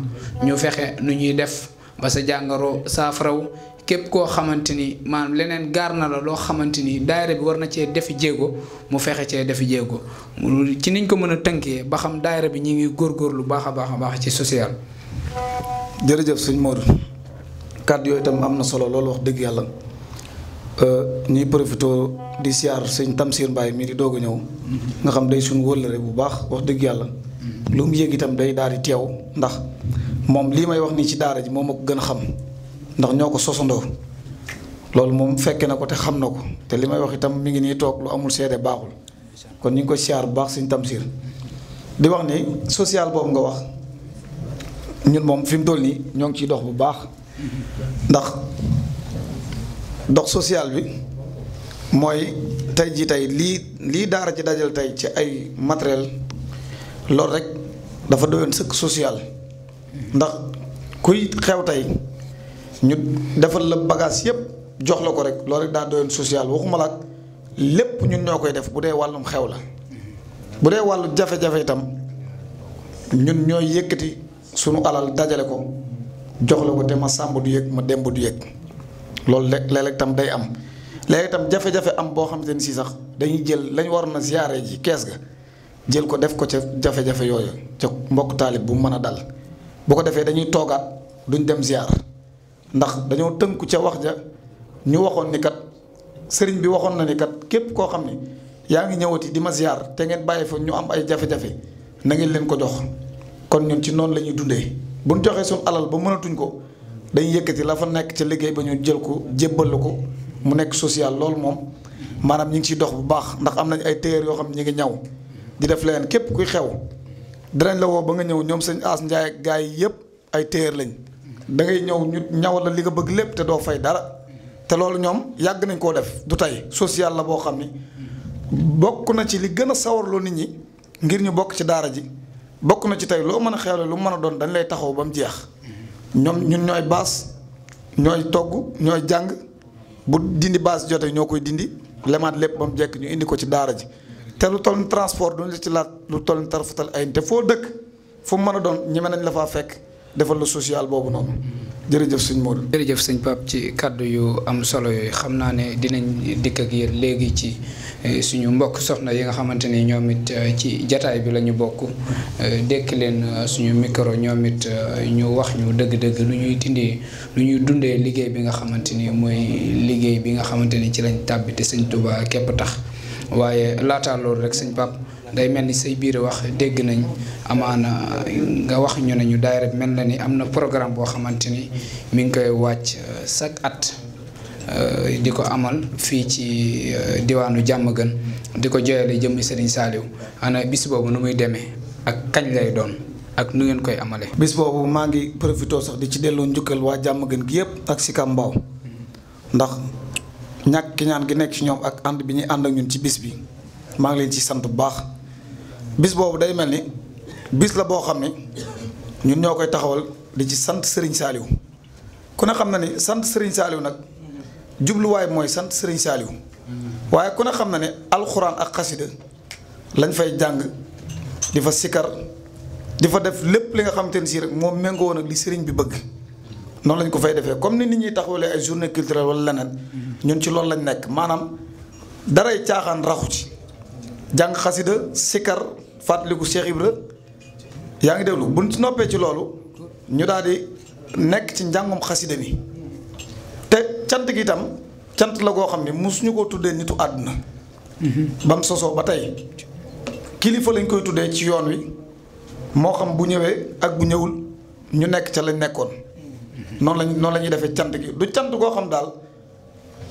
ñu fexe nu ñuy def ba sa jàngoro saafaraw képp koo xamante ni maanaam leneen gaar na la loo xamante ni daayira bi war na cee defi jéego mu fexe cee defi jéego ci niñ ko mën a tënkee ba xam daayira bi ñu ngi góor góorgóorlu baax a baax a baax ci social. jërëjëf suñ Modou kàddu yooyu tam am na solo loolu wax dëgg yàlla euh, ñuy profité di siyaar sëñ Tamsir Mbaye mii di doog a ñëw nga xam day suñu wëllëre bu baax wax dëgg yàlla. lu mu yëg itam day daal di teew ndax moom lii may wax nii ci daara ji moom ma ko gën a xam ndax ñoo ko sosandoo loolu moom fekke na ko te xam na ko te li may wax itam mi ngi nii toog lu amul seede baaxul kon ñu ngi ko siyaar bu baax si suñ Tamsir di wax ni social boobu nga wax ñun moom fi mu toll nii ñoo ngi ciy dox bu baax ndax dox social bi mooy tey ji tey lii lii daara ji dajal tey ci ay matériel loolu rek dafa doyoon sëkk social ndax kuy xew tey ñu defal la bagage yëpp jox la ko rek loolu rek daa doyoon social waxuma la ak lépp ñun ñoo koy def bu dee wàllum xew la bu dee wàllu jafe-jafe itam ñun ñooy yëkkati sunu alal dajale ko jox la ko te ma sàmb du yëg ma demb du yëg loolu léeg-léeg tam day am léegi itam jafe-jafe am boo xamante ni si sax dañuy jël lañu waroon na ziyaare ji kees ga jël ko def ko ca jafe-jafe yooyu ca mbokk taalib bu mën a dal bu ko defee dañuy toogaat duñ dem ziar ndax dañoo tënku ca wax ja ñu waxoon ni kat sëriñ bi waxoon na ni kat képp koo xam ne yaa ngi ñëwat ñëwati di ma ziar te ngeen bàyyi fa ñu am ay jafe-jafe na ngeen leen ko jox kon ñun ci noonu la ñuy dundee buñ joxee suñ alal ba mënatuñ ko dañu yëkkati la fa nekk ca liggéey ba ñu jël ko jébbal ko mu nekk social loolu moom maanaam ñu ngi ciy dox bu baax ndax am ay téyeer yoo xam ne ñu ngi ñaw di def leen képp kuy xew dinañ la woo ba nga ñëw ñoom sëñ As Ndiaye ak gars yi yëpp ay téer lañ dangay ñëw ñu ñawal la li nga bëgg lépp te doo fay dara te loolu ñoom yàgg nañ koo def du tey social la boo xam ni bokk na ci li gën a sawarloo nit ñi ngir ñu bokk ci daara ji bokk na ci tey loo mën a xewle lu mën a doon dañ lay taxaw ba mu jeex ñoom ñun ñooy baas ñooy togg ñooy jàng bu dindi baas jotee ñoo koy dindi lemaat lépp ba mu jekk ñu indi ko ci daara ji te lu toll ni transport duñu la ci laat lu toll ni tarfatal ay te foo dëkk fu mu mën a doon ñeme nañ la faa fekk defal lu social boobu noonu jërëjëf sëñ Modou. jërëjëf sëñ Pape ci kàddu yu am solo yooyu xam naa ne dinañ dikk ak yéen léegi ci eh, suñu mbokk soxna yi nga xamante ni ñoom it eh, ci jataay bi la ñu bokk eh, dékk leen suñu micro ñoom it ñu wax ñu dëgg-dëgg lu ñuy dindee lu ñuy dundee liggéey bi nga xamante ni mooy liggéey bi nga xamante ni ci lañ tàbbi te tubaa Touba képp tax. waaye laataa loolu rek sëñ pap day mel ni say biir wax dégg nañ amaana nga wax ñu nañu ñu mel na ni am na programme boo xamante ni mi ngi koy wàcc euh, chaque at. Euh, di ko amal fii ci euh, diwaanu gën di ko jooyale jëmmi Serigne saaliw ana bis boobu nu muy demee ak kañ lay doon ak nu ngeen koy amale bis boobu maa ngi profité sax di ci delloo njukkal waa gën gi yëpp ak si Mbao ndax. ñàkk ñaan gi nekk ci ñoom ak ànd bi ñuy ànd ak ñun ci bis bi maa ngi leen ci sant bu baax bis boobu day mel ni bis la boo xam ne ñun ñoo koy taxawal di ci sant Serigne saaliw ku ne xam na ni sant Serigne saaliw nag jubluwaay mooy sant Serigne Saliou waaye ku ne xam na ne alxuraan ak xasida lañ fay jàng di fa sikar di fa def lépp li nga xamante ne sii rek moom méngoo woon ak li Serigne bi bëgg. noonu lañ ko fay defee comme ni nit ñuy taxawalee ay journée culturelle wala leneen ñun ci loolu lañu nekk maanaam daray caaxaan raxu ci jàng xasida sikar fàttaliku Cheikh Ibra yaa ngi déglu buñ ci noppee ci loolu ñu daal di nekk ci njàngum xasida ni te cant gi itam cant la goo xam ne mosuñu ko tuddee nitu àdduna ba mu sosoo ba tey kilifa lañ koy tuddee ci yoon wi moo xam bu ñëwee ak bu ñëwul ñu nekk ca lañ nekkoon noonu lañ noonu la ñuy defee cant gi du cant goo xam daal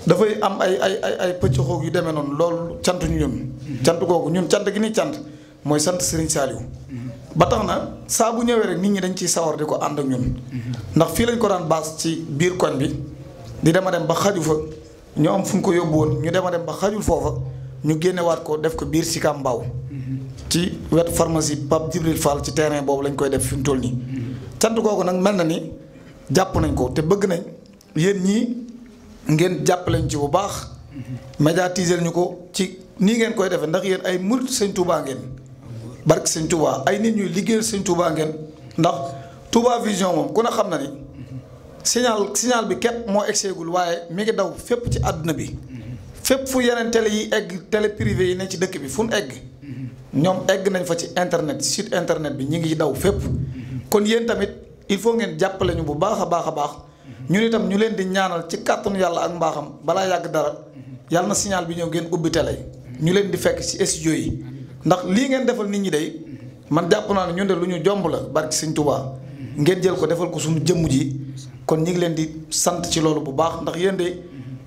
dafay am ay ay ay ay pëcc xoog yu demee noonu loolu cant ñu ñun cant googu ñun cant gi ni cant mooy sant Serigne Saliou ba tax na saa bu ñëwee rek nit ñi dañ ciy sawar ko ànd ak ñun ndax fii lañ ko daan baas ci biir koñ bi di dema dem ba xaju fa ñu am fu ñu ko yóbbu woon ñu dema dem ba xajul foofa ñu génnewaat ko def ko biir Sicap Mbao ci wet pharmacie Pape Djibril faal ci terrain boobu lañ koy def fi mu toll nii cant googu nag mel na ni jàpp nañ ko te bëgg nañ yéen ñii ngeen jàppaleñ ci bu baax médiatiser ñu ko ci nii ngeen koy defee ndax yéen ay murit sëñ Touba ngeen barke sëñ Touba ay nit ñuy liggéeyal sëñ Touba ngeen ndax Touba vision moom ku ne xam na ni signal signal bi képp moo egseegul waaye mi ngi daw fépp ci àdduna bi fépp fu yeneen tele yi egg télé privé yi ne ci dëkk bi fu nu egg ñoom egg nañ fa ci internet site internet bi ñu ngi daw fépp kon yéen tamit. il faut ngeen jàppale ñu bu baax a baax a baax ñun itam ñu leen di ñaanal ci kàttanu yàlla ak mbaaxam balaa yàgg dara yàlla na signal bi ñëw ngeen ubbi télé ñu leen di fekk ci studio yi ndax lii ngeen defal nit ñi day man jàpp naa ne ñu ne lu ñu jomb la barki sëñ Tuubaa ngeen jël ko defal ko suñu jëmm ji kon ñu ngi leen di sant ci loolu bu baax ndax yéen de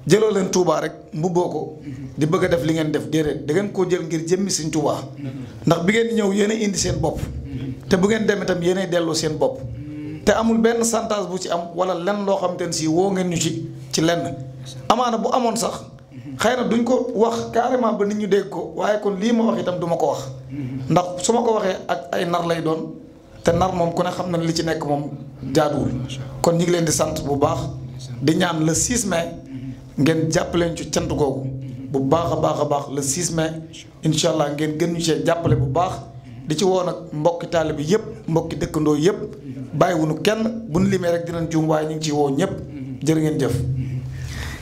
jëloo leen Touba rek mbubboo ko di bëgg a def li ngeen def déedéet dangeen ngeen koo jël ngir jëmmi sëñ Touba ndax bi ngeen di ñëw yéen a indi seen bopp te bu ngeen dem itam yéen delloo seen bopp. te amul benn santage bu ci am wala lenn loo xamante ne si woo ngeen ñu ci ci lenn amaana bu amoon sax xëy na duñ ko wax carrément ba nit ñu dégg ko waaye kon lii ma wax itam duma ko wax ndax su ma ko waxee ak ay nar lay doon te nar moom ku ne xam na li ci nekk moom jaaduwul kon ñu ngi leen di sant bu baax di ñaan la 6 mai ngeen jàppaleen ci cant googu bu baax a baax a baax le 6 mai incha allah ngeen gën ñu see jàppale bu baax di ci woo nag mbokki taalibe bi yëpp mbokki dëkkandoo yëpp bàyyiwunu kenn bu nu limee rek dinañ juum waaye ñu ngi ciy woo ñëpp mm-hmm. jërë ngeen jëf.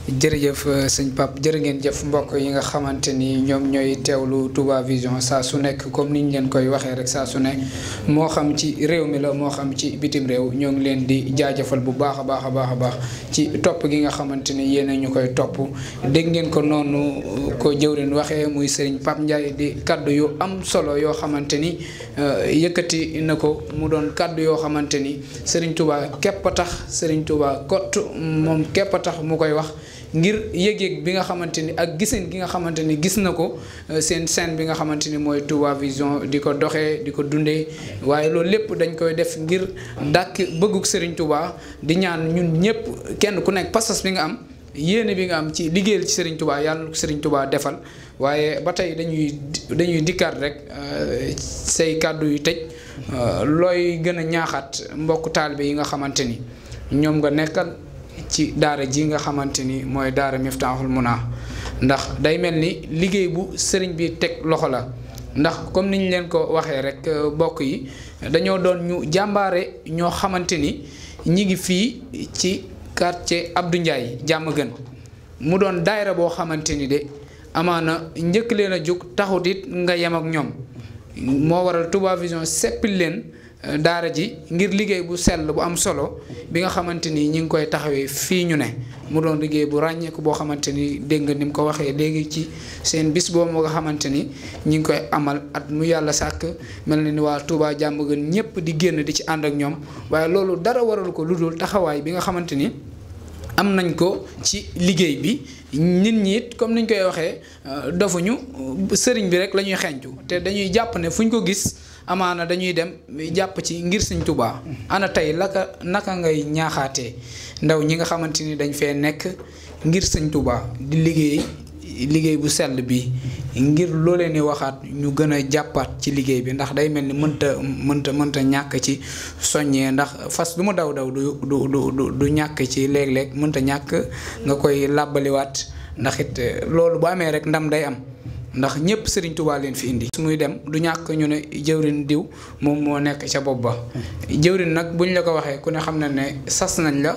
jërëjëf euh, sëñ Pape jërë ngeen jëf mbokk yi nga xamante ni ñoom ñooy teewlu Touba Vision saa su nekk comme ni ñu leen koy waxee rek saa su nekk moo xam ci réew mi la moo xam ci bitim réew ñoo ngi leen di jaajëfal bu baax a baax a baax a baax ci topp gi nga xamante ni yéen a ñu koy topp dégg ngeen ko noonu euh, ko jëwrin waxee muy sëriñ Pape Ndiaye di kaddu yu am solo yoo xamante ni euh, yëkkati na ko mu doon kàddu yoo xamante ni sëriñ Touba képp a tax sëriñ tubaa kott moom képp tax mu koy wax. ngir yëg-yëg bi nga xamante ni ak gisin ki nga xamante ni gis na ko euh, seen scène bi nga xamante ni mooy Touba Vision di ko doxee di ko dundee waaye loolu lépp dañ koy def ngir dàkk bëgguk sëriñ Touba di ñaan ñun ñëpp kenn ku nekk pasas bi nga am yéene bi nga am ci liggéeyal ci Serigne Touba yàlla ko Serigne Touba defal waaye ba tey dañuy dañuy dikkaat rek euh, say kàddu yu tëj euh, looy gën a ñaaxaat mbokk taalibe yi nga xamante ni ñoom nga nekkal. ci daara ji nga xamante ni mooy daara Miftaahul Muna ndax day mel ni liggéey bu sëriñ bi teg loxo la ndax comme ñu leen ko waxee rek euh, bokk yi dañoo doon ñu jàmbaare ñoo xamante ni ñi ngi fii ci quartier Abdou Ndiaye jàmm gën mu doon daayira boo xamante ni de amaana njëkk leen a jóg taxut it nga yem ak ñoom moo waral Touba Vision seppil leen daara ji ngir liggéey bu sell bu am solo bi nga xamante ni ñi ngi koy taxawee fii ñu ne mu doon liggéey bu ràññeeku boo xamante ni dégg nga ni mu ko waxee léegi ci seen bis boobu nga xamante ni ñi ngi koy amal at mu yàlla sàkk mel na ni waa Touba jàmm gën ñëpp di génn di ci ànd ak ñoom waaye loolu dara waral ko lu dul taxawaay bi nga xamante ni. am nañ ko ci liggéey bi nit ñi it comme niñ koy waxee euh, dofuñu sëriñ bi rek la ñuy xeeñcu te dañuy jàpp ne fu ñu ko gis amaana dañuy dem jàpp ci ngir sëñ Tuubaa ana tey laka naka ngay ñaaxaatee ndaw ñi nga xamante ni dañ fee nekk ngir sëñ Tuubaa di liggéey liggéey bu sell bi ngir loo leen di waxaat ñu gën a jàppaat ci liggéey bi ndax day mel ni mënta mënta mënta ñàkk ci soññee ndax fas du ma daw daw du du du du ñàkk ci léeg-léeg mënta ñàkk nga koy làbbaliwaat ndax it eh, loolu bu amee rek ndam day am ndax ñëpp Serigne Touba leen fi indi. su muy dem du ñàkk ñu ne jëwrin diw moom moo nekk ca bopp ba jëwriñ nag buñ la ko waxee ku ne xam na ne sas nañ la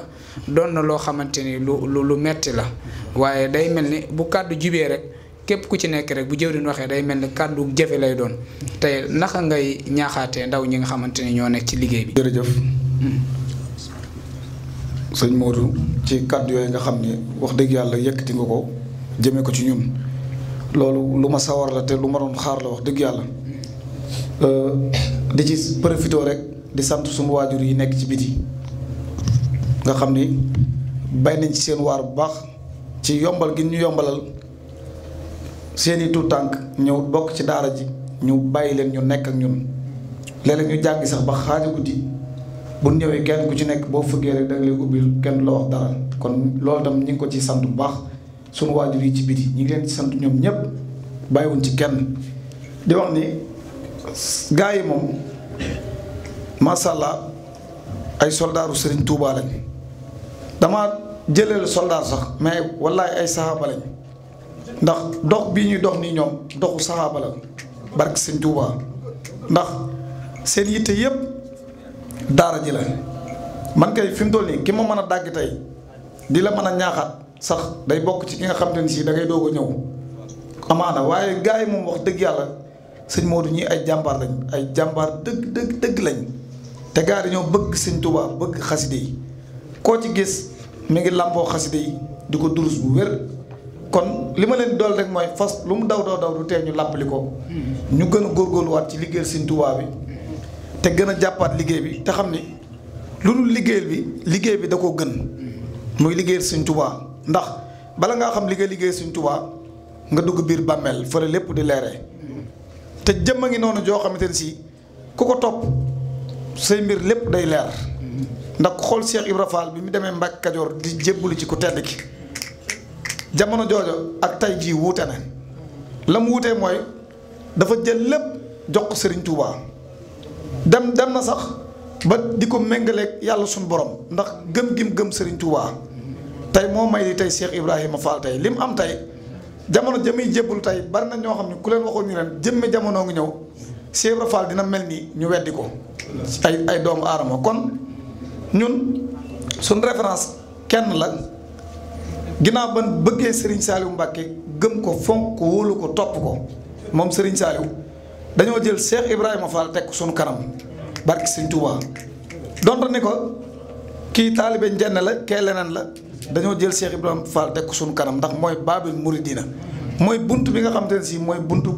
doon na loo xamante ni lu lu metti la waaye day mel ni bu kàddu jubee rek. képp ku ci nekk rek bu jëwriñ waxee day mel ni kàddu jëfe lay doon tey naka ngay ñaaxaatee ndaw ñi nga xamante ne ñoo nekk ci liggéey bi. jërëjëf hmm. sëñ Modou ci kàddu yooyu nga xam ne wax dëgg yàlla yëkkati nga ko jëmee ko ci ñun loolu lu ma sawar la te lu ma doon xaar la wax dëgg yàlla euh, di ci profité rek di sant suñu waajur yi nekk ci biti nga xam ni bay nañ ci seen waar bu baax ci yombal gi ñu yombalal seeni tuut tànk ñëw bokk ci daara ji ñu bàyyi leen ñu nekk ak ñun léeg-léeg ñu jàngi sax ba xaaju guddi bu ñëwee kenn ku ci nekk boo fëggee rek da nga lay kenn du la wax dara kon loolu tam ñu ngi ko ci sant bu baax sunu waajur yi ci biti ñi ngi leen ci sant ñoom ñëpp bàyyiwuñ ci kenn di wax ni gars yi moom macha allah ay soldaaru Serigne Touba lañ damaa jëleel soldaar sax mais wallaay ay saxaaba ndax dox bii ñuy dox nii ñoom doxu saxaaba la barke Serigne ndax seen yitte yëpp daara ji la man kay fi mu toll nii ki ma mën a dàgg tey di la mën a ñaaxaat. sax day bokk ci ki nga xam te ne si da ngay a ñëw amaana waaye gars yi moom wax dëgg yàlla sëñ Modou ñii ay jàmbaar lañ ay jàmbaar dëgg dëgg dëgg lañ te gars yi dañoo bëgg sëñ Tuubaa bëgg xaside yi koo ci gis mu ngi làmboo xaside yi di ko durus bu wér kon li ma leen dool rek mooy fas lu mu daw daw daw du tee ñu làppali ko ñu gën a góorgóorluwaat ci liggéeyal sëñ Tuubaa bi te gën a jàppaat liggéey bi te xam ni lu dul liggéeyal bi liggéey bi da koo gën muy liggéeyal ndax bala ngaa xam li nga liggéey Sëriñ tubaa nga dugg biir bàmmeel fële lépp di leeree te jëm a ngi noonu joo xamante ne si ku ko topp say mbir lépp day leer ndax ku xool Cheikh Ibra Fall bi mu demee Mbàkke Kajoor di jébbali ci ku tedd ki jamono joojo ak tay jii wuute na la mu wuutee mooy dafa jël lépp jox ko Sëriñ Tuubaa dem dem na sax ba di ko méngaleeg yàlla suñu borom ndax gëm gim gëm Sëriñ Tuubaa tey moo may li tey Cheikh Ibrahima Fall tey li mu am tey jamono jëmi jébbul tey bari na ñoo xam ne ku leen waxoon ñu ren jëmmi jamono ngi ñëw Cheikh Ibrahima Fall dina mel ni ñu weddi ko ay doomu aadama kon ñun suñ référence kenn la ginnaaw ban bëggee Serigne Saliou Mbacke gëm ko fonk topp ko moom Serigne Saliou dañoo jël Cheikh Ibrahima Fall teg ko suñu kanam barki Serigne Touba donte ni ko kii taalibe njenn la kee leneen la dañoo jël Cheikh Ibrahima Fall teg ko suñu kanam ndax mooy Baabul Muridina mooy bunt bi nga xam te ne si mooy buntu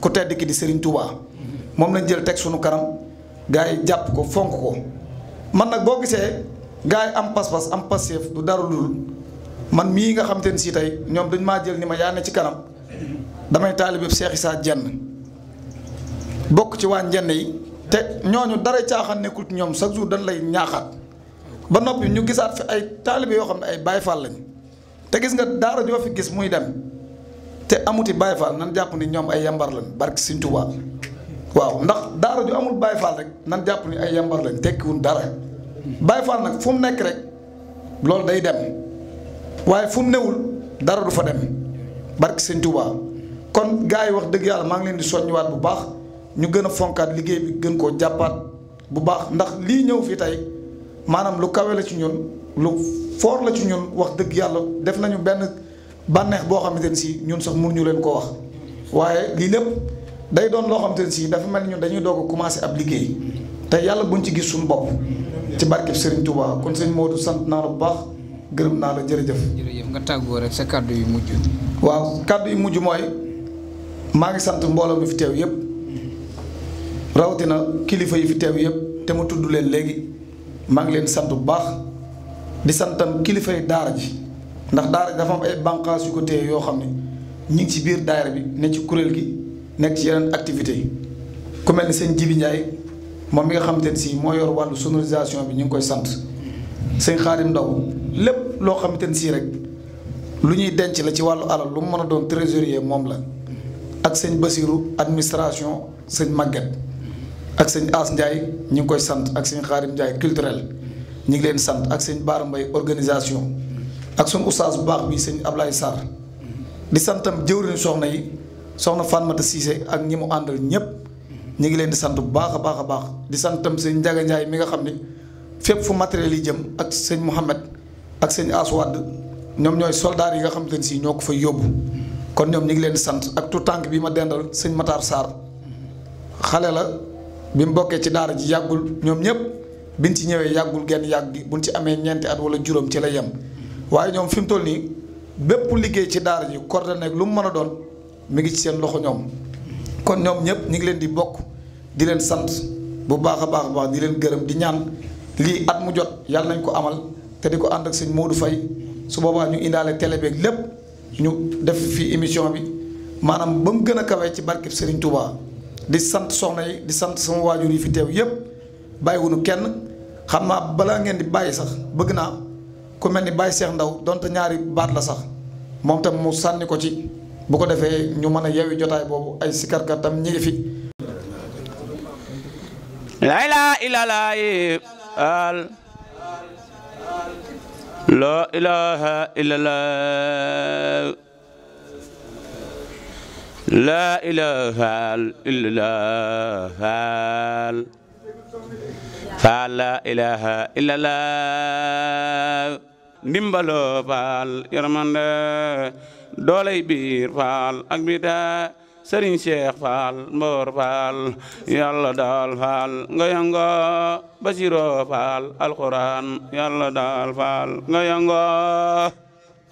ku tedd ki di Serigne Touba moom lañ jël teg suñu kanam gars yi jàpp ko fonk ko man nag boo gisee gars yi am pas-pas am passeef du dara lul man mii nga xam te ne si tey ñoom dañ maa jël ni ma yaa ne ci kanam damay taalibe Cheikh saa jenn bokk ci waa Ndiène yi te ñooñu dara caaxaan nekkul ci ñoom chaque jour dañ lay ñaaxaat. ba noppi ñu gisaat fi ay taalibe yoo xam ne ay Baay Faal lañu te gis nga daara joo fi gis muy dem te amuti Baay Faal nan jàpp ni ñoom ay yambar lañ barki Sëñ waaw ndax daara ju amul Baay Faal rek nan jàpp ni ay yambar lañ tekkiwun dara Baay Faal nag fu mu nekk rek loolu day dem waaye fu mu newul dara du fa dem barki Sëñ Tuubaa kon gaa yi wax dëgg yàlla maa ngi leen di soññiwaat bu baax ñu gën a fonkaat liggéey bi gën koo jàppaat bu baax ndax lii ñëw fii tey maanaam lu kawee la ci ñun lu foor la ci ñun wax dëgg yàlla def nañu benn bànneex boo xamante ne si ñun sax ñu leen ko wax waaye lii lépp day doon loo xamante ne sii dafa mel ni ñun dañuy doog a commencé ab liggéey te yàlla buñ ci gis suñ bopp ci barkeb Serigne Touba kon sëñ Modou sant naa la bu baax gërëm naa la jërëjëf. jërëjëf nga tàggoo rek sa kàddu yu mujj. waaw kàddu yu mujj mooy maa ngi sant mbooloo mi fi teew yëpp rawatina kilifa yi fi teew yëpp te ma leen léegi. maa ngi leen sant bu baax di santam kilifay daara ji ndax daara ji dafa am ay bànqaas yu ko téye yoo xam ne ñu ngi ci biir daara bi ne ci kuréel gi nekk ci yeneen activités yi ku mel ni sëñ Jibi Ndiaye moom mi nga xamante ne si moo yor wàllu sonorisation bi ñu ngi koy sant sëñ Xaadim Ndaw lépp loo xamante ne sii rek lu ñuy denc la ci wàllu alal lu mu mën a doon trésorier moom la ak sëñ Basiru administration sëñ Maguette ak sëñ As Ndiaye ñu ngi koy sant ak sëñ Xaarim Ndiaye culturel ñi ngi leen sant ak sëñ Baara Mbay organisation ak suñu ustaas bu baax bi sëñ Ablaye Sarr di santam jëwriñu soxna yi soxna Fatmata Cissé ak ñi mu àndal ñëpp ñu ngi leen di sant bu baax a baax a baax di santam sëñ Njaga mi nga xam ne fépp fu matériel yi jëm ak sëñ Mouhamed ak sëñ Aswad ñoom ñooy soldaar yi nga xam te ne si ñoo ko fa yóbbu kon ñoom ñu ngi leen di sant ak tout tànk bi ma dendal sëñ mataar Sarr xale la. bi mu bokkee ci daara ji yàggul ñoom ñëpp biñ ci ñëwee yàggul genn yàgg gi buñ ci amee ñeenti at wala juróom ci la yem waaye ñoom fi mu toll nii bépp liggéey ci daara ji coordonné ak lu mu mën a doon mi ngi ci seen loxo ñoom. kon ñoom ñëpp ñu ngi leen di bokk di leen sant bu baax a baax a baax di leen gërëm di ñaan lii at mu jot yàlla nañ ko amal te di ko ànd ak sëñ Modou Faye su boobaa ñu indaale télé beeg lépp ñu def fii émission bi maanaam ba mu gën a kawee ci barkeb Serigne Touba. di sant soxna yi di sant sama waajur yi fi teew yëpp bàyyiwunu kenn xam naa balaa ngeen di bàyyi sax bëgg naa ku mel ni bàyyi Cheikh Ndaw donte ñaari baat la sax moom tam mu sànni ko ci bu ko defee ñu mën a yewi jotaay boobu ay sikarkat tam ñi ngi laa ilaa ilaaha لا إله إلا هال فلا إله إلا لا ndimbaloo faal yërmande dooley biir faal ak bida sëriñ Cheikh faal mboor faal yàlla daal faal nga yango basiro faal alquran yàlla daal faal nga yango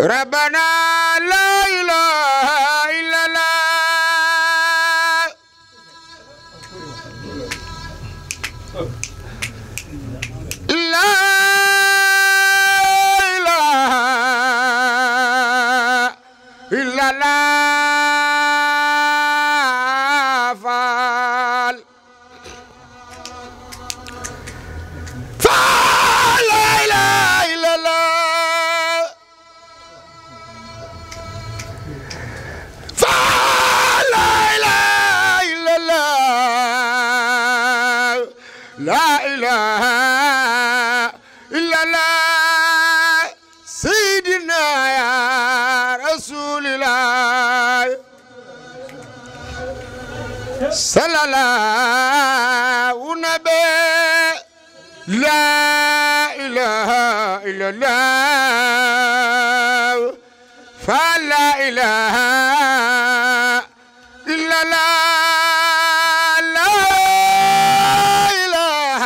ربنا صلى الله نبي لا إله إلا الله فلا إله إلا الله لا إله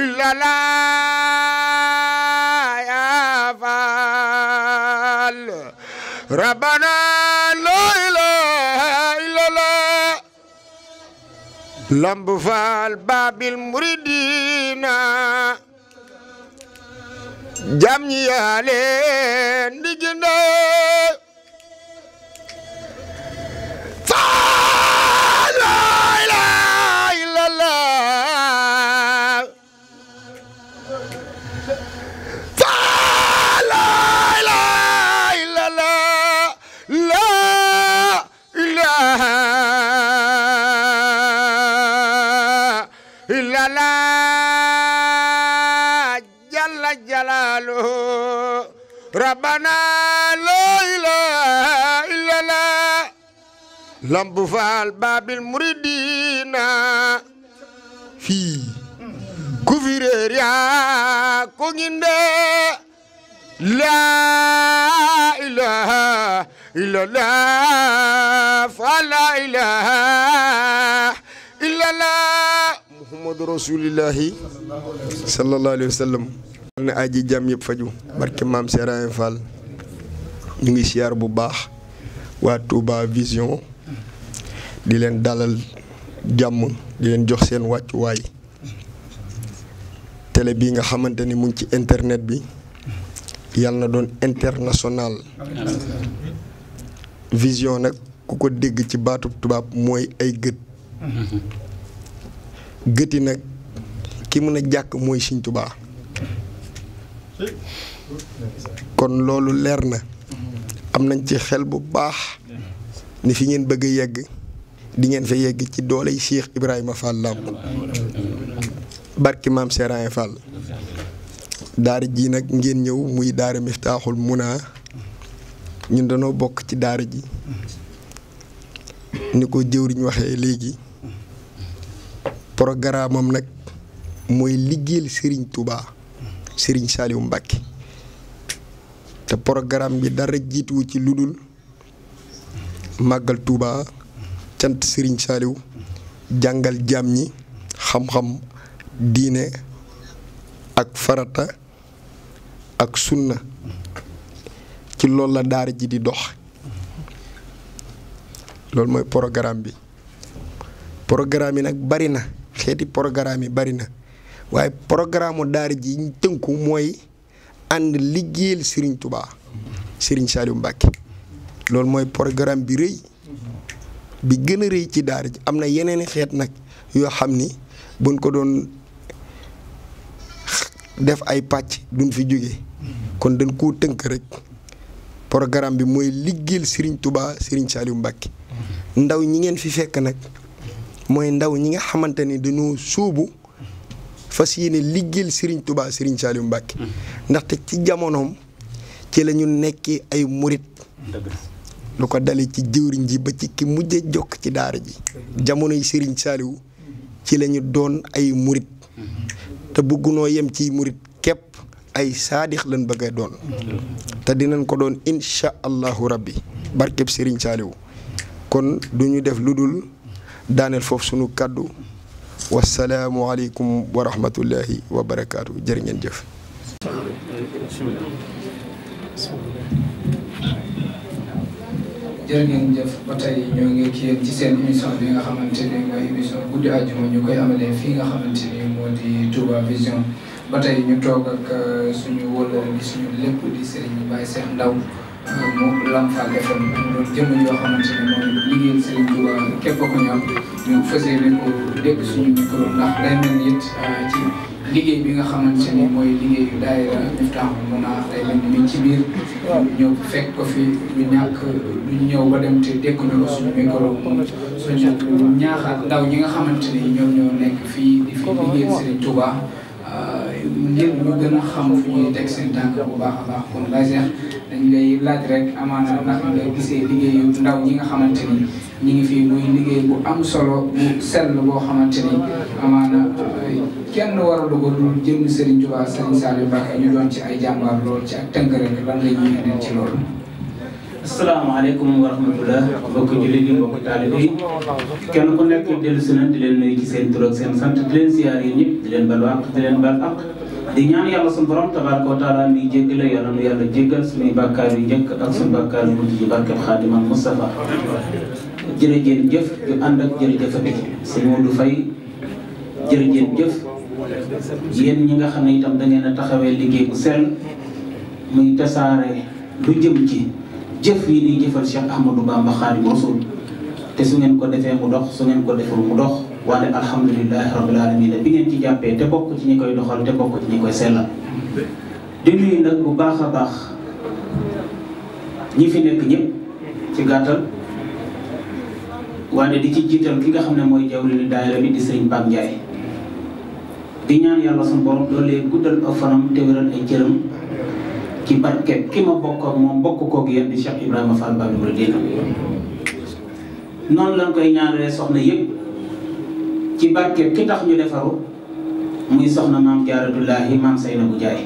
إلا الله يا فال ربنا lamb faal baabil muridina jam ñi yaa lamp faal baabil muridina fi réer ko nginde laa ilaha illallah fa muhammadu rasulillahi sallallahu alayhi aji jàmm yëpp faju barke maam Serigne Fall ñu ngi siyaar bu baax waa Touba Vision di leen dalal jàmm di leen jox seen wàccuwaay télé bii nga xamante ni mu ci internet bi yàlla na doon international vision nag ku ko dégg ci baatu tubaab mooy ay gët gëti nag ki mën a jàkk mooy Sëñ tubaa kon loolu leer na am nañ ci xel bu baax ni fi ngeen bëgg a yegg di ngeen fa yegg ci doole yi Cheikh Ibrahima Fall Lamp barki maam Serigne Fall daara ji nag ngeen ñëw muy daara Miftaaxul Muna ñun danoo bokk ci daar ji ni ko jëwriñ waxee léegi programme am nag mooy liggéeyal sëriñ Touba sëriñ Saliou Mbacke te programme bi dara jiituwu ci lu dul màggal Touba. cant Serigne Saliou jàngal jaam ñi xam-xam diine ak farata ak sunna ci loolu la daara ji di dox loolu mooy programme bi programme nag bari na xeeti programme yi bari na waaye programme daar ji tënku mooy ànd liggéeyal Serigne Touba Serigne Saliou Mbacké loolu mooy programme bi rëy bi gën a rëy ci daara ji am na yeneen i xeet nag yoo xam ni buñ ko doon def ay pàcc duñ fi jóge kon dañ koo tënk rek programme bi mooy liggéeyal Serigne tubaa Serigne Saliou Mbacké ndaw ñi ngeen fi fekk nag mooy ndaw ñi nga xamante ni dañoo sóobu fas yéene liggéeyal Serigne Touba Serigne Saliou Mbacké ndaxte ci jamonoom ci la ñu nekkee ay murit lu ko dale ci jëwriñ ji ba ci ki mujje jokk ci daara ji jamonoy sëriñ saaliwu ci lañu doon ay murit te bëggunoo yem ci murit képp ay saadix lañ bëgg a doon te dinañ ko doon incha allahu rabbi barkeb sëriñ saaliwu kon du ñu def lu dul daaneel foofu sunu kàddu wasalaamu aleykum wa rahmatullahi wa ngeen jëf jërë ngeen jëf ba tey ñoo ngi kii ci seen émission bi nga xamante ni mooy émission guddi àjjuma ñu koy amalee fii nga xam xamante ni moo di Touba Vision ba tey ñu toog ak euh, suñu wóllare bi suñu lépp di Serigne Baye Cheikh Ndaw mu Lamfal FM mu doon jëmm yoo xamante ne moom liggéeyal Serigne Touba képp ko ah, liggéey bi nga xamante ni mooy liggéey daayira Miftahul ci biir ñëw fekk ko fi lu ñàkk lu ñëw ba dem te dekku ñu ko suñu micro moom suñu ñaaxaat ndaw ñi nga xamante ni ñoom ñoo nekk fii di fi liggéeyal Serigne Touba ah, ngir ñu gën xam fu ñuy teg seen tànk bu baax baax kon lay seex dañ lay laaj rek amaana nag nga gisee liggéeyu ndaw ñi nga xamante ni ñi ngi fii muy liggéey bu am solo bu sell boo xamante ni amaana euh, kenn waralu ko dul jëm Serigne Touba Serigne Saliou Mbacké ñu doon ci ay jàmbaar lool ci ak tënk rek lan la ñuy leen ci loolu. asalaamaaleykum wa rahmatulah mbokk jullit yi mbokk taalib yi kenn ku nekk dellu si na di leen nuyu ci seen seen sant di leen siyaar yi ñëpp di leen bal wax di ñaan yàlla suñu borom tabaaraka wa taala mi jéggale yàlla nu yàlla jéggal suñuy bàkkaar yu njëkk ak suñu bàkkaar yu mujj yi barkeb xaadimal Mustafa jërëjëf jëf yu ànd ak jërëjëf ak sëñ Modou Faye jërëjëf jëf yéen ñi nga xam ne itam da a taxawee liggéey bu sell muy tasaare lu jëm ci jëf yi di jëfal Cheikh Ahmadou Bamba Xaadimu Rasuul te su ngeen ko defee mu dox su ngeen ko deful mu dox waaye alhamdulilahi rabil alamina bi ngeen ci jàppee te bokk ci ñi koy doxal te bokk ci ñi koy sellal di nuyu nag bu baax a baax ñi fi nekk ñëpp ci gàttal waaye di ci jiital ki nga xam ne mooy jawriñu daayira bi di sëriñ Pape Ndiaye di ñaan yàlla suñu borom doole guddal ak fanam te wéral ay cëram ci barkeb ki ma bokk moom bokk koog yéen di Cheikh Ibrahima Fall Babi Mouridina noonu lañ koy ñaanalee soxna yëpp. ci barkeb ki tax ñu defaru muy soxna maam jaaratullaahi maam Seynabou Ndiaye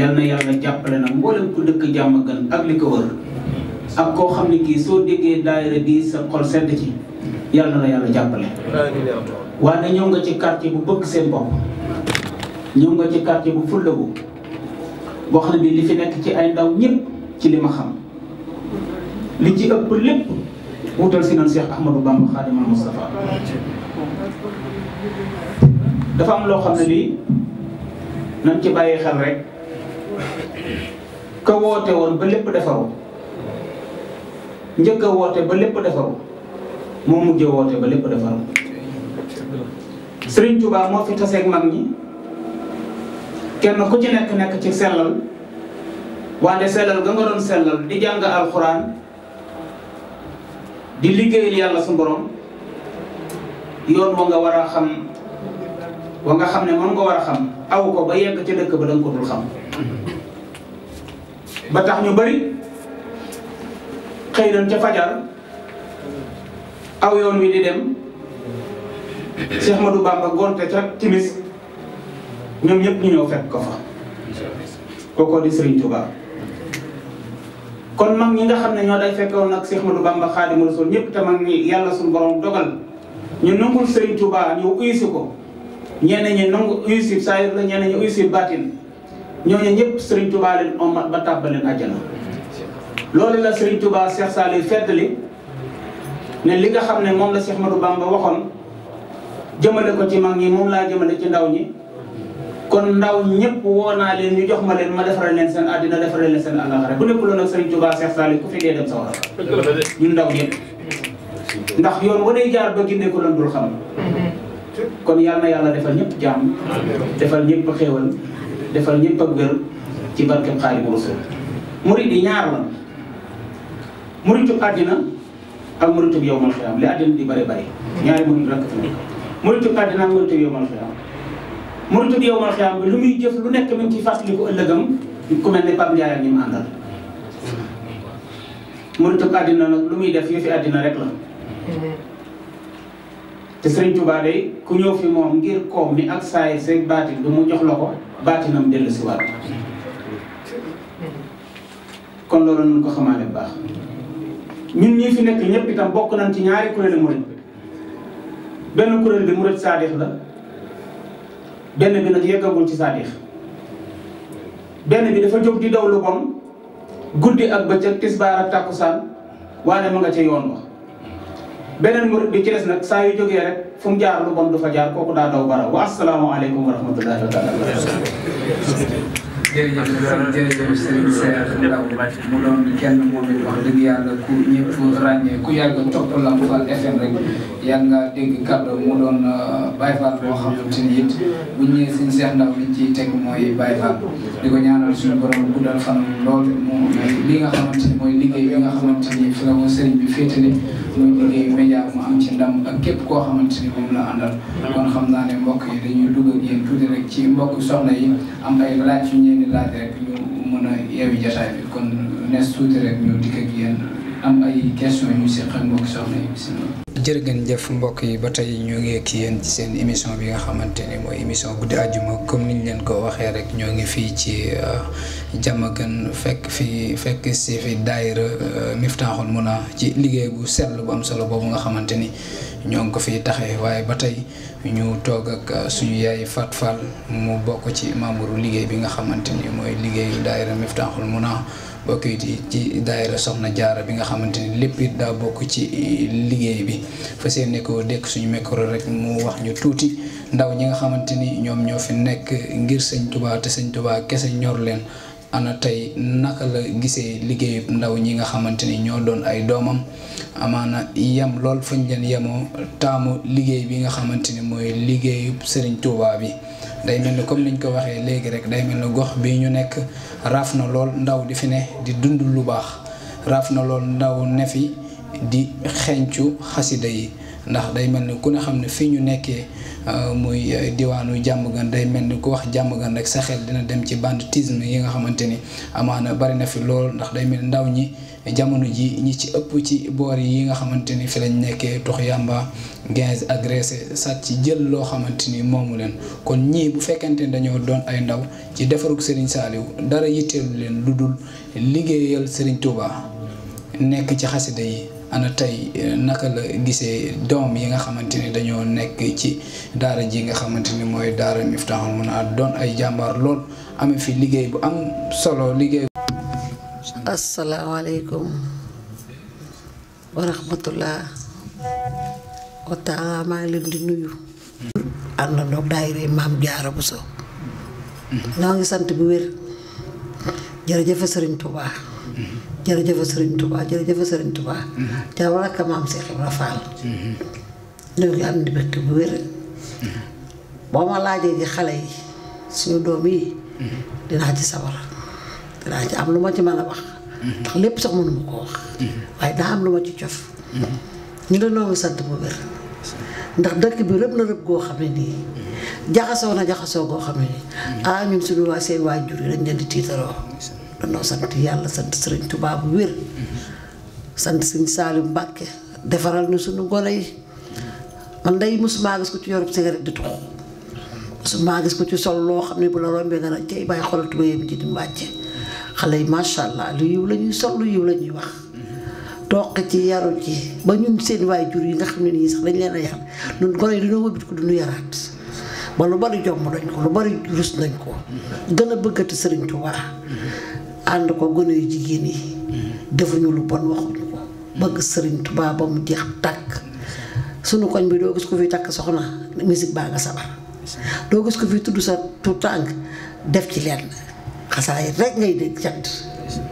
yal na yàlla jàppale na mboolem ku dëkk jàmm gën ak li ko wër ak koo xam ne gis soo déggee daayira di sa xol sedd ci yàlla na la yàlla jàppale waaye ñëw nga ci quartier bu bëgg seen bopp ñëw nga ci quartier bu fulla bu boo xam ne li fi nekk ci ay ndaw ñëpp ci li ma xam li ci ëpp lépp wuutal si nan Cheikh Ahmadou Bamba Xaadimal Mustafa dafa am loo xam ne lii nañ ci bàyyi xel rek ka woote woon ba lépp defaru njëkk a woote ba lépp defaroo moo mujje woote ba lépp defaru Sëriñ Tuubaa moo fi taseeg mag ñi kenn ku ci nekk nekk ci sellal wante sellal ga nga doon sellal di jàng alxuraan di liggéeyal yàlla su borom yoon wa nga war a xam wa nga xam ne mën nga war a xam aw ko ba yegg ca dëkk ba danga ko dul xam ba tax ñu bari xëy nañ ca fajar aw yoon wi di dem Cheikh Madou Bamba gonte ca timis ñoom ñëpp ñu ñëw fekk ko fa kookoo di Serigne Touba. kon mag ñi nga xam ne ñoo day fekkoon nag Cheikh Ahmadou Bamba Khadimu Rasul ñëpp te mag ñi yàlla suñu borom dogal ñu nangul Serigne Touba ñu uysi ko ñenn ñi nangu uysi saayir la ñenn ñi uysi baatin ñooñu ñëpp Serigne Touba leen omat ba tàbbaleen àjjana loolu la Serigne Touba Cheikh Saliou feddali ne li nga xam ne moom la Cheikh Ahmadou Bamba waxoon jëmale ko ci mag ñi moom laa jëmale ci ndaw ñi kon ndaw ñëpp woo naa leen ñu jox ma leen ma defaral leen seen àddina defaral leen seen àllaxira bu nekkuloon ak Serigne Touba Cheikh Saliou ku fi dee dem sawara ñun ndaw ñëpp ndax yoon wa day jaar ba gindee ko loon dul xam kon yal na yàlla defal ñëpp jàmm defal ñëpp xéewal defal ñëpp ak ci barkeb Xaadimu Rasuul murid yi ñaar la muridub àddina ak muridub yawmal xiyaam li àddina di bëri bëri ñaari murid rekk fi nekk muridub àddina ak muridub yawmal xiyaam murid bi yowmal xiyaam bi lu muy jëf lu nekk mi ngi ciy fàttaliku ëllëgam ku mel ne Pape Ndiaye ak mu àndal. murid àddina nag lu muy def yëfi àddina rek la. te Sëriñ Tuubaa day ku ñëw fi moom ngir koom mi ak saay seeg baatin du mu jox la ko baatinam dellu si waat kon loolu nañ ko xamaale bu baax ñun ñii fi nekk ñëpp itam bokk nañ ci ñaari kuréelu murid benn kuréel bi murid saadix la benn bi nag yeggagul ci saadix benn bi dafa jóg di daw lu bon guddi ak bëccëg tisbaar ak tàkkusaan waane ma nga ca yoon wa beneen murit bi ci nag saa yu jógee rek fu mu jaar lu bon du jaar kooku daa daw bara wa assalaamu aleykum wa rahmatullahi wa taala jërëjëf jërëjëf Serigne Serre Ndaw mu doon kenn moom it wax dëgg yàlla ku ñëpp ràññee ku yàgg topp Lamp Fall FM rek yàgg nga dégg kàddu mu doon euh, Baye Fall boo xamante ni it bu ñëwee Serigne Serre Ndaw liñ ciy teg mooy Baye Fall di ko ñaanal suñu borom guddal fan lool moom li nga xamante ni mooy liggéey bi nga xamante ni fi la ko Serigne bi féetale muy liggéey média mu am ci ndam ak képp koo xamante ni moom la àndal kon xam naa ne mbokk yi dañuy dugg ak yéen tuuti rek ci mbokk soxna yi am ay laaj yu ñeen ni rek ñu mën a yeewi jotaay bi kon nees tuuti rek ñu dikk ak yéen am ay question yu si xam mbokk soxna yi bisimilah. jëf mbokk yi ba tey ñoo ngi ak yéen ci seen émission bi nga xamante ni mooy émission guddi àjjuma comme ñu leen ko waxee rek ñoo ngi fii ci Diamaguène euh, fekk fii fekk si fi daayira euh, Miftaaxul Muna ci liggéey bu sell bu am solo boobu nga xamante ni ñoo ngi ko fiy taxee waaye ba tey. ñu toog ak uh, suñu yaay Fat Fall mu bokk ci membre liggéey bi nga xamante ni mooy liggéeyu daayira Miftahoul a bokk ci ci daayira Soxna Jaara bi nga xamante ni lépp it daa bokk ci uh, liggéey bi fa seen ne ko dékk suñu micro rek mu wax ñu tuuti ndaw ñi nga xamante ni ñoom ñoo fi nekk ngir sëñ Tuubaa te sëñ Tuubaa kese ñor leen ana tey naka la gisee liggéeyu ndaw ñi nga xamante ni ñoo doon ay doomam amaana yem lool fuñ leen yemoo taamu liggéey bi nga xamante ni mooy liggéeyu Serigne Touba bi day mel ni comme niñ ko waxee léegi rek day mel ni gox bi ñu nekk raaf na lool ndaw di fi ne di dund lu baax raaf na lool ndaw ne fi di xencu xasida yi ndax day mel ni ku ne xam ne fii ñu nekkee euh, muy euh, diwaanu jàmm gan day mel ni ku wax jàmm gan rek sa xel dina dem ci banditisme yi nga xamante ni amaana bari na fi lool ndax day mel ni ndaw ñi jamono ji ñi ci ëpp ci boor yi nga xamante ni fi lañ nekkee tox yàmba gaz agressé sàcc jël loo xamante ni moomu leen kon ñii bu fekkente ni dañoo doon ay ndaw ci defarug Serigne Saliou dara yi yitteelu leen lu dul liggéeyal Serigne Touba nekk ci xasida yi ana tey eh, naka la gisee doom yi nga xamante ni dañoo nekk ci daara ji nga xamante ni mooy daara Miftahul a doon ay jàmbaar lool amee fi liggéey bu am solo liggéey asalaamaaleykum wa rahmatullah wa taala maa ngi leen di nuyu. ànd ndoog daayira maam Jaara Buso noo ngi sant bu wér jërëjëf sëriñ Touba. jërëjëf sëriñ Touba jërëjëf sëriñ Touba. jawwala ka maam Cheikh Ibra Fall. ñoo ngi am di bëgg bu boo ma laajee ji xale yi suñu doom yi. dinaa ci sabar. danaa ci am lu ma ci mën a wax. ndax lépp sax mënuma koo wax. waaye daa am lu ma ci cof. ñu ne noo sant bu wér. ndax dëkk bi rëb na rëb goo xam ne nii. jaxasoo na jaxasoo goo xam ne nii. ah ñun suñu waa seen waajur leen di tiitaroo. danoo sant yàlla sant sëriñ Tuubaa bu wér. sant sëriñ Saalim Mbàkke defaral ñu suñu gone yi. man day musuma gis ko ci yorub cigarette di tux musuma gis ko ci sol loo xam ne bu la rombee nga ne cay bàyyi xoolal tubayam ji di wàcce. xale yi macha allah lu yiw la ñuy sol lu yiw la ñuy wax. toq ci yaru ci ba ñun seen jur yi nga xam ne nii sax dañ leen a yar ñun gone yi dañoo wëbit ko duñu yaraat ba lu bari jomb dañ ko lu bari rus nañ ko. gën a bëggati Sëriñ Tuubaa. ànd ko gone yu jigéen yi. defuñu lu bon bëgg Sëriñ Tuubaa ba mu jeex tàkk. sunu koñ bi doo gis ko fi takk soxna musique baa nga sabar doo gis ko fi tudd sa tu tànk def ci leen. xasaay rek ngay dégg cant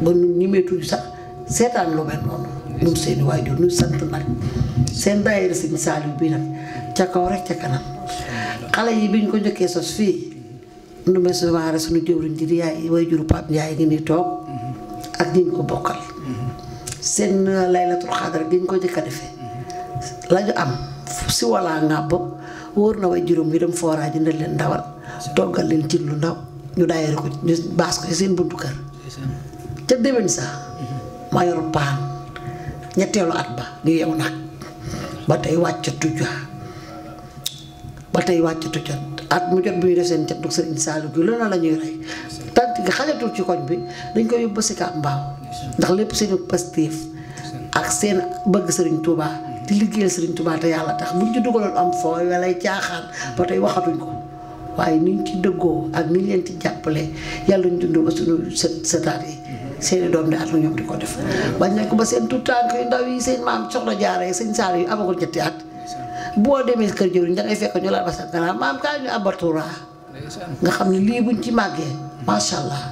ba ñun ñemeetuñu sax lu mel noonu ñun seeni ñu bi nag ca kaw ca kanam xale yi biñ ko njëkkee sos fii nu mes waare suñu jëwriñ ji di yaay waajuru Pape Ndiaye ngi ni toog ak ñiñ ko bokkal seen laylatul xadar giñ ko njëkk a defee lañu am si walaa ngàbb wóor na way juróom yi dem foora jëndal leen ndawal toggal leen cin lu ndaw ñu daayere ko ñu baas ko ci seen buntu kër ca déwén sax ma yor paan ñetteelu at ba di yeewu nag ba tey wàcc tujja ba tey wàcc tujja at mu jot bu ñu def seen cat dug sëriñ Saliou du la la rey tant que xajatul ci koñ bi dañ koy yóbbu si mbaaw ndax lépp seeni pastéef ak seen bëgg sëriñ Touba di liggéeyal sëriñ Touba te yàlla tax buñ ci dugaloon am fooy walay caaxaan ba tey waxatuñ ko waaye ni ñu ci dëggoo ak ni ñu leen ci jàppale yàlla ñu dund ba suñu sët sëtaat yi mm-hmm. seeni doom di at ñoom di ko def bañ nañ ko ba seen tout tànk yu ndaw yi seen maam soxna jaaree seen saal yu amagul ñetti at boo demee kër jëriñ dangay fekk ñu la basal nga maam kaa ñu abatura nga xam ne lii buñ ci màggee mm-hmm. macha allah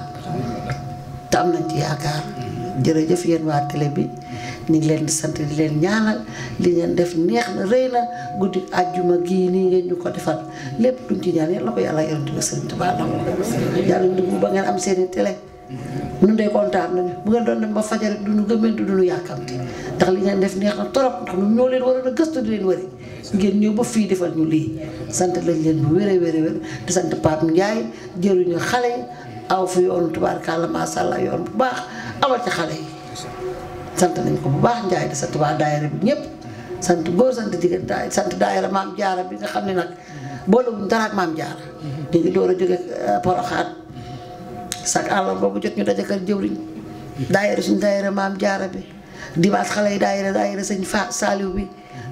te am nañ ci yaakaar mm-hmm. jërëjëf yéen waa télé bi ñu leen di sant di leen ñaanal li ngeen def neex na rëy na guddi àjjuma gii nii ngeen ñu ko defal lépp duñ ci ñaan yàlla ko yàlla yonent bi sëriñ Tuubaa nangu yàlla dugg ba ngeen am seeni télé ñun de kontaan nañu bu ngeen doon dem ba fajar rek duñu gëmmentu duñu yàkkamti ndax li ngeen def neex na torop ndax ñun ñoo leen waroon a gëstu di leen wari ngeen ñëw ba fii defal ñu lii sant lañ leen bu wéré wéré wéré di sant Pape Ndiaye jëruñu xale yi aw fi yoonu tubaarkàlla macha allah yoon bu baax awal ci xale yi sant nañ ko bu baax Njaay di sant waa daayira bi ñëpp sant boo sant jigéen sant daayira maam jaara bi nga xam ne nag boolewuñ dara ak maam jaara ñu ngi door a jóge euh, poroxaat sax àllam boobu jot ñu daje kër jëwriñ daayira suñ daayira maam jaara bi dimanche xale yi daayira daayira sëñ fa saaliw bi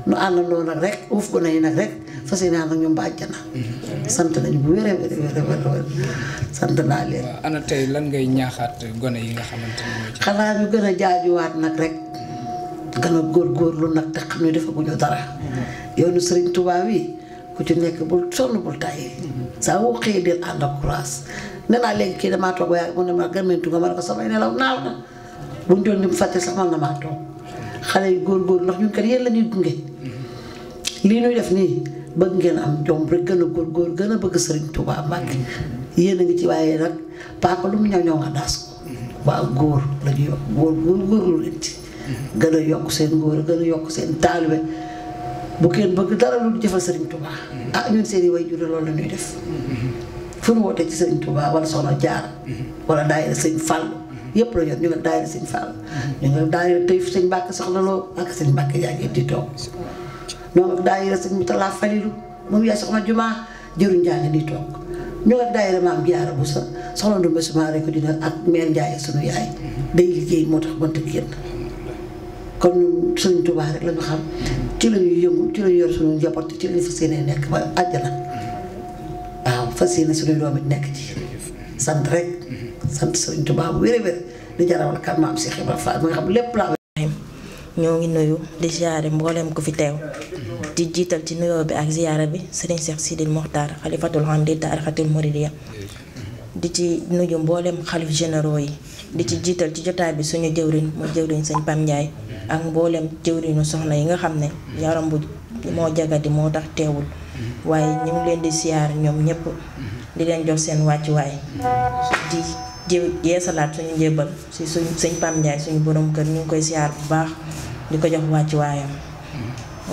nu àndandoo nag rek uuf gu nañ nag rek fas yéene nag ñoom ba àjjana. sant nañu bu wér a wér a wér sant naa leen. waaw ana tey lan ngay ñaaxaat gone yi nga xamante ne xanaa ñu gën a jaajuwaat nag rek. gën a góorgóorlu nag te xam ne defaguñu dara. yow ni Serigne Touba wi ku ci nekk bul sonn bul tàyyi. saa woo xëyee del ànd ak courage. nee naa léegi kii damaa toog ba yàgg mu ne ma gëmmentu nga ma ne ko samay nelaw naaw na buñ doon lim fàtte sax man na maa toog xale yu góorgóorlu ndax ñun kat yéen la ñuy gunge. lii ñuy def nii. bëgg ngeen am jom rek gën a gën a bëgg sëriñ Touba Mbàkke yéen a ngi ci waaye nag paaka lu mu ñaw ñaw nga daas ko waaw góor la ñu góor góor góorlu leen gën a yokk seen góor gën a yokk seen taalibe bu kenn bëgg dara lu jëfal sëriñ Touba ah ñun seen i way jure loolu la ñuy def fu nu wootee ci sëriñ Touba wala soxna jaar wala daayira sëñ Fall yëpp la ñu ñu nga daayira sëñ Fall ñu nga daayira tey sëñ Mbàkke soxna loo ak sëñ Mbàkke yaa ngi di toog ñoo ak daayira sëñ Mutalla Falilu moom yaay soxna Juma jëruñ njaa ngi nii toog ñoo ak daayira maam Jaara bu sa soxna Ndumbe Soumaré rek ko dina ak mère Ndiaye sunu yaay day liggéey la ñu xam ci la ñuy yëngu ci la ñuy yor sunu nekk ba àjjana waaw fas yéene sunu nekk ci sant rek mm-hmm. sant sëñ Tuubaa bu wér nga xam lépp laa ñoo ngi nuyu di ziare mbooleem ku fi teew di jiital ci nuyoo bi ak ziyaara bi sëriñ Cheikh Sidil Mokhtar xalifatul am di taarixatul muridiya di ci nuju mbooleem xalif généro yi di ci jiital ci jotaay bi suñu jëwriñ mu sëñ Pam ak mbooleem jëwriñu soxna yi nga xam ne yaram bu moo jagadi moo tax teewul waaye ñu ngi leen di siyaar ñoom ñëpp di leen jox seen wàccuwaay di jë yeesalaat suñu njëbal si suñ sëñ Pam Ndiaye suñu borom kër ñu ngi koy siyaar bu baax di ko jox wàcc waayam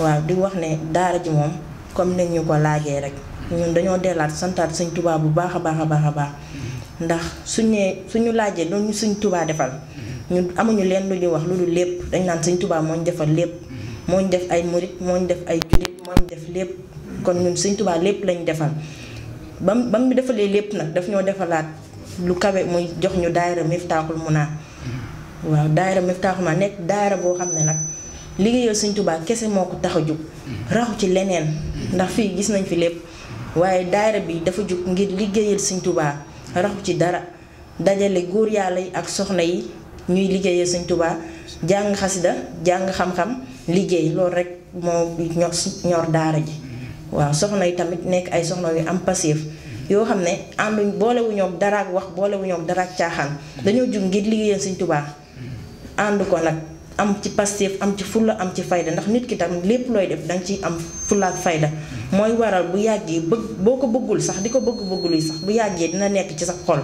waaw di wax ne daara ji moom comme ni ñu ko laajee rek ñun dañoo dellaat santaat sëñ Tuubaa bu baax a baax a baax a baax ndax suñ nee suñu laajee du suñ sëñ defal ñun amuñu leen lu ñuy wax lu dul lépp dañ naan sëñ Tuubaa mooñ defal lépp moo def ay murit moo def ay jullit moo def lépp kon ñun suñ Tuubaa lépp lañ defal bam bam mu defalee lépp nag daf ñoo defalaat lu kawe muy jox ñu daayira Miftaaxul Munaa waaw daayira Miftaaxul Xumaan nekk daayira boo xam ne nag liggéeyal Sëñ Tuubaa kese moo ko tax a jóg mm-hmm. raxu ci leneen mm-hmm. ndax fii gis nañ fi lépp waaye daayira bi dafa jóg ngir liggéeyal Sëñ Tuubaa raxu ci dara dajale góor yàlla ak soxna yi ñuy liggéeyal Sëñ Tuubaa jàng xasida jàng xam-xam liggéey loolu rek moo ñor ñor daara ji mm-hmm. waaw soxna yi tamit nekk ay soxna yu am passif yoo xam ne ànduñ boolewu ñoom daraak wax boolewu ñoom daraak caaxaan dañoo jug ngir liggéeyal Sëñ Tuubaa ànd ko nag am ci Pastef am ci fulla am ci fayda ndax nit ki tam lépp looy def danga ciy am fulla fayda mooy waral bu yàggee bëgg boo ko bëggul sax di ko bëgg bëggul yi sax bu yàggee dina nekk ci sa xol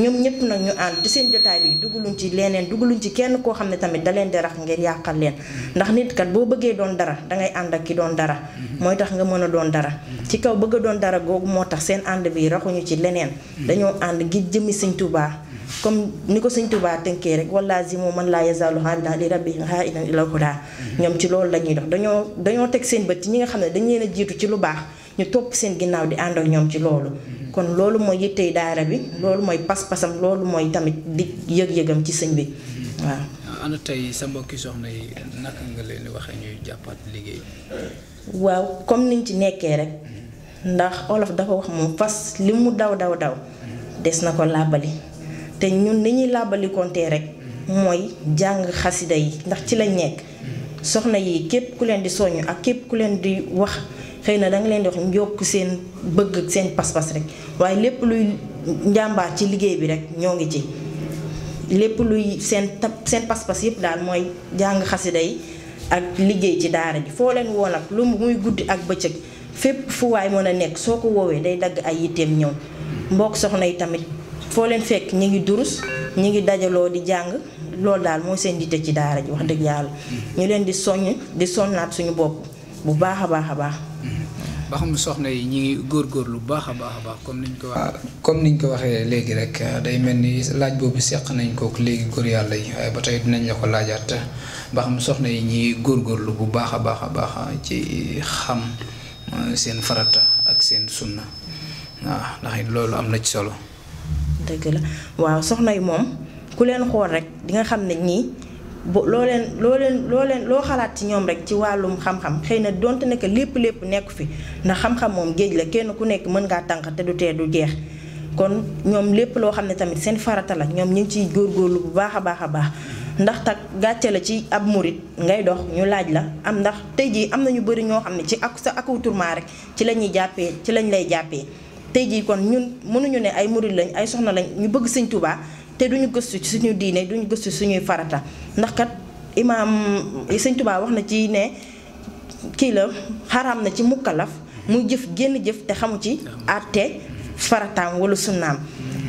ñoom ñëpp nag ñu ànd ci seen jotaay bi dugaluñ ci leneen dugaluñ ci kenn koo xam ne tamit da leen di rax ngeen yàqal leen ndax nit kat boo bëggee doon dara dangay ànd ak ki doon dara mooy tax nga mën a doon dara ci kaw bëgg a doon dara googu moo tax seen ànd bi raxuñu ci leneen dañoo ànd ngir jëmi Sëñ Tuubaa comme ni ko sëñ Touba tënkee rek wala si moom man laa di rab li rabbi xaa inan ila huda ñoom ci loolu la ñuy dox dañoo dañoo teg seen bët ci ñi nga xam ne dañu leen a jiitu ci lu baax ñu topp seen ginnaaw di ànd ak ñoom ci loolu. kon loolu mooy yittey daara bi loolu mooy pas-pasam loolu mooy tamit di yëg-yëgam ci sëñ bi waaw. ana tey sa mbokki soxna yi naka nga leen di waxee ñuy jàppaat liggéey. waaw comme niñ ci nekkee rek. ndax olof dafa wax moom li mu daw daw daw des na ko làbbali te ñun li ñuy làbbalikontee rek mooy jàng xasida yi ndax ci la nekk soxna yi képp ku leen di soññ ak képp ku leen di wax xëy na danga leen di wax njokk seen bëgg seen pas-pas rek waaye lépp luy njàmbaar ci liggéey bi rek ñoo ngi ci lépp luy seen ta seen pas yëpp daal mooy jàng xasida yi ak liggéey ci daara ji foo leen woon ak lu muy guddi ak bëccëg fépp fu waay mën a nekk soo ko woowee day dagg ay yitteem ñëw mbokk soxna yi tamit foo leen fekk ñu ngi durus ñu ngi dajaloo di jàng loolu daal mooy seen dite ci daara ji wax dëgg yàlla ñu leen di soññ di sonnaat suñu bopp bu baax a baax a baax ba soxna yi ñu ngi góorgóorlu lu baax a baax baax comme niñ ko waxee. Ah, comme niñ ko waxee léegi rek day mel ni laaj boobu seq nañ ko léegi góor yàlla yi waaye ba tey dinañ la laajaat ba xam soxna yi ñi ngi góorgóorlu bu baax a baax a baax ci xam ah, seen farata ak seen sunna waaw ah, ndax loolu am na ci solo. dëgg la waaw soxna yi moom ku leen xool rek di nga xam ne ñii bo loo leen loo leen loo leen xalaat ci ñoom rek ci wàllum xam-xam xëy na donte ne lépp lépp nekku fi ndax xam-xam moom géej la kenn ku nekk mën ngaa tànq te du tee du jeex. kon ñoom lépp loo xam ne tamit seen farata la ñoom ñu ngi ciy góorgóorlu bu baax a baax a baax ndax tak gàcce la ci ab murit ngay dox ñu laaj la am ndax tey jii am na ñu bëri ñoo xam ne ci ak sa accoutrement rek ci la ñuy jàppee ci lañ lay jàppee. tey jii kon ñun mënuñu ne ay murid lañ ay soxna lañ ñu bëgg sëñ Touba te duñu gëstu ci suñu diine duñu gëstu suñuy farata ndax kat imaam sëñ Touba wax na ci ne kii la xaram na ci mukkalaf muy jëf génn jëf te xamu ci àtte farataam wala sunnaam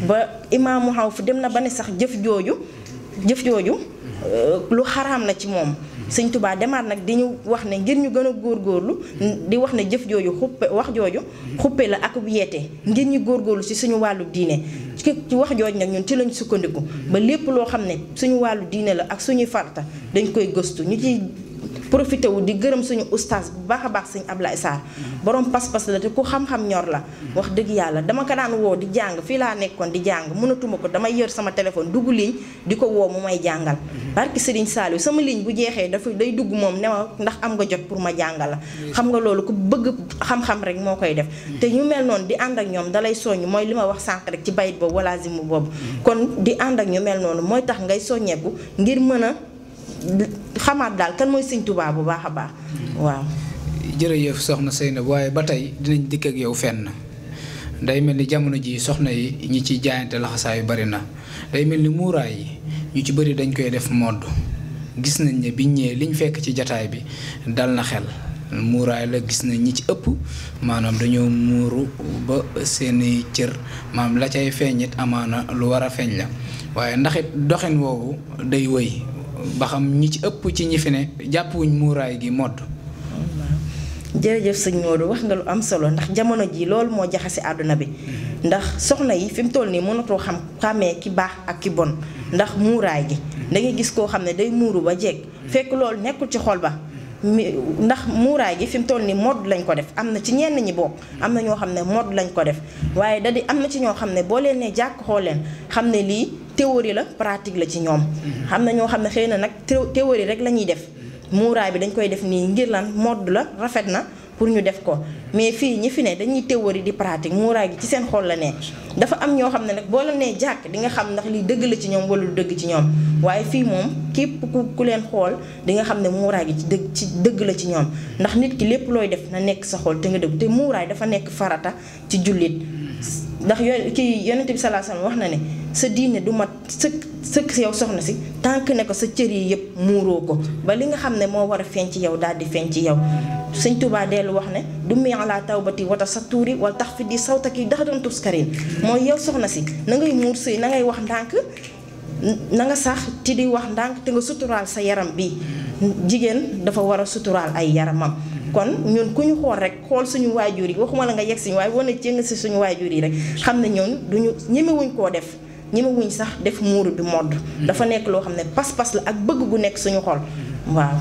ba imaamu xaw fu dem na ba ne sax jëf jooju jëf jooju euh, lu xaram na ci moom sëñ tubaa demaat nag di ñu wax ne ngir ñu gën a góor góorlu di wax ne jëf jooju xuppe wax jooju xuppe la akub yeete ngir ñu góorlu ci suñu wàllu diine ci wax jooju nag ñun ci lañ sukkandiku ba lépp loo xam ne suñu wàllu diine la ak suñuy farta dañ koy gëstu ñu ci profité wu di gërëm suñu ustaas bu baax a baax suñu Ablaye Sarr borom pas-pas la te ku xam-xam ñor la wax dëgg yàlla dama ko daan woo di jàng fii laa nekkoon di jàng mënatuma ko damay yor sama téléphone dugg ligne di ko woo mu may jàngal barki Serigne Saliou sama ligne bu jeexee dafa day dugg moom ne ma ndax am nga jot pour ma jàngal xam nga loolu ku bëgg xam-xam rek moo koy def te ñu mel noonu di ànd ak ñoom dalay soññ mooy li ma wax sànq rek ci bayit boobu wala zimu boobu kon di ànd ak ñu mel noonu mooy tax ngay soññeeku ngir mën a xamaat daal kan mooy sëñ Tuubaa bu baax a baax waaw jërëjëf soxna Seynab waaye ba tey dinañ dikk ak yow fenn day mel ni jamono ji soxna yi ñi ci jaayante laxasaa yu bari na day mel ni muuraay yi ñu ci bari dañ koy def modd gis nañ ne biñ ñëwee liñ fekk ci jataay bi dal na xel muuraay la gis nañ ñi ci ëpp maanaam dañoo muuru ba seeni cër maanaam la cay feeñit amaana lu war a feeñ la waaye ndax doxin woowu day wëy ba xam ñi ci ëpp ci ñi fi ne jàppuñ muuraay gi modd jërëjëf sëñ Modou wax nga lu am solo ndax jamono ji loolu moo jaxase àdduna bi mm-hmm. ndax soxna yi fi mu toll nii mënatoo xam xàmmee ki baax ak ki bon ndax muuraay gi mm-hmm. da gis koo xam ne day muuru ba jeeg mm-hmm. fekk loolu nekkul ci xol ba ndax muuraay gi fi mu toll nii modd lañ ko def am na ci ñenn ñi bokk am na ñoo xam ne modd lañ ko def waaye da di am na ci ñoo xam ne boo leen ne jàkk xool leen xam ne lii théorie la pratique la ci ñoom. xam na ñoo xam ne xëy na nag théorie rek la ñuy def muuraay bi dañ koy def nii ngir lan modd la rafet na pour ñu def ko mais fii ñi fi ne dañuy théorie di pratique muuraay gi ci seen xool la ne. dafa am ñoo xam ne nag boo la nee jàkk di nga xam ndax li dëgg la ci ñoom wala dëgg ci ñoom waaye fii moom képp ku ku leen xool di nga xam ne muuraay gi ci dëgg ci dëgg la ci ñoom ndax nit ki lépp looy def na nekk sa xool te nga dëgg muuraay dafa nekk farata ci jullit. ndax yoon kii yonente bi salaa salaam wax na ne sa diine du mat sëkk sëkk yow soxna si tànk ne ko sa cër yi yëpp muuroo ko ba li nga xam ne moo war a feeñ ci yow daal di feeñ ci yow sëñ Tuubaa dellu wax ne du mi ala tawbati wata sa tuuri wala tax fi di ki dax doon tuskarin mooy yow soxna si na ngay muur sëy na ngay wax ndànk na nga sax ci di wax ndànk te nga suturaal sa yaram bi jigéen dafa war a suturaal ay yaramam kon ñun ku ñu xool rek xool suñu waajur yi waxuma la nga yegg siñu waaye wane jëng si suñu waajur yi rek xam ne ñun duñu ñemewuñ koo def ñemewuñ sax def muuru bi modd mm-hmm. dafa nekk loo xam ne pas-pas la ak bëgg gu nekk suñu xol mm-hmm. waaw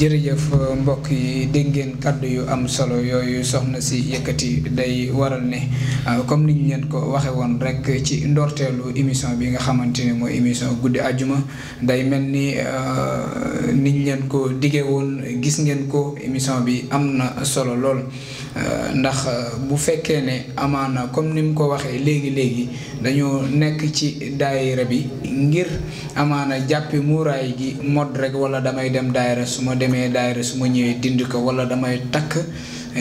jërëjëf mbokk yi dégg ngeen kàddu yu am solo yooyu soxna si yëkkati day waral ne ah, comme ñu leen ko waxe woon rek ci ndorteelu émission bi nga xamante ne mooy émission guddi àjjuma day mel ni nit ah, niñ leen ko diggee woon gis ngeen ko émission bi am na solo lool. Euh, ndax euh, bu fekkee ne amaana comme ni mu ko waxee léegi léegi dañoo nekk ci daayira bi ngir amaana jàppi muuraay gi mod rekk wala damay dem daayira su ma demee daayira su ma ñëwee dindi ko wala damay takk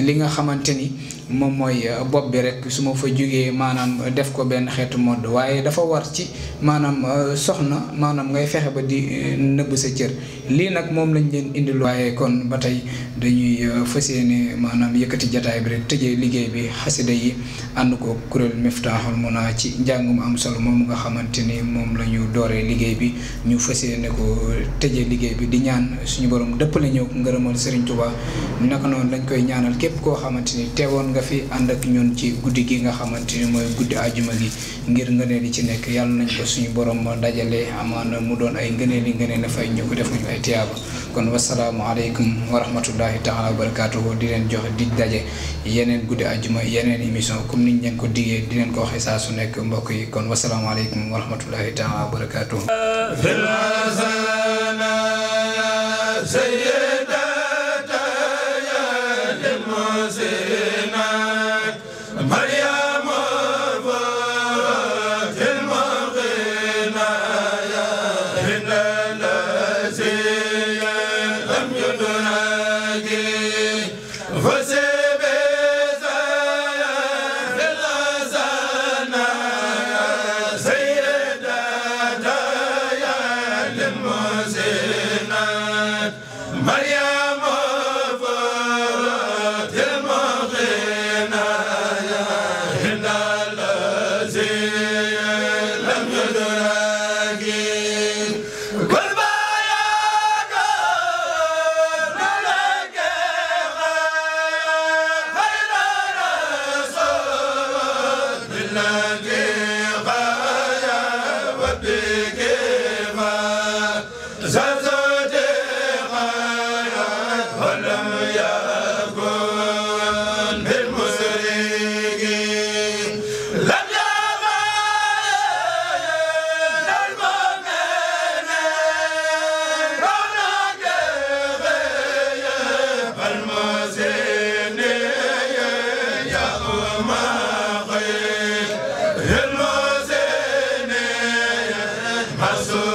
li nga xamante ni moom mooy euh, bopp bi rek su ma fa jógee maanaam def ko benn xeetu modd waaye dafa war ci maanaam euh, soxna maanaam ngay fexe ba di euh, nëbb sa cër lii nag moom lañ leen indil waaye kon ba tey dañuy fas yéene maanaam yëkkati jataay bi tëjee liggéey bi xasida yi ànd ko kuréel Miftaaxul Munaa ci njàngum am solo moom nga xamante ni moom la ñu dooree liggéey bi ñu fas ne ko tëjee liggéey bi di ñaan suñu borom dëppale ñëw ngërëmal Serigne Touba naka noonu lañ koy ñaanal képp koo xamante ni teewoon nga nga fi ànd ak ñun ci guddi gi nga xamante ni mooy guddi ajuma gi ngir ngëneel yi ci nekk yàlla nañ ko suñu borom dajale amaana mu doon ay ngëneel yi ngëneel a fay ñu ko def ñu ay tiyaaba kon wasalaamualeykum wa rahmatullahi taala wa barakaatuhu di leen joxe dig daje yeneen guddi ajuma yeneen émission comme niñ leen ko digee di leen ko waxee saa su nekk mbokk yi kon wasalaamualeykum wa rahmatullahi taala wa barakaatuhu سيدتي المسيح Hasan